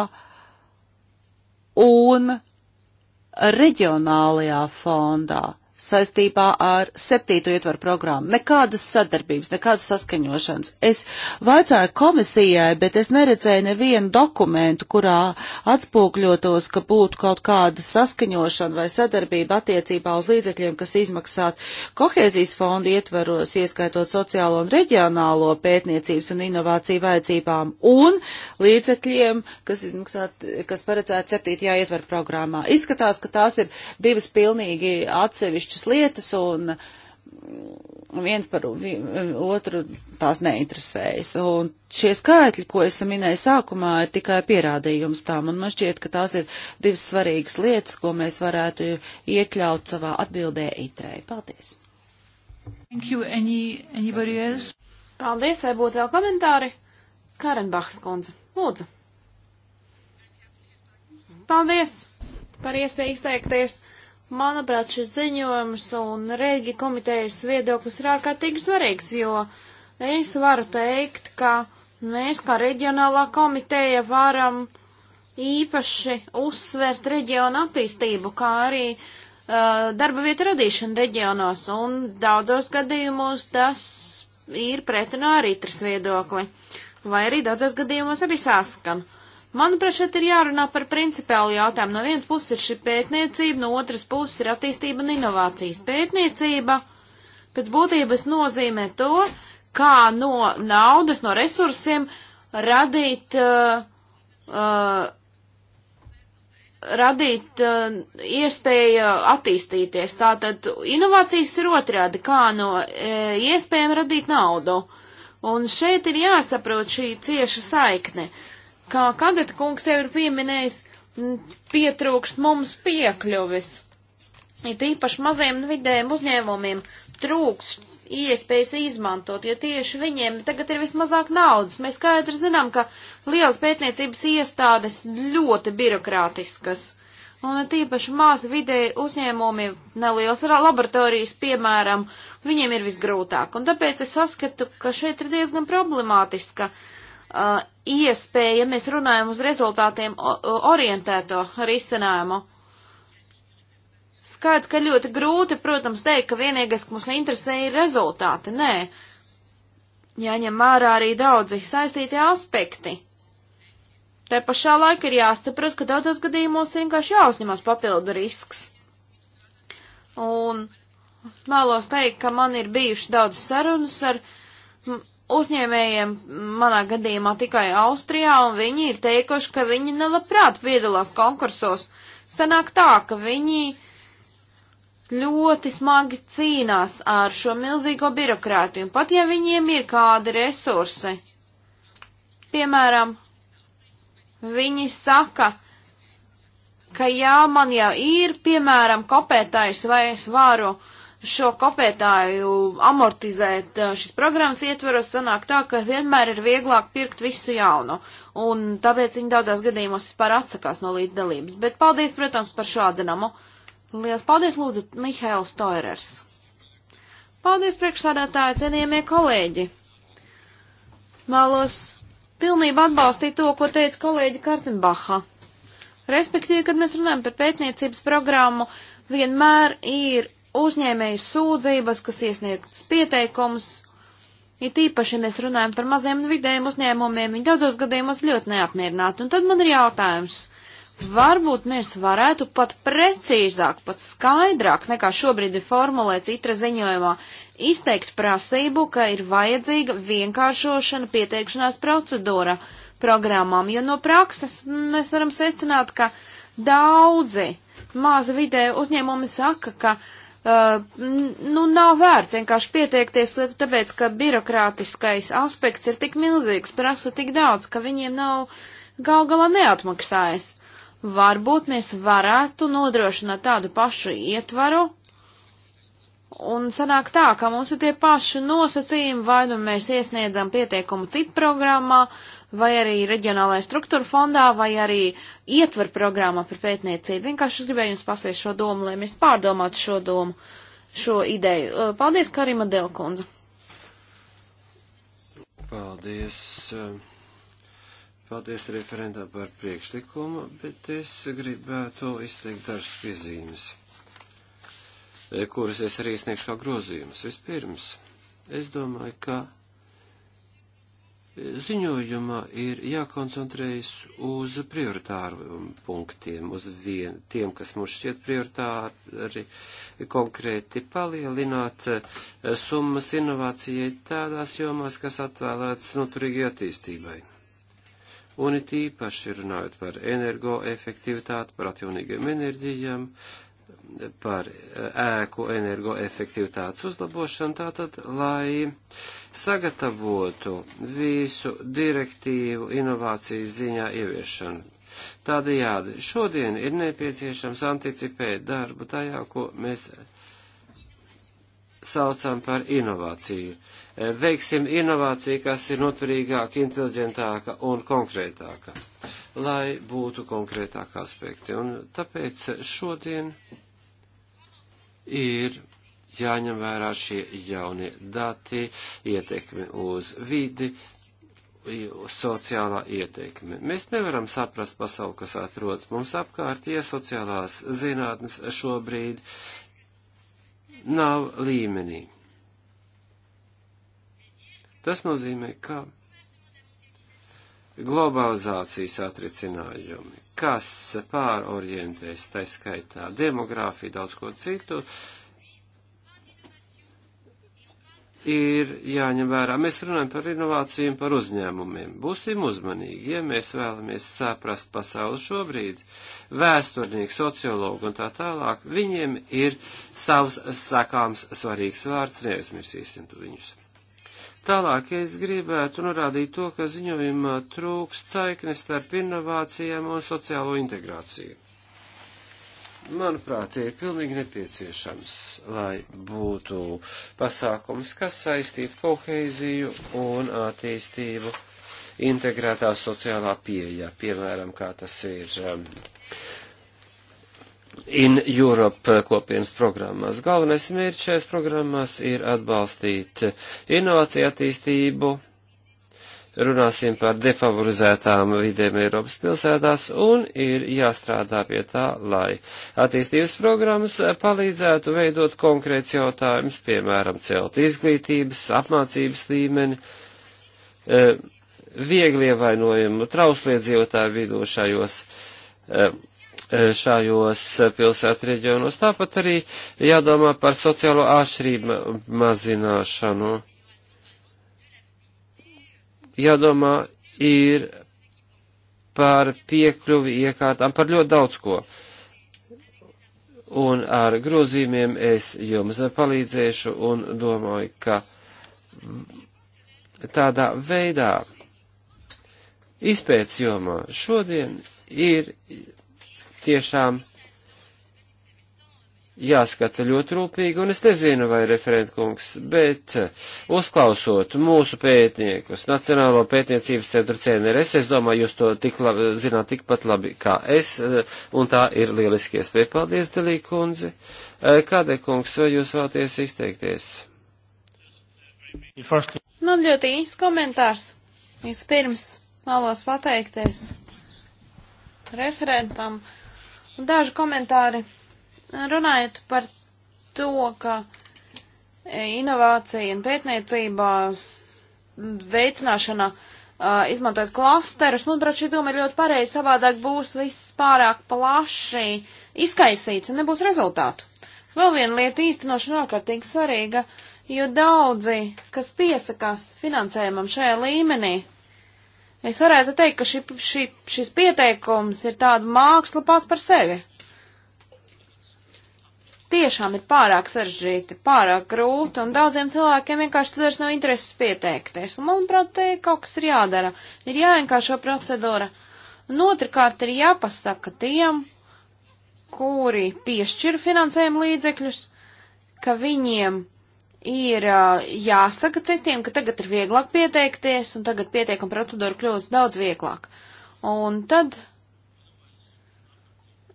un reģionālajā fondā saistībā ar septīto ietvaru programmu. Nekādas sadarbības, nekādas saskaņošanas. Es vaicāju komisijai, bet es neredzēju nevienu dokumentu, kurā atspūkļotos, ka būtu kaut kāda saskaņošana vai sadarbība attiecībā uz līdzekļiem, kas izmaksāt kohēzijas fonda ietvaros, ieskaitot sociālo un reģionālo pētniecības un inovāciju vajadzībām un līdzekļiem, kas, izmaksāt, kas paredzēt septītajā ietvaru programmā. Izskatās, ka tās ir divas pilnīgi atsevišķas atsevišķas lietas un viens par otru tās neinteresējas. Un šie skaitļi, ko es minēju sākumā, ir tikai pierādījums tām, un man šķiet, ka tās ir divas svarīgas lietas, ko mēs varētu iekļaut savā atbildē itrei. Paldies! Thank you. Any, anybody else? Paldies, vai būtu vēl komentāri? Karenbachs kundze, lūdzu. Paldies par iespēju izteikties. Manuprāt, šis ziņojums un Rēgi komitejas viedoklis ir ārkārtīgi svarīgs, jo es varu teikt, ka mēs kā reģionālā komiteja varam īpaši uzsvērt reģionu attīstību, kā arī uh, darba vietu radīšanu reģionos, un daudzos gadījumos tas ir pretinā arī tris viedokli, vai arī daudzos gadījumos arī saskana. Manuprāt, šeit ir jārunā par principiālu jautājumu. No vienas puses ir šī pētniecība, no otras puses ir attīstība un inovācijas. Pētniecība pēc būtības nozīmē to, kā no naudas, no resursiem radīt, uh, uh, radīt uh, iespēju attīstīties. Tātad inovācijas ir otrādi, kā no uh, iespējām radīt naudu. Un šeit ir jāsaprot šī cieša saikne. Uh, kā Kagata kungs jau ir pieminējis, pietrūkst mums piekļuvis. Ir īpaši maziem un vidējiem uzņēmumiem trūkst iespējas izmantot, jo tieši viņiem tagad ir vismazāk naudas. Mēs skaidri zinām, ka lielas pētniecības iestādes ļoti birokrātiskas. Un tīpaši mazi vidēji uzņēmumi, nelielas laboratorijas, piemēram, viņiem ir visgrūtāk. Un tāpēc es saskatu, ka šeit ir diezgan problemātiska uh, uh, iespēja, ja mēs runājam uz rezultātiem orientēto risinājumu. Skaidrs, ka ļoti grūti, protams, teikt, ka vienīgais, kas mums interesē, ir rezultāti. Nē, jāņem vērā arī daudzi saistītie aspekti. Te pašā laikā ir jāsaprot, ka daudzos gadījumos vienkārši jāuzņemas papildu risks. Un vēlos teikt, ka man ir bijuši daudz sarunas ar uzņēmējiem manā gadījumā tikai Austrijā, un viņi ir teikuši, ka viņi nelabprāt piedalās konkursos. Sanāk tā, ka viņi ļoti smagi cīnās ar šo milzīgo birokrātiju, pat ja viņiem ir kādi resursi. Piemēram, viņi saka, ka jā, man jau ir, piemēram, kopētājs vai es varu uh, šo kopētāju amortizēt eh, šis programmas ietveros, sanāk tā, ka vienmēr ir vieglāk pirkt visu jaunu, un tāpēc viņi daudzās gadījumos vispār atsakās no līdzdalības. Bet paldies, protams, par šo atzinumu. Lielas paldies, lūdzu, Mihails Toirers. Paldies, priekšsādātāji, cienījamie kolēģi. Vēlos pilnībā atbalstīt to, ko teica kolēģi Kartenbacha. Respektīvi, kad mēs runājam par pētniecības programmu, vienmēr ir uzņēmēju sūdzības, kas iesniegts pieteikums. Ir tīpaši, ja mēs runājam par maziem un vidējiem uzņēmumiem, viņi daudzos gadījumos ļoti neapmierināti. Un tad man ir jautājums, varbūt mēs varētu pat precīzāk, pat skaidrāk nekā šobrīd ir formulēts itra ziņojumā, izteikt prasību, ka ir vajadzīga vienkāršošana pieteikšanās procedūra programmām, jo no prakses mēs varam secināt, ka daudzi mazi vidēji uzņēmumi saka, ka uh, Uh, nu, nav vērts vienkārši pieteikties, tāpēc, ka birokrātiskais aspekts ir tik milzīgs, prasa tik daudz, ka viņiem nav gal galā neatmaksājas. Varbūt mēs varētu nodrošināt tādu pašu ietvaru, un sanāk tā, ka mums ir tie paši nosacījumi, vai nu mēs iesniedzam pieteikumu CIP programmā, uh, vai arī reģionālajā struktūra fondā, vai arī ietver programmā par pētniecību. Vienkārši es gribēju jums pasniegt šo domu, lai mēs pārdomātu šo domu, šo ideju. Paldies, Karima Delkundze. Paldies. Paldies referendā par priekšlikumu, bet es gribētu izteikt dažas piezīmes, kuras es arī sniegšu kā grozījumus. Vispirms, es domāju, ka ziņojumā ir jākoncentrējas uz prioritāriem punktiem, uz vien, tiem, kas mums šķiet prioritāri, konkrēti palielināt eh, summas inovācijai tādās jomās, kas atvēlētas noturīgai attīstībai. Un it īpaši runājot par energoefektivitāti, par atjaunīgiem enerģijām, par eh, ēku energoefektivitātes uzlabošanu, tātad, lai sagatavotu visu direktīvu inovācijas ziņā ieviešanu. Tādējādi šodien ir nepieciešams anticipēt darbu tajā, ko mēs saucam par inovāciju. Eh, veiksim inovāciju, kas ir noturīgāka, inteliģentāka un konkrētāka, lai būtu konkrētāka aspekti. Un tāpēc šodien ir jāņem vērā šie jaunie dati, ietekme uz vidi, sociālā ietekme. Mēs nevaram saprast pasauli, kas atrodas mums apkārt, ja sociālās zinātnes šobrīd nav līmenī. Tas nozīmē, ka globalizācijas atricinājumi, kas pārorientēs, tā skaitā demogrāfiju, daudz ko citu, ir jāņem vērā. Mēs runājam par inovācijām, par uzņēmumiem. Būsim uzmanīgi, ja mēs vēlamies saprast pasauli šobrīd. Vēsturnieki, sociologi un tā tālāk, viņiem ir savs sakāms svarīgs vārds, neaizmirsīsim viņus. Tālāk es gribētu norādīt to, ka ziņojumā trūks saiknes starp inovācijām un sociālo integrāciju. Manuprāt, ir pilnīgi nepieciešams, lai būtu pasākums, kas saistītu koheiziju un attīstību integrētā sociālā pieeja, piemēram, kā tas ir um, in Europe kopienas programmās. Galvenais mērķis šajās programmās ir atbalstīt inovāciju attīstību, runāsim par defavorizētām vidēm Eiropas pilsētās un ir jāstrādā pie tā, lai attīstības programmas palīdzētu veidot konkrēts jautājums, piemēram, celt izglītības, apmācības līmeni, eh, viegli ievainojumu trausliedzīvotāju vidū šajos eh, E, šajos pilsētu reģionos. Tāpat arī jādomā par sociālo āšrību mazināšanu. Jādomā ir par piekļuvi iekārtām, par ļoti daudz ko. Un ar grozījumiem es jums palīdzēšu un domāju, ka tādā veidā izpēc jomā šodien ir tiešām jāskata ļoti rūpīgi, un es nezinu, vai referentkungs, bet eh, uzklausot mūsu pētniekus, Nacionālo pētniecības centru CNRS, es domāju, jūs to tik labi, zināt tikpat labi kā es, eh, un tā ir lieliski iespēja. Paldies, Delī kundze. Eh, Kādai kungs, vai jūs vēlaties izteikties? Man ļoti īsts komentārs. Vispirms vēlos pateikties referentam. Uh, Daži komentāri runājot par to, ka e, inovācija un pētniecībās veicināšana izmantojot klasterus, manuprāt, šī doma ir ļoti pareiza, savādāk būs viss pārāk plaši izkaisīts un nebūs rezultātu. Vēl viena lieta īstenošana ir ārkārtīgi svarīga, jo daudzi, kas piesakās finansējumam šajā līmenī, Es varētu teikt, ka šī, šī, šis pieteikums ir tāda māksla pats par sevi. Tiešām ir pārāk sarežģīti, pārāk grūti, un daudziem cilvēkiem vienkārši vairs nav intereses pieteikties. Un, manuprāt, te kaut kas ir jādara. Ir jāienkāršo procedūra. Un otrkārt ir jāpasaka tiem, kuri piešķir finansējumu līdzekļus, ka viņiem ir uh, jāsaka citiem, ka tagad ir vieglāk pieteikties, un tagad pieteikuma procedūra kļūst daudz vieglāk. Un tad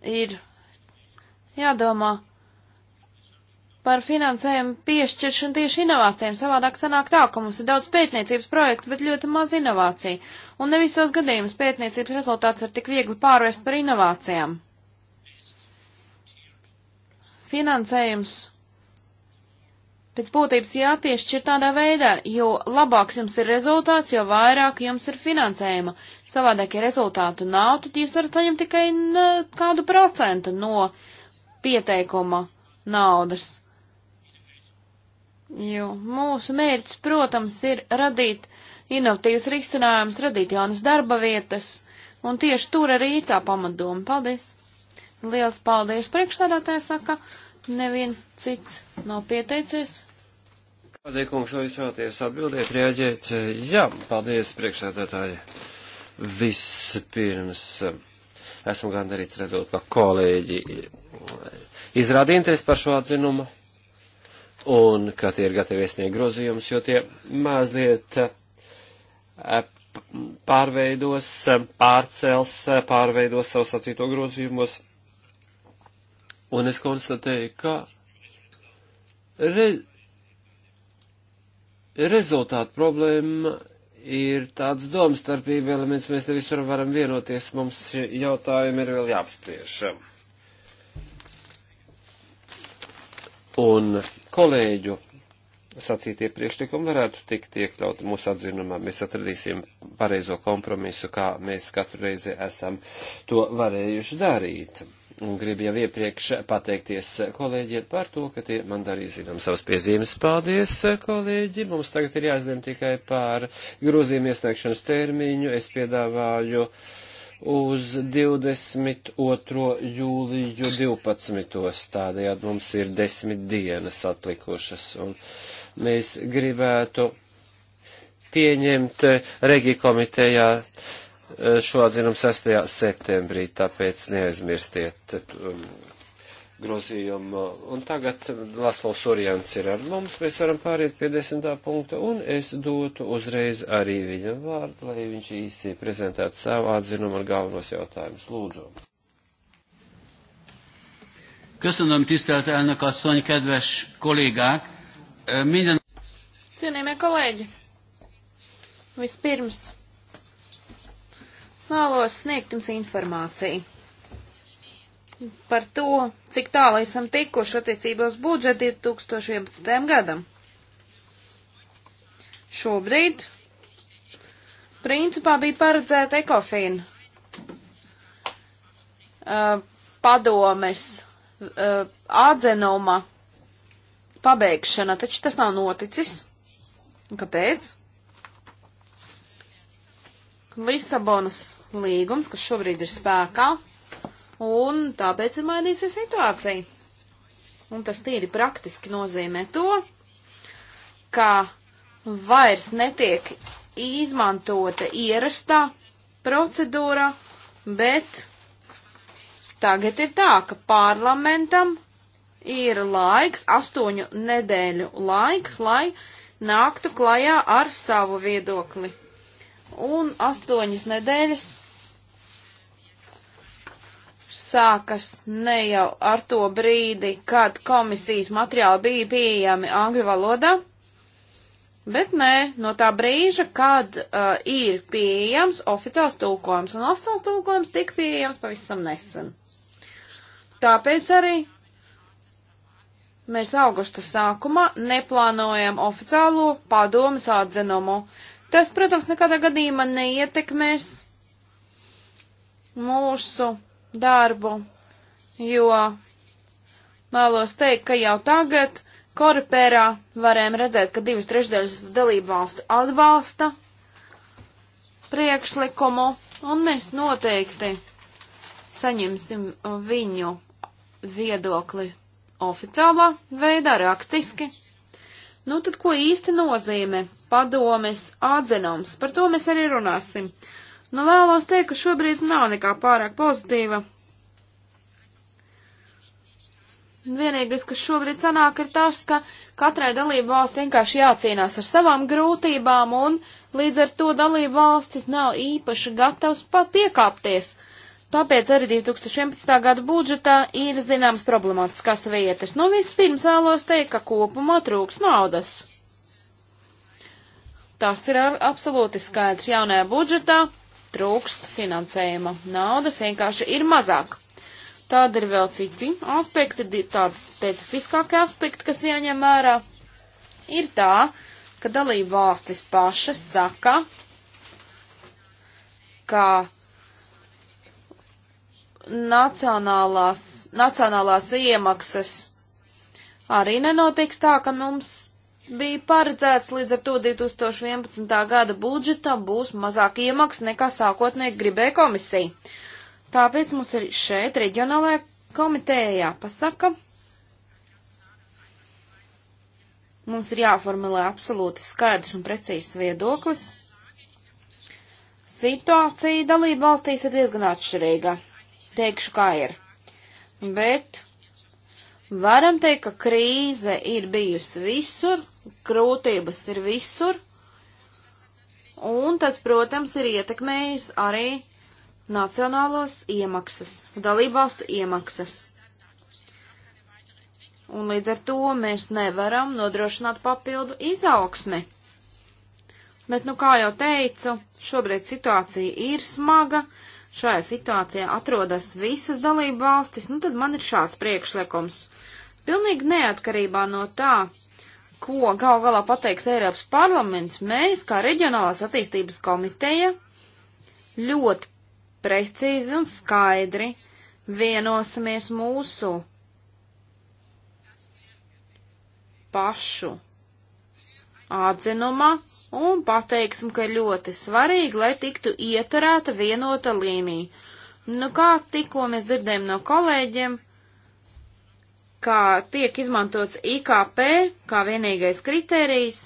ir jādomā par finansējumu piešķiršanu tieši inovācijām. Savādāk sanāk tā, ka mums ir daudz pētniecības projektu, bet ļoti maz inovāciju. Un ne visos gadījumos pētniecības rezultāts var tik viegli pārvest par inovācijām. Finansējums pēc būtības jāpiešķir tādā veidā, jo labāks jums ir rezultāts, jo vairāk jums ir finansējuma. Savādāk, ja rezultātu nav, tad jūs varat saņemt tikai kādu procentu no pieteikuma naudas. Jo mūsu mērķis, protams, ir radīt inovatīvas risinājumus, radīt jaunas darba vietas, un tieši tur arī ir tā pamatdoma. Paldies! Liels paldies priekšstādātājai saka! neviens cits nav pieteicies. Paldies, kungs, vai jūs vēlaties atbildēt, rēģēt? Jā, paldies, priekšsēdētāji. Vispirms eh, esmu gandarīts redzot, ka kolēģi eh, izrāda interesi par šo atzinumu un ka tie ir gatavi iesniegt grozījumus, jo tie mazliet eh, pārveidos, pārcels, pārveidos savu sacīto grozījumos. Un es konstatēju, ka re, Rezultātu problēma ir tāds domstarpība elements, mēs te visur varam vienoties, mums jautājumi ir vēl jāapspriež. Un kolēģu sacītie priekšlikumi varētu tikt iekļauti mūsu atzinumā. Mēs atradīsim pareizo kompromisu, kā mēs katru reizi esam to varējuši darīt gribu jau iepriekš pateikties kolēģiem par to, ka tie man darīja zinām savas piezīmes. Paldies, kolēģi! Mums tagad ir jāizlem tikai par grūzījumu iesniegšanas termiņu. Es piedāvāju uz 22. jūliju 12. Tādējādi mums ir desmit dienas atlikušas. Un mēs gribētu pieņemt Regi komitejā Eh, šo atzinumu 6. septembrī, tāpēc neaizmirstiet um, grozījumu. Un tagad Laslovs Orjans ir ar mums, mēs varam pāriet pie 10. punkta, un es dotu uzreiz arī viņam vārdu, lai viņš īsi prezentētu savu atzinumu ar galvenos jautājumus. Lūdzu! Köszönöm, tisztelt elnök asszony, kedves kollégák! Eh, minden... Cienījamie kolēģi, vispirms Vēlos sniegt jums informāciju par to, cik tālu esam tikuši attiecībos budžeti 2011. gadam. Šobrīd principā bija paredzēta ekofīna uh, padomes uh, atzinuma pabeigšana, taču tas nav noticis. Kāpēc? Lisabonas līgums, kas šobrīd ir spēkā, un tāpēc ir mainīsies situācija. Un tas tīri praktiski nozīmē to, ka vairs netiek izmantota ierastā procedūra, bet tagad ir tā, ka parlamentam ir laiks, astoņu nedēļu laiks, lai nāktu klajā ar savu viedokli un astoņas nedēļas sākas ne jau ar to brīdi, kad komisijas materiāli bija pieejami angļu valodā, bet nē, no tā brīža, kad uh, ir pieejams oficiāls tulkojums, un oficiāls tulkojums tika pieejams pavisam nesen. Tāpēc arī mēs augusta sākumā neplānojam oficiālo padomas atzinumu, Tas, protams, nekādā gadījumā neietekmēs mūsu darbu, jo vēlos teikt, ka jau tagad Korepērā varējām redzēt, ka divas trešdaļas dalību valstu atbalsta priekšlikumu, un mēs noteikti saņemsim viņu viedokli oficiālā veidā, rakstiski. Nu tad, ko īsti nozīmē padomes atzinums. Par to mēs arī runāsim. Nu, vēlos teikt, ka šobrīd nav nekā pārāk pozitīva. Vienīgais, kas šobrīd sanāk, ir tas, ka katrai dalību valsts vienkārši jācīnās ar savām grūtībām, un līdz ar to dalību valstis nav īpaši gatavs pat piekāpties. Tāpēc arī 2011. gada budžetā ir zināmas problemātiskās vietas. Nu, vispirms vēlos teikt, ka kopumā trūks naudas. Tas ir ar, absolūti skaidrs. Jaunajā budžetā trūkst finansējuma. Naudas vienkārši ir mazāk. Tāda ir vēl citi aspekti, tādi specifiskākie aspekti, kas jāņem vērā. Ir tā, ka dalība valstis pašas saka, ka nacionālās, nacionālās iemaksas arī nenotiks tā, ka mums bija paredzēts līdz ar to 2011. gada budžetam būs mazāk iemaks nekā sākotnēji gribēja komisija. Tāpēc mums ir šeit reģionālajā komitejā jāpasaka, mums ir jāformulē absolūti skaidrs un precīzs viedoklis. Situācija dalība valstīs ir diezgan atšķirīga. Teikšu, kā ir. Bet varam teikt, ka krīze ir bijusi visur grūtības ir visur, un tas, protams, ir ietekmējis arī nacionālos iemaksas, dalībvalstu iemaksas. Un līdz ar to mēs nevaram nodrošināt papildu izaugsmi. Bet, nu, kā jau teicu, šobrīd situācija ir smaga, šajā situācijā atrodas visas dalība valstis, nu tad man ir šāds priekšlikums. Pilnīgi neatkarībā no tā, ko gal galā pateiks Eiropas parlaments, mēs, kā reģionālās attīstības komiteja, ļoti precīzi un skaidri vienosimies mūsu pašu atzinumā un pateiksim, ka ļoti svarīgi, lai tiktu ieturēta vienota līnija. Nu, kā tikko mēs dzirdējam no kolēģiem, kā tiek izmantots IKP kā vienīgais kritērijs,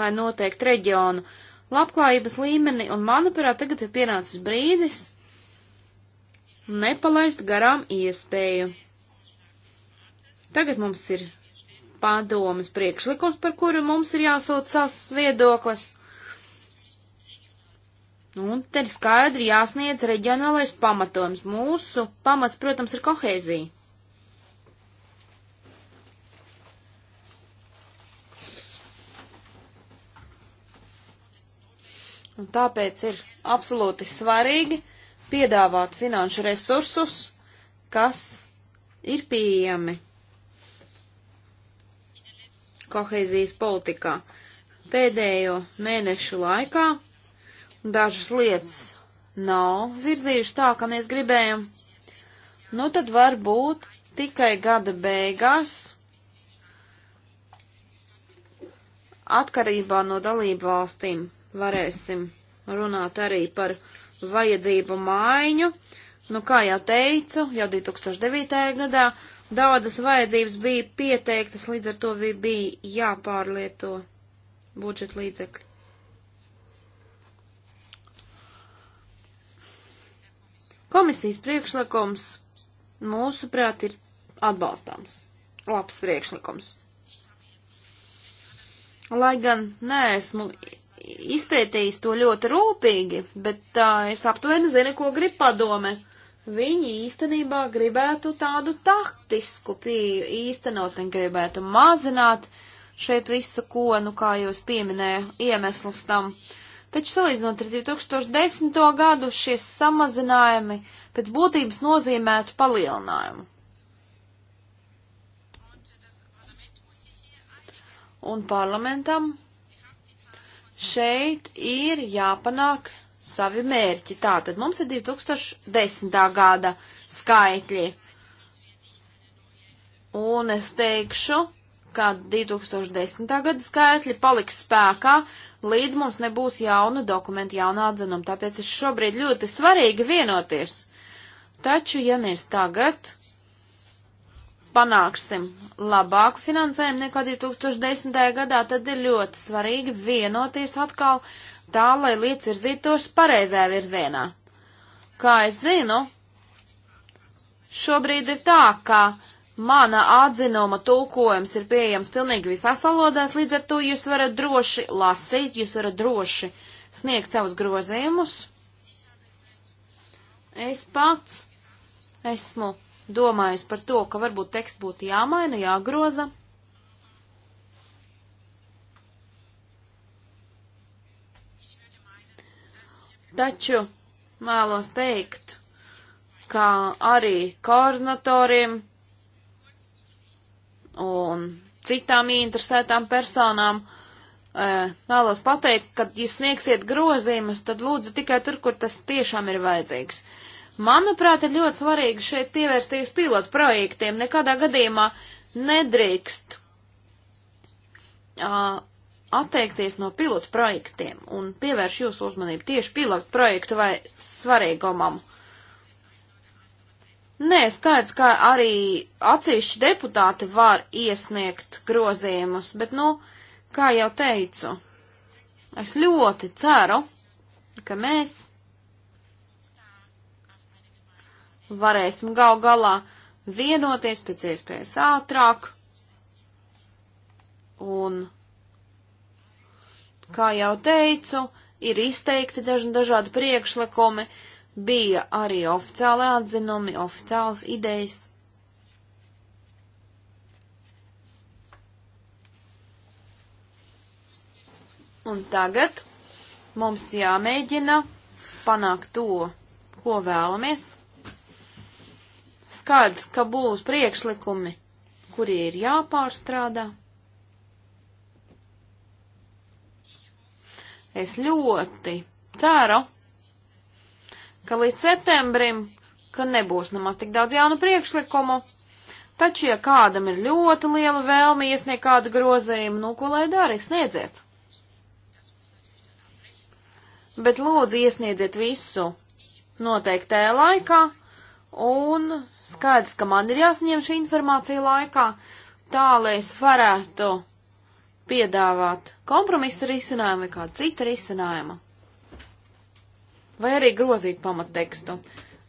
lai noteikti reģionu labklājības līmeni, un manuprāt, tagad ir pienācis brīdis nepalaist garām iespēju. Tagad mums ir padomas priekšlikums, par kuru mums ir jāsūt savs viedoklis. Un te ir skaidri jāsniedz reģionālais pamatojums. Mūsu pamats, protams, ir kohēzija. Un tāpēc ir absolūti svarīgi piedāvāt finanšu resursus, kas ir pieejami kohēzijas politikā. Pēdējo mēnešu laikā dažas lietas nav virzījuši tā, kā mēs gribējam. Nu tad varbūt tikai gada beigās, atkarībā no dalību valstīm, varēsim runāt arī par vajadzību maiņu. Nu, kā jau teicu, jau 2009. gadā daudzas vajadzības bija pieteiktas, līdz ar to bija jāpārlieto budžeta līdzekļi. Komisijas priekšlikums mūsuprāt ir atbalstāms. Labs priekšlikums. Lai gan neesmu izpētījis to ļoti rūpīgi, bet tā, es aptuveni zinu, ko grib padome. Viņi īstenībā gribētu tādu taktisku pieju īstenot un gribētu mazināt šeit visu, ko, nu kā jūs pieminēju, iemesls tam. Taču salīdzinot ar 2010. gadu, šie samazinājumi pēc būtības nozīmētu palielinājumu. un parlamentam šeit ir jāpanāk savi mērķi. Tātad mums ir 2010. gada skaitļi. Un es teikšu, ka 2010. gada skaitļi paliks spēkā, līdz mums nebūs jauna dokumenta, jauna atzinuma. Tāpēc ir šobrīd ļoti svarīgi vienoties. Taču, ja mēs tagad panāksim labāku finansējumu nekā 2010. gadā, tad ir ļoti svarīgi vienoties atkal tā, lai lietas virzītos pareizajā virzienā. Kā es zinu, šobrīd ir tā, ka mana atzinuma tulkojums ir pieejams pilnīgi visās valodās, līdz ar to jūs varat droši lasīt, jūs varat droši sniegt savus grozījumus. Es pats esmu domājis par to, ka varbūt teksts būtu jāmaina, jāgroza. Taču vēlos teikt, ka arī koordinatoriem un citām interesētām personām vēlos e, pateikt, ka jūs sniegsiet grozījumus, tad lūdzu tikai tur, kur tas tiešām ir vajadzīgs. Uh, Manuprāt, ir ļoti svarīgi šeit pievērsties pilotu projektiem. Nekādā gadījumā nedrīkst uh, atteikties no pilotu projektiem un pievērš jūsu uzmanību tieši pilotu projektu vai svarīgumam. Nē, skaidrs, ka arī atsevišķi deputāti var iesniegt grozījumus, bet, nu, kā jau teicu, es ļoti ceru, ka mēs varēsim gal galā vienoties pēc iespējas ātrāk. Un, kā jau teicu, ir izteikti daži dažādi priekšlikumi, bija arī oficiāli atzinumi, oficiāls idejas. Un tagad mums jāmēģina panākt to, ko vēlamies kad, ka būs priekšlikumi, kuri ir jāpārstrādā. Es ļoti ceru, ka līdz septembrim, ka nebūs nemaz tik daudz jaunu priekšlikumu, taču, ja kādam ir ļoti liela vēlme iesniegt kādu grozījumu, nu, ko lai dara, sniedziet. Bet lūdzu iesniedziet visu noteiktajā laikā, un skaidrs, ka man ir jāsaņem šī informācija laikā, tā lai es varētu piedāvāt kompromisa risinājumu vai kādu citu risinājumu. Vai arī grozīt pamattekstu.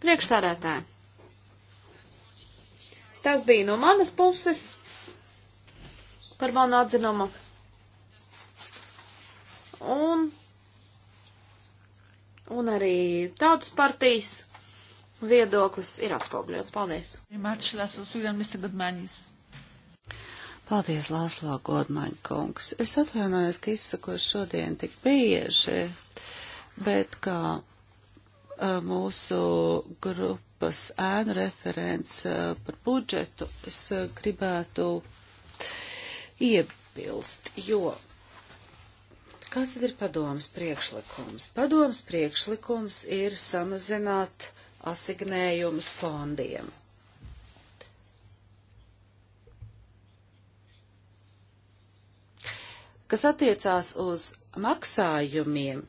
Priekšsādētāji. Tas bija no manas puses par manu atzinumu. Un, un arī tautas partijas viedoklis ir atspoguļots. Paldies! Paldies, Lāslo Godmaņa kungs. Es atvainojos, ka izsakos šodien tik bieži, bet kā mūsu grupas ēnu referents par budžetu, es gribētu iebilst, jo kāds ir padomas priekšlikums? Padomas priekšlikums ir samazināt asignējumus fondiem. Kas attiecās uz maksājumiem,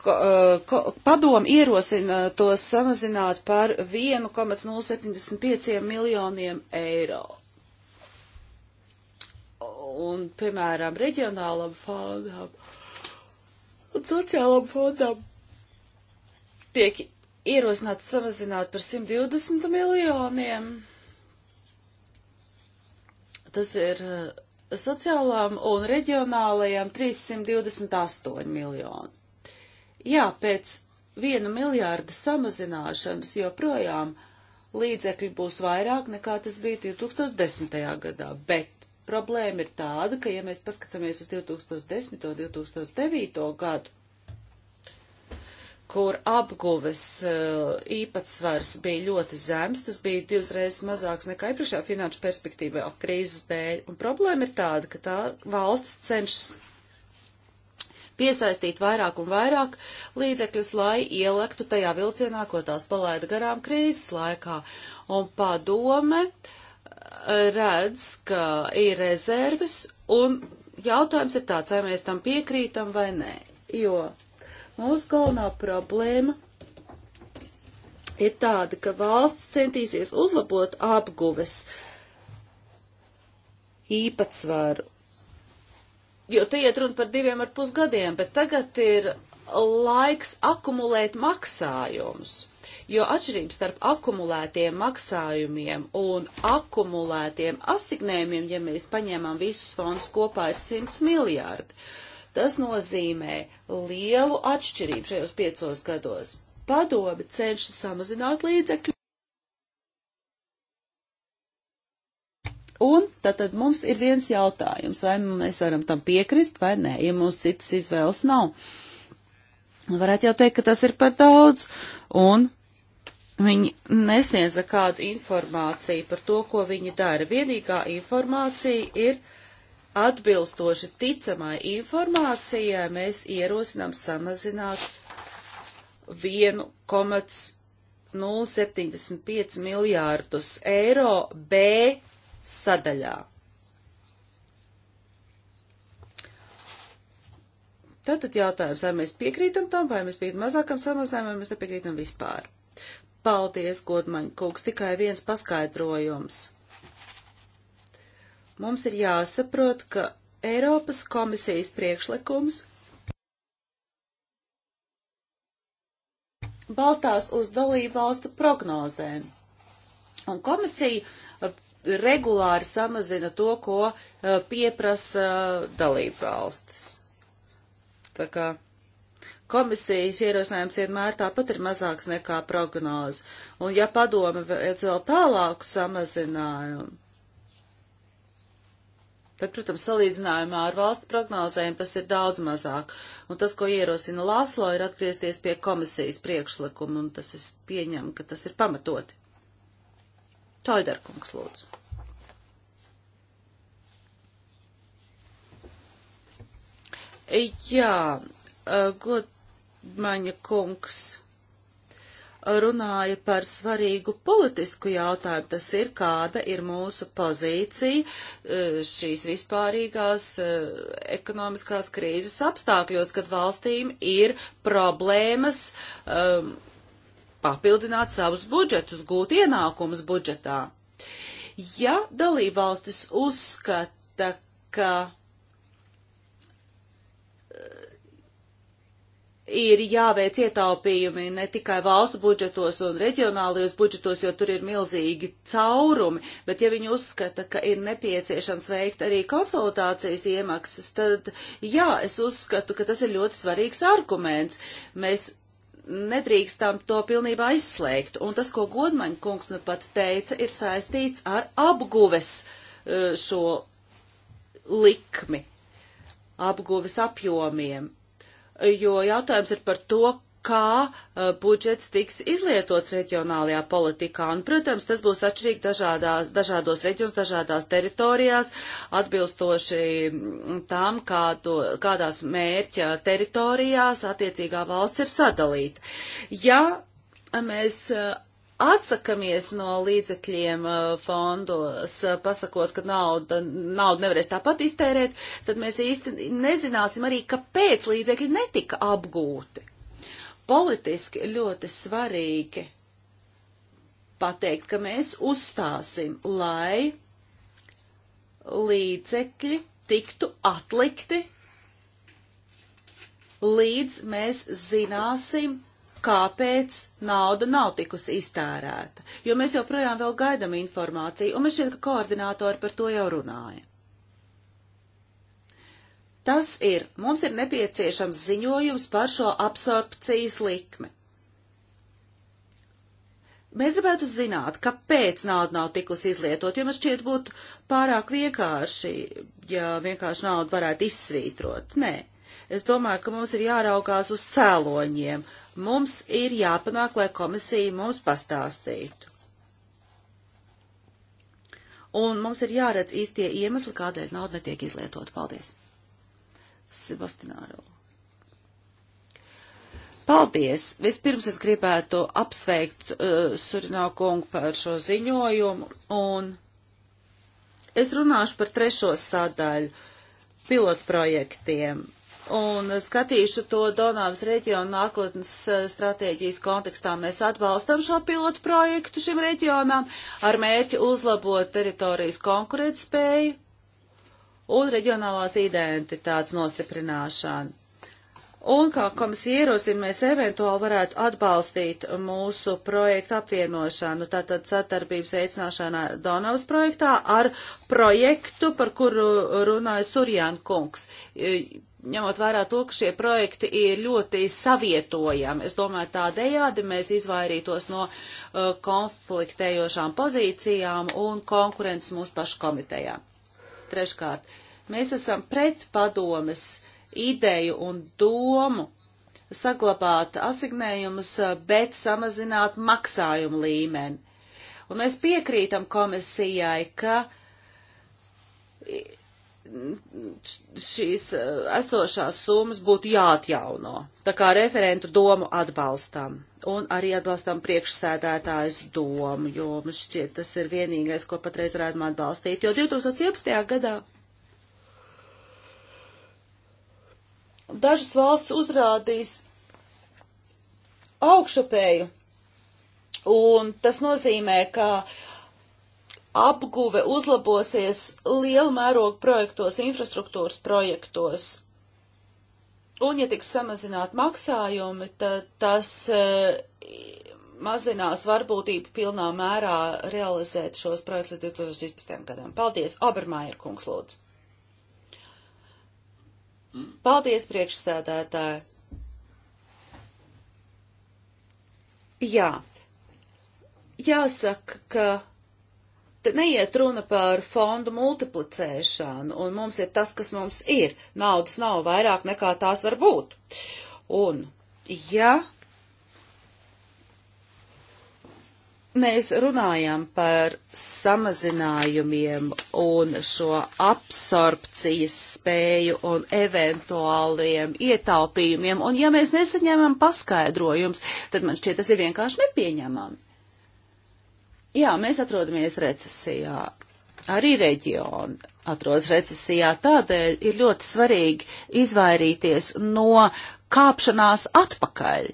ko, eh, ko, padomu ierosina tos samazināt par 1,075 miljoniem eiro. Un, piemēram, reģionālam fondam un sociālam fondam tiek ierosināts samazināt par 120 miljoniem. Tas ir eh, sociālām un reģionālajām 328 miljoni. Jā, pēc viena miljārda samazināšanas joprojām līdzekļi būs vairāk nekā tas bija 2010. gadā, bet problēma ir tāda, ka ja mēs paskatāmies uz 2010. un 2009. gadu, kur apguves eh, īpatsvars bija ļoti zems, tas bija divreiz mazāks nekā iepriekšējā finanšu perspektīvā krīzes dēļ. Un problēma ir tāda, ka tā valsts cenšas piesaistīt vairāk un vairāk līdzekļus, lai ielektu tajā vilcienā, ko tās palaida garām krīzes laikā. Un padome eh, redz, ka ir rezerves, un jautājums ir tāds, vai mēs tam piekrītam vai nē. Jo Mūsu galvenā problēma ir tāda, ka valsts centīsies uzlabot apguves īpatsvaru. Jo te iet runa par diviem ar pusgadiem, bet tagad ir laiks akumulēt maksājumus. Jo atšķirība starp akumulētiem maksājumiem un akumulētiem asignējumiem, ja mēs paņēmām visus fondus kopā, ir 100 miljārdi. Uh, Tas nozīmē lielu atšķirību šajos piecos gados. Padomi cenšas samazināt līdzekļu. Un tātad mums ir viens jautājums, vai mēs varam tam piekrist vai nē, ja mums citas izvēles nav. Varētu jau teikt, ka tas ir par daudz, un viņi nesniedz nekādu informāciju par to, ko viņi dara. Vienīgā informācija ir atbilstoši ticamai informācijai mēs ierosinām samazināt 1,075 miljārdus eiro B sadaļā. Tātad jautājums, vai mēs piekrītam tam, vai mēs piekrītam mazākam samazinājumam, vai mēs nepiekrītam vispār. Paldies, Godmaņa kungs, tikai viens paskaidrojums. Mums ir jāsaprot, ka Eiropas komisijas priekšlikums balstās uz dalību valstu prognozēm. Un komisija uh, regulāri samazina to, ko uh, pieprasa uh, dalību valstis. Tā kā komisijas ierosinājums vienmēr tāpat ir mazāks nekā prognoze. Un ja padome veic vēl tālāku samazinājumu, tad, protams, salīdzinājumā ar valstu prognozēm tas ir daudz mazāk. Un tas, ko ierosina Lāslo, ir atgriezties pie komisijas priekšlikuma, un tas es pieņemu, ka tas ir pamatoti. Toiderkungs, lūdzu. Jā, eh, godmaņa kungs runāja par svarīgu politisku jautājumu. Tas ir, kāda ir mūsu pozīcija e, šīs vispārīgās e, ekonomiskās krīzes apstākļos, kad valstīm ir problēmas um, papildināt savus budžetus, gūt ienākumus budžetā. Ja dalībvalstis uzskata, ka ir jāveic ietaupījumi ne tikai valstu budžetos un reģionālajos budžetos, jo tur ir milzīgi caurumi, bet ja viņi uzskata, ka ir nepieciešams veikt arī konsultācijas iemaksas, tad jā, es uzskatu, ka tas ir ļoti svarīgs arguments. Mēs nedrīkstam to pilnībā izslēgt. Un tas, ko Godmaņa kungs nu pat teica, ir saistīts ar apguves eh, šo likmi, apguves apjomiem jo jautājums ir par to, kā uh, budžets tiks izlietots reģionālajā politikā. Un, protams, tas būs atšķirīgi dažādās, dažādos reģionos, dažādās teritorijās, atbilstoši mm, tam, kā to, kādās mērķa teritorijās attiecīgā valsts ir sadalīta. Ja mēs uh, atsakamies no līdzekļiem uh, fondos, uh, pasakot, ka nauda, naudu nevarēs tāpat iztērēt, tad mēs īsti nezināsim arī, kāpēc līdzekļi netika apgūti. Politiski ļoti svarīgi pateikt, ka mēs uzstāsim, lai līdzekļi tiktu atlikti, līdz mēs zināsim, kāpēc nauda nav tikusi iztērēta, jo mēs joprojām vēl gaidam informāciju, un mēs šķiet, ka koordinātori par to jau runāja. Tas ir, mums ir nepieciešams ziņojums par šo absorpcijas likmi. Mēs gribētu zināt, kāpēc nauda nav tikusi izlietot, jo man šķiet būtu pārāk vienkārši, ja vienkārši naudu varētu izsvītrot. Nē, es domāju, ka mums ir jāraugās uz cēloņiem, uh, mums ir jāpanāk, lai komisija mums pastāstītu. Un mums ir jāredz īstie iemesli, kādēļ nauda netiek izlietota. Paldies! Sebastināro. Paldies! Vispirms es gribētu apsveikt uh, Surinā kungu par šo ziņojumu, un es runāšu par trešo sadaļu pilotprojektiem un skatīšu to Donavas reģionu nākotnes e, stratēģijas kontekstā. Mēs atbalstam šo pilotu projektu šim reģionam ar mērķi uzlabot teritorijas konkurētspēju un reģionālās identitātes nostiprināšanu. Un kā komisija ierosina, mēs eventuāli varētu atbalstīt mūsu projektu apvienošanu, tātad satarbības veicināšanā Donavas projektā ar projektu, par kuru runāja Surjāna kungs. E, ņemot vērā to, ka šie projekti ir ļoti savietojami. Es domāju, tādējādi mēs izvairītos no uh, konfliktējošām pozīcijām un konkurences mūsu pašu komitejā. Treškārt, mēs esam pret padomes ideju un domu saglabāt asignējumus, uh, bet samazināt maksājumu līmeni. Un mēs piekrītam komisijai, ka šīs eh, esošās summas būtu jāatjauno. Tā kā referentu domu atbalstam un arī atbalstam priekšsēdētājs domu, jo mums šķiet tas ir vienīgais, ko patreiz varētu atbalstīt, jo 2017. gadā dažas valsts uzrādīs augšupēju, un tas nozīmē, ka uh, apguve uzlabosies liela mēroga projektos, infrastruktūras projektos. Un, ja tiks samazināt maksājumi, tad tas eh, mazinās varbūtību pilnā mērā realizēt šos projektus 2016. gadam. Paldies, Obermaier kungs, lūdzu. Paldies, priekšsēdētāji. Jā, jāsaka, ka Te neiet runa par fondu multiplicēšanu, un mums ir tas, kas mums ir. Naudas nav vairāk nekā tās var būt. Un, ja mēs runājam par samazinājumiem un šo absorpcijas spēju un eventuāliem ietaupījumiem, un ja mēs nesaņemam paskaidrojums, tad man šķiet tas ir vienkārši nepieņemami. Jā, mēs atrodamies recesijā. Arī reģioni atrodas recesijā, tādēļ ir ļoti svarīgi izvairīties no kāpšanās atpakaļ.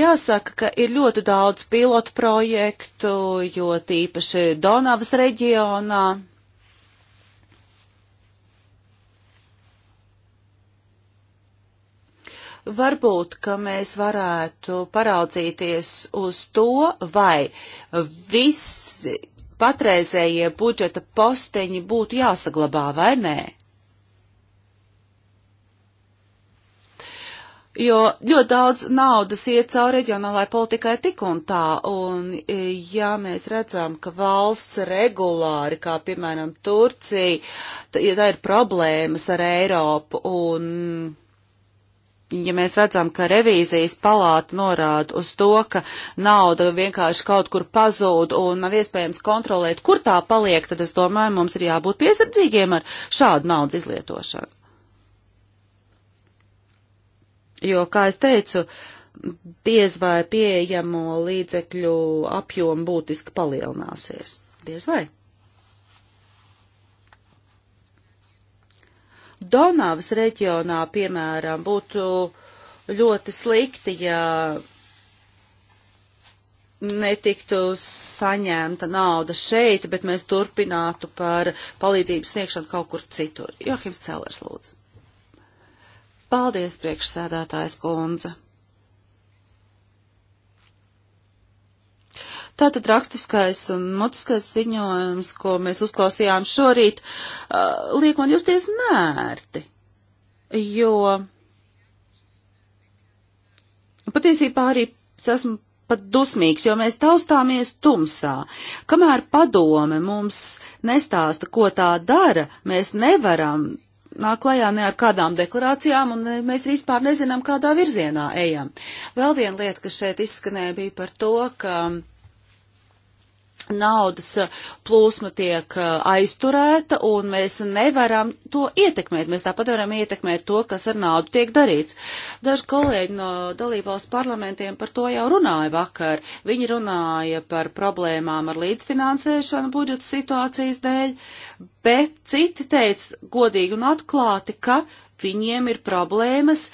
Jāsaka, ka ir ļoti daudz pilotu projektu, jo tīpaši Donavas reģionā Varbūt, ka mēs varētu paraudzīties uz to, vai visi patreizējie budžeta posteņi būtu jāsaglabā vai nē. jo ļoti daudz naudas iet cauri reģionālajai politikai tik un tā, un ja mēs redzam, ka valsts regulāri, kā piemēram Turcija, ja tā ir problēmas ar Eiropu un ja mēs redzam, ka revīzijas palāta norāda uz to, ka nauda vienkārši kaut kur pazūd un nav iespējams kontrolēt, kur tā paliek, tad es domāju, mums ir jābūt piesardzīgiem ar šādu naudas izlietošanu. Jo, kā es teicu, diez vai pieejamo līdzekļu apjomu būtiski palielināsies. Diez vai? Donavas reģionā, piemēram, būtu ļoti slikti, ja netiktu saņemta nauda šeit, bet mēs turpinātu par palīdzību sniegšanu kaut kur citur. Johims Cēlers lūdzu. Paldies, priekšsēdētājs kundze. Tātad rakstiskais un motiskais ziņojums, ko mēs uzklausījām šorīt, uh, liek man justies nērti, jo patiesībā arī es esmu pat dusmīgs, jo mēs taustāmies tumsā. Kamēr padome mums nestāsta, ko tā dara, mēs nevaram nāk klajā ne ar kādām deklarācijām, un mēs vispār nezinām, kādā virzienā ejam. Vēl viena lieta, kas šeit izskanēja, bija par to, ka naudas eh, plūsma tiek eh, aizturēta un mēs nevaram to ietekmēt. Mēs tāpat varam ietekmēt to, kas ar naudu tiek darīts. Daži kolēģi no dalībvalsts parlamentiem par to jau runāja vakar. Viņi runāja par problēmām ar līdzfinansēšanu budžeta situācijas dēļ, bet citi teica godīgi un atklāti, ka viņiem ir problēmas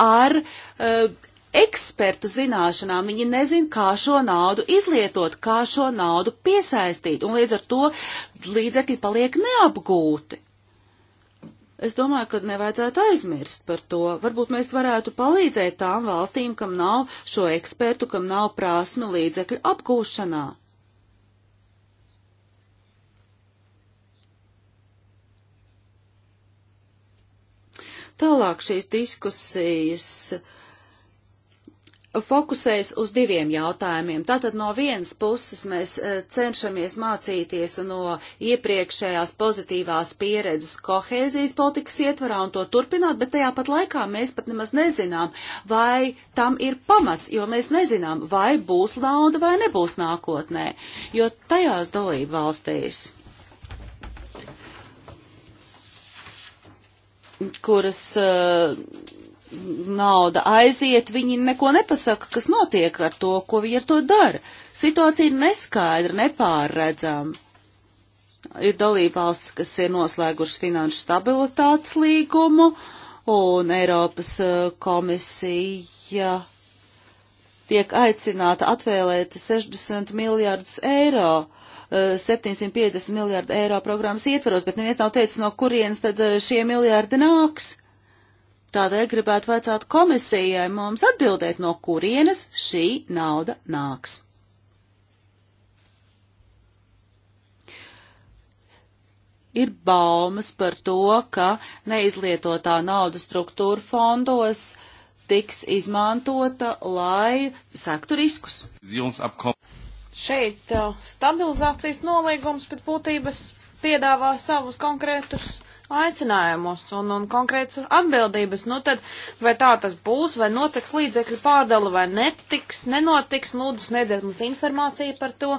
ar uh, ekspertu zināšanām, viņi nezina, kā šo naudu izlietot, kā šo naudu piesaistīt, un līdz ar to līdzekļi paliek neapgūti. Es domāju, ka nevajadzētu aizmirst par to. Varbūt mēs varētu palīdzēt tām valstīm, kam nav šo ekspertu, kam nav prasmi līdzekļu apgūšanā. Tālāk šīs diskusijas fokusējas uz diviem jautājumiem. Tātad no vienas puses mēs e, cenšamies mācīties no iepriekšējās pozitīvās pieredzes kohēzijas politikas ietvarā un to turpināt, bet tajā pat laikā mēs pat nemaz nezinām, vai tam ir pamats, jo mēs nezinām, vai būs nauda vai nebūs nākotnē, jo tajās dalība valstīs. kuras uh, nauda aiziet, viņi neko nepasaka, kas notiek ar to, ko viņi ar to dara. Situācija ir neskaidra, nepārredzama. Ir dalībvalstis, kas ir noslēgušas finanšu stabilitātes līgumu, un Eiropas eh, komisija tiek aicināta atvēlēt 60 miljārdus eiro. 750 eh, miljārdu eiro programmas ietvaros, bet neviens nav teicis, no kurienes tad eh, šie miljārdi nāks. Tādēļ gribētu vaicāt komisijai mums atbildēt, no kurienes šī nauda nāks. ir baumas par to, ka neizlietotā nauda struktūra fondos tiks izmantota, lai sektu riskus. Šeit uh, stabilizācijas nolīgums pēc būtības piedāvā savus konkrētus aicinājumus un, un konkrētas atbildības. Nu tad, vai tā tas būs, vai notiks līdzekļu pārdala, vai netiks, nenotiks, nu, lūdzu sniedziet mums informāciju par to,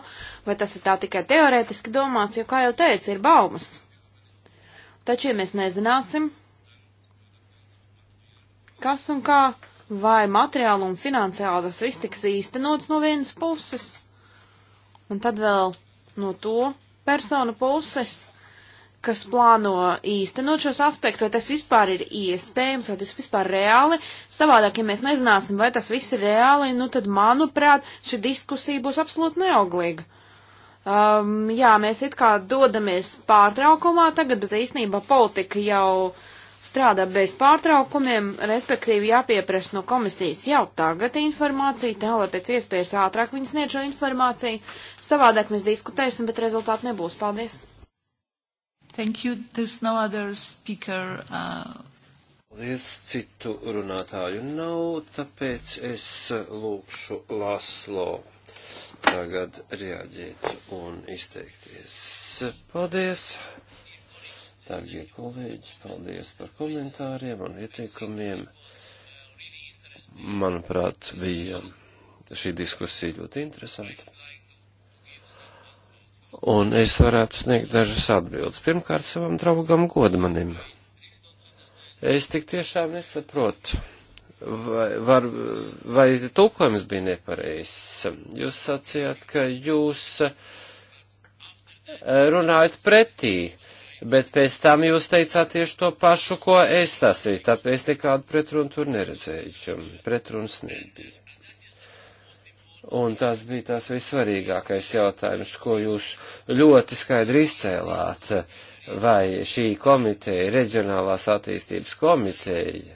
vai tas ir tā tikai teorētiski domāts, jo, kā jau teicu, ir baumas. Taču, ja mēs nezināsim, kas un kā, vai materiāli un finansiāli tas viss tiks īstenots no vienas puses, un tad vēl no to persona puses kas plāno īstenot šos aspektus, vai tas vispār ir iespējams, vai tas vispār reāli. Savādāk, ja mēs nezināsim, vai tas viss ir reāli, nu tad, manuprāt, šī diskusija būs absolūti neauglīga. Um, jā, mēs it kā dodamies pārtraukumā tagad, bet īstenībā politika jau strādā bez pārtraukumiem, respektīvi jāpieprasa no komisijas jau tagad informāciju, tā lai pēc iespējas ātrāk viņas sniedz šo informāciju. Savādāk mēs diskutēsim, bet rezultāti nebūs. Paldies! Thank you. There's no other speaker. Uh... Paldies, citu runātāju nav, tāpēc es uh, lūkšu Laslo tagad reaģēt un izteikties. Paldies, dārgie kolēģi, paldies par komentāriem un ieteikumiem. Manuprāt, bija šī diskusija ļoti interesanta un es varētu sniegt dažas atbildes. Pirmkārt, savam draugam Godmanim. Es tik tiešām nesaprotu, vai, var, vai tulkojums bija nepareizs. Jūs sacījāt, ka jūs eh, runājat pretī, bet pēc tam jūs teicāt tieši to pašu, ko es sasīju, tāpēc nekādu pretrunu tur neredzēju, pretrunas nebija. Un tas bija tās vissvarīgākais jautājums, ko jūs ļoti skaidri izcēlāt. Vai šī komiteja, reģionālās attīstības komiteja,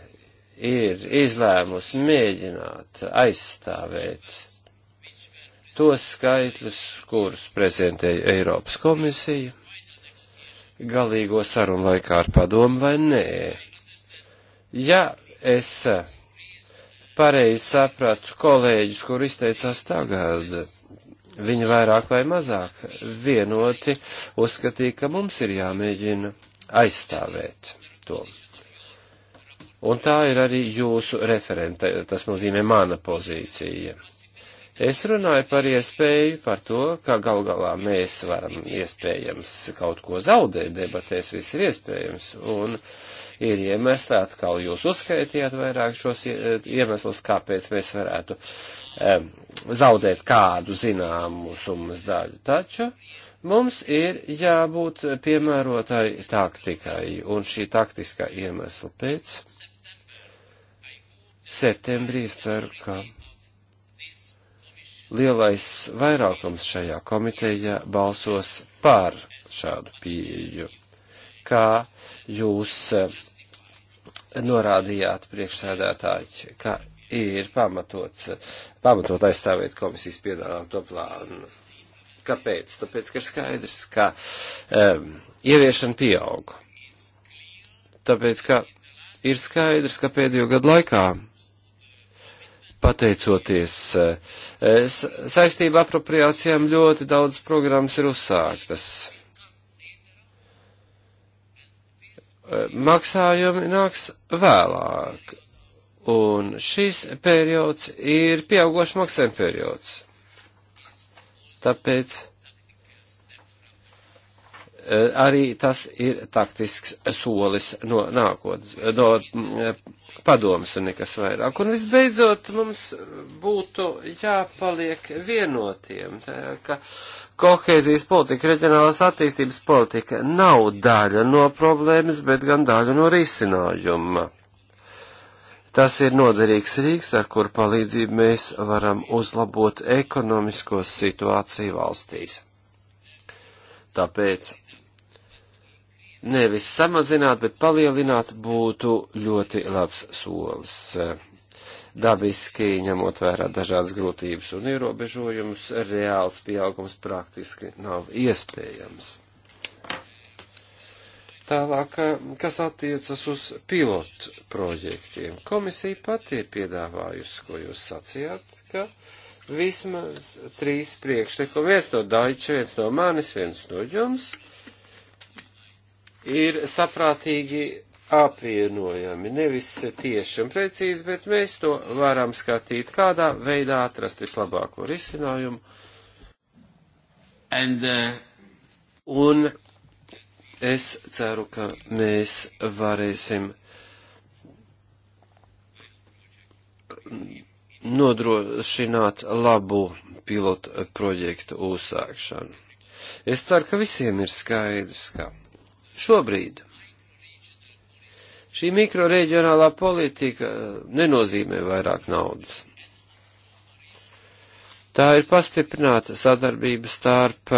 ir izlēmusi mēģināt aizstāvēt tos skaitļus, kurus prezentēja Eiropas komisija, galīgo sarunu laikā ar padomu vai nē. Ja es pareizi sapratu kolēģus, kur izteicās tagad, viņi vairāk vai mazāk vienoti uzskatīja, ka mums ir jāmēģina aizstāvēt to. Un tā ir arī jūsu referente, tas nozīmē mana pozīcija. Es runāju par iespēju, par to, ka gal galā mēs varam iespējams kaut ko zaudēt, debatēs viss ir iespējams. Un uh, ir iemesli, atkal jūs uzskaitījāt vairāk šos iemeslus, kāpēc mēs varētu um, zaudēt kādu zināmu summas daļu. Taču mums ir jābūt piemērotai taktikai, un šī taktiskā iemesla pēc septembrī es ceru, ka lielais vairākums šajā komitejā balsos par šādu pieeju, kā jūs norādījāt priekšsēdētāji, ka ir pamatots, pamatot aizstāvēt komisijas piedāvāto plānu. Kāpēc? Tāpēc, ka ir skaidrs, ka um, ieviešana pieaug. Tāpēc, ka ir skaidrs, ka pēdējo gadu laikā, pateicoties uh, saistību apropriācijām, ļoti daudz programmas ir uzsāktas maksājumi nāks vēlāk. Un šis periods ir pieaugošs maksājuma periods. Tāpēc Eh, arī tas ir taktisks solis no nākotnes, eh, no mm, eh, padomas un nekas vairāk. Un visbeidzot, mums būtu jāpaliek vienotiem, tā, ka kohēzijas politika, reģionālās attīstības politika nav daļa no problēmas, bet gan daļa no risinājuma. Tas ir noderīgs rīks, ar kur palīdzību mēs varam uzlabot ekonomisko situāciju valstīs. Tāpēc nevis samazināt, bet palielināt būtu ļoti labs solis. Dabiski, ņemot vērā dažādas grūtības un ierobežojumus, reāls pieaugums praktiski nav iespējams. Tālāk, kas attiecas uz pilotu projektiem, komisija pati ir piedāvājusi, ko jūs sacījāt, ka vismaz trīs priekšlikumi, viens no Daiča, viens no manis, viens no jums, ir saprātīgi apvienojami, nevis tieši un precīzi, bet mēs to varam skatīt, kādā veidā atrast vislabāko risinājumu. And, uh... Un es ceru, ka mēs varēsim nodrošināt labu pilotu projektu uzsākšanu. Es ceru, ka visiem ir skaidrs, ka Šobrīd šī mikroreģionālā politika nenozīmē vairāk naudas. Tā ir pastiprināta sadarbība starp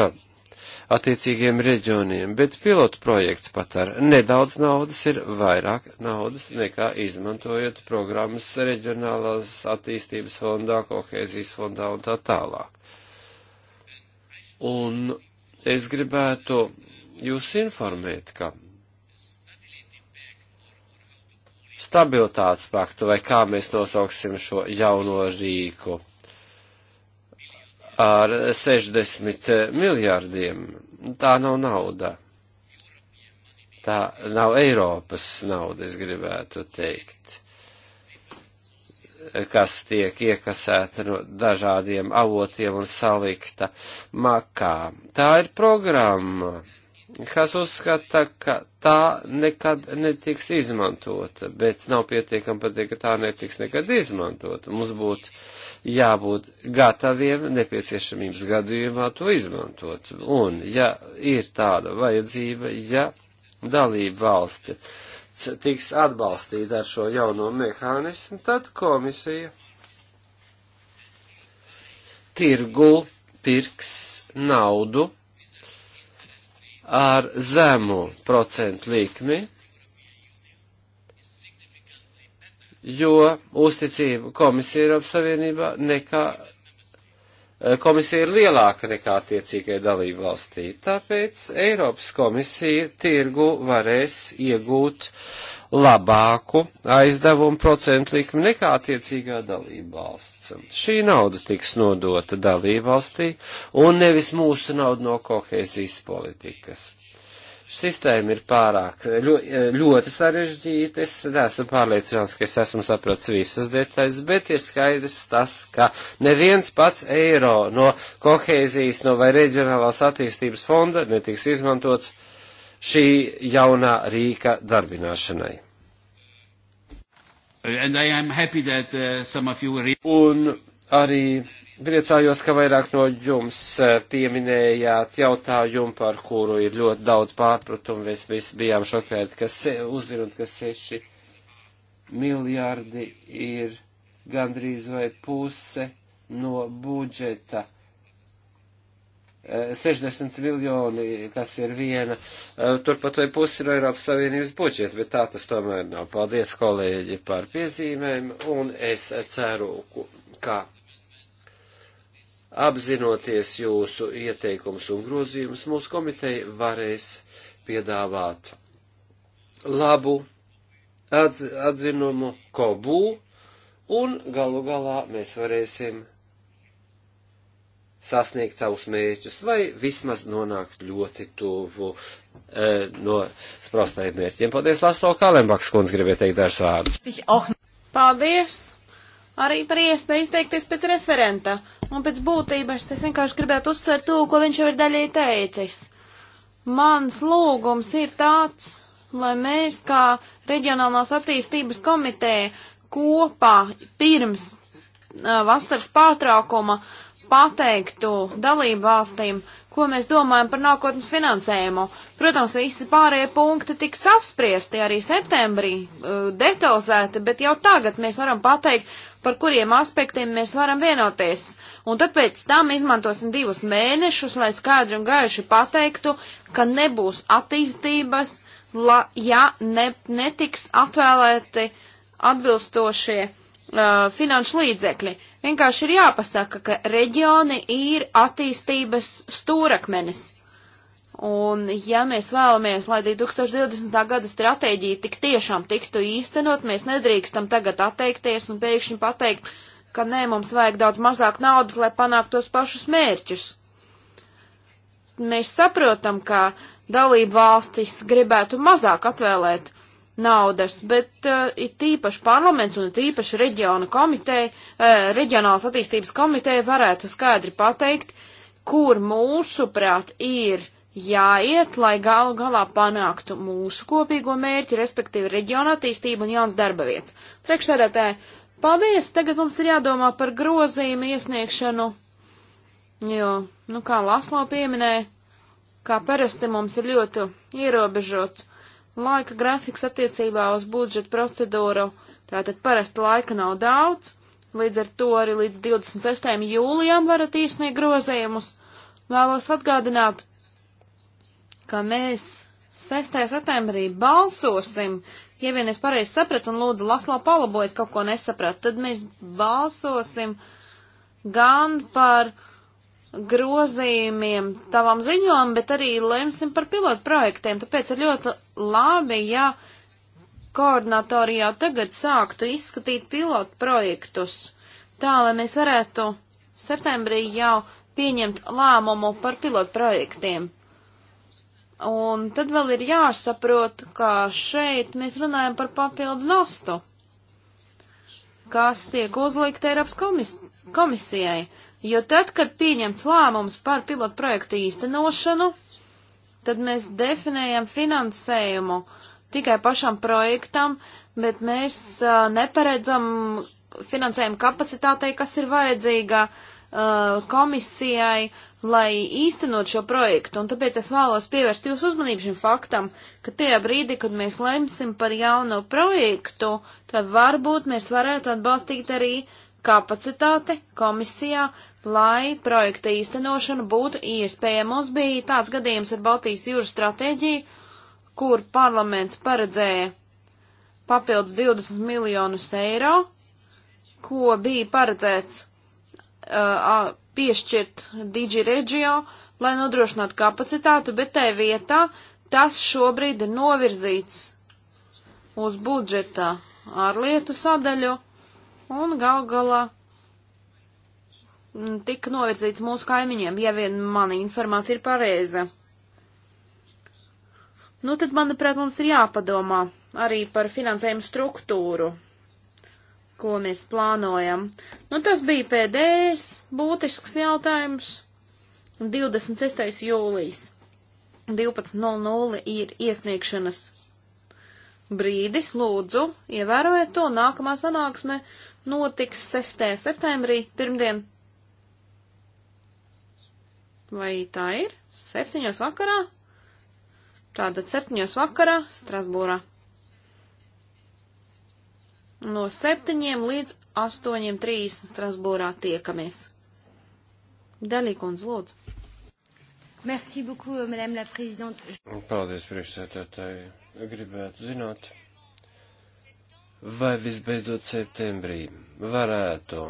attiecīgiem reģioniem, bet pilotu projekts patēr nedaudz naudas, ir vairāk naudas nekā izmantojot programmas reģionālās attīstības fondā, kohēzijas fondā un tā tālāk. Un es gribētu jūs informēt, ka stabilitātes paktu, vai kā mēs nosauksim šo jauno rīku, ar 60 miljārdiem, tā nav nauda. Tā nav Eiropas nauda, es gribētu teikt, kas tiek iekasēta no dažādiem avotiem un salikta makā. Tā ir programma kas uzskata, ka tā nekad netiks izmantota, bet nav pietiekami patīk, ka tā netiks nekad izmantota. Mums būtu jābūt gataviem nepieciešamības gadījumā to izmantot. Un, ja ir tāda vajadzība, ja dalība valsti tiks atbalstīta ar šo jauno mehānismu, tad komisija tirgu pirks naudu ar zemu procentu likmi, jo uzticība komisija Eiropas Savienībā nekā eh, komisija ir lielāka nekā attiecīgai dalību valstī. Tāpēc Eiropas komisija tirgu varēs iegūt uh, labāku aizdevumu procentu likmi nekā attiecīgā dalībvalsts. Šī nauda tiks nodota dalībvalstī un nevis mūsu nauda no kohēzijas politikas. Sistēma ir pārāk ļoti, ļoti sarežģīta. Es neesmu pārliecināts, ka es esmu sapratis visas detaļas, bet ir skaidrs tas, ka neviens pats eiro no kohēzijas no vai reģionālās attīstības fonda netiks izmantots šī jaunā rīka darbināšanai. That, uh, you... Un arī priecājos, ka vairāk no jums uh, pieminējāt jautājumu, par kuru ir ļoti daudz pārpratumu. Mēs visi bijām šokēti, ka se, uzzinot, ka seši miljardi ir gandrīz vai puse no budžeta. Uh, 60 eh, miljoni, kas ir viena, eh, turpat vai pusi no Eiropas Savienības budžeta, bet tā tas tomēr nav. Paldies, kolēģi, par piezīmēm, un es ceru, ka apzinoties jūsu ieteikums un grozījumus, mūsu komiteja varēs piedāvāt labu atz atzinumu kobū, un galu galā mēs varēsim sasniegt savus mērķus vai vismaz nonākt ļoti tuvu e, no sprostajiem mērķiem. Paldies, Laslo Kalembaks, kundz gribēja teikt dažus vārdus. Oh- Paldies! Arī par iespēju izteikties pēc referenta. Un pēc būtības es vienkārši gribētu uzsvērt to, ko viņš jau ir daļai teicis. Mans lūgums ir tāds, lai mēs kā reģionālās attīstības komiteja kopā pirms uh, vasaras pārtraukuma uh, pateiktu dalību valstīm, ko mēs domājam par nākotnes finansējumu. Protams, visi pārējie punkti tiks apspriesti arī septembrī eh, detalizēti, bet jau tagad mēs varam pateikt, par kuriem aspektiem mēs varam vienoties. Un tad pēc tam izmantosim divus mēnešus, lai skaidri un gaiši pateiktu, ka nebūs attīstības, la, ja ne, netiks atvēlēti atbilstošie finanšu līdzekļi. Vienkārši ir jāpasaka, ka reģioni ir attīstības stūrakmenis. Un ja mēs vēlamies, lai 2020. gada stratēģija tik tiešām tiktu īstenot, mēs nedrīkstam tagad atteikties un pēkšņi pateikt, ka nē, mums vajag daudz mazāk naudas, lai panāktu tos pašus mērķus. Mēs saprotam, ka dalību valstis gribētu mazāk atvēlēt naudas, bet uh, it īpaši parlaments un it īpaši reģiona komiteja, uh, reģionālas attīstības komiteja varētu skaidri pateikt, kur mūsuprāt ir jāiet, lai galu galā panāktu mūsu kopīgo mērķi, respektīvi reģiona attīstību un jauns darba vietas. Priekšsēdētāji, paldies! Tagad mums ir jādomā par grozījumu iesniegšanu, jo, nu kā Laslo pieminēja, kā parasti mums ir ļoti ierobežots Laika grafiks attiecībā uz budžetu procedūru, tātad parasti laika nav daudz, līdz ar to arī līdz 26. jūlijam varat iesniegt grozījumus. Vēlos atgādināt, ka mēs 6. septembrī balsosim, ja vien es pareizi sapratu un lūdzu Laslā palabojas kaut ko nesapratu, tad mēs balsosim gan par grozījumiem tavam ziņojumam, bet arī lemsim par pilotu projektiem. Tāpēc ir ļoti labi, ja koordinatori jau tagad sāktu izskatīt pilotu projektus, tā lai mēs varētu septembrī jau pieņemt lēmumu par pilotu projektiem. Un tad vēl ir jāsaprot, ka šeit mēs runājam par papildu nostu, kas tiek uzlikta Eiropas komis komisijai. Jo tad, kad pieņemts lēmums par pilotu projektu īstenošanu, tad mēs definējam finansējumu tikai pašam projektam, bet mēs uh, neparedzam finansējumu kapacitātei, kas ir vajadzīga uh, komisijai, lai īstenot šo projektu, un tāpēc es vēlos pievērst jūsu uzmanību šim faktam, ka tajā brīdī, kad mēs lemsim par jauno projektu, tad varbūt mēs varētu atbalstīt arī kapacitāte komisijā, lai projekta īstenošana būtu iespējama. Mums bija tāds gadījums ar Baltijas jūras stratēģiju, kur parlaments paredzēja papildus 20 miljonus eiro, ko bija paredzēts uh, piešķirt DigiRegio, lai nodrošinātu kapacitātu, bet tai vietā tas šobrīd ir novirzīts uz budžeta ārlietu sadaļu un gal galā mm, tika novirzīts mūsu kaimiņiem, ja vien mana informācija ir pareiza. Nu, tad, manuprāt, mums ir jāpadomā arī par finansējumu struktūru, ko mēs plānojam. Nu, tas bija pēdējais būtisks jautājums. 26. jūlijas 12.00 ir iesniegšanas brīdis, lūdzu, ievērojiet to, nākamā sanāksme notiks 6. septembrī, pirmdien. Vai tā ir? 7. vakarā? Tātad 7. vakarā Strasbūrā. No 7. līdz 8.30 Strasbūrā tiekamies. Dalīkums, lūdzu. Merci beaucoup, madame la présidente. Paldies, priekšsētātāji. Gribētu zināt vai visbeidzot septembrī varētu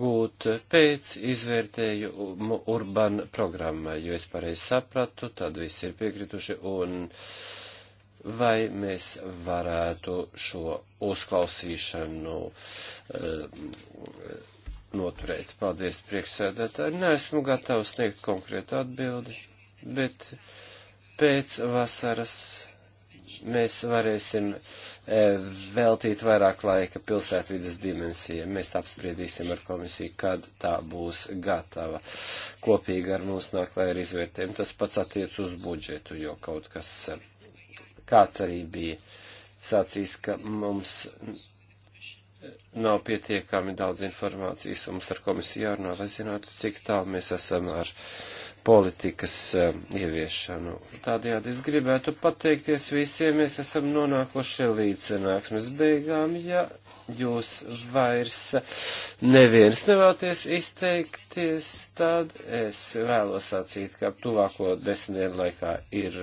gūt pēc izvērtējumu urbana programmai, jo es pareizi sapratu, tad visi ir piekrituši, un vai mēs varētu šo uzklausīšanu uh, noturēt. Paldies, priekšsēdētāji. Nesmu gatavs sniegt konkrētu atbildi, bet pēc vasaras mēs varēsim e, veltīt vairāk laika pilsētvidas dimensijai. Mēs apspriedīsim ar komisiju, kad tā būs gatava. Kopīgi ar mums nāk vai ar izvērtējumu. Tas pats attiec uz budžetu, jo kaut kas, e, kāds arī bija sacījis, ka mums nav pietiekami daudz informācijas, un mums ar komisiju jārunā, lai zinātu, cik tālu mēs esam ar. Uh, politikas eh, ieviešanu. Tādējādi es gribētu pateikties visiem, mēs esam nonākuši līdz sanāksmes beigām, ja jūs vairs neviens nevēlaties izteikties, tad es vēlos sacīt, ka tuvāko desmit dienu laikā ir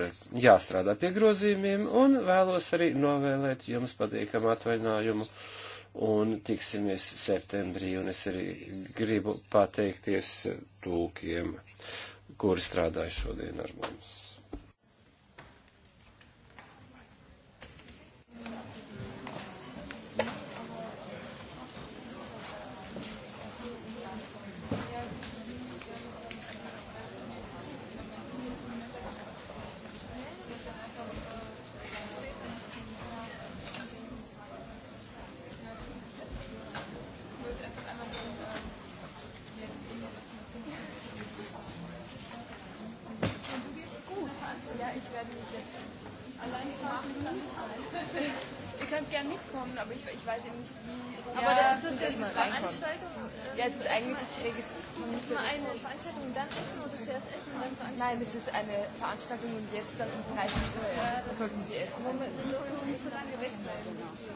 jāstrādā pie grozījumiem un vēlos arī novēlēt jums patīkamu atvaļinājumu un tiksimies septembrī un es arī gribu pateikties tūkiem kuri strādāja šodien ar mums. Veranstaltung und jetzt dann um 30 Uhr. Ja, sollten Sie essen. Nur, nur nicht so lange weg bleiben. Ja, genau.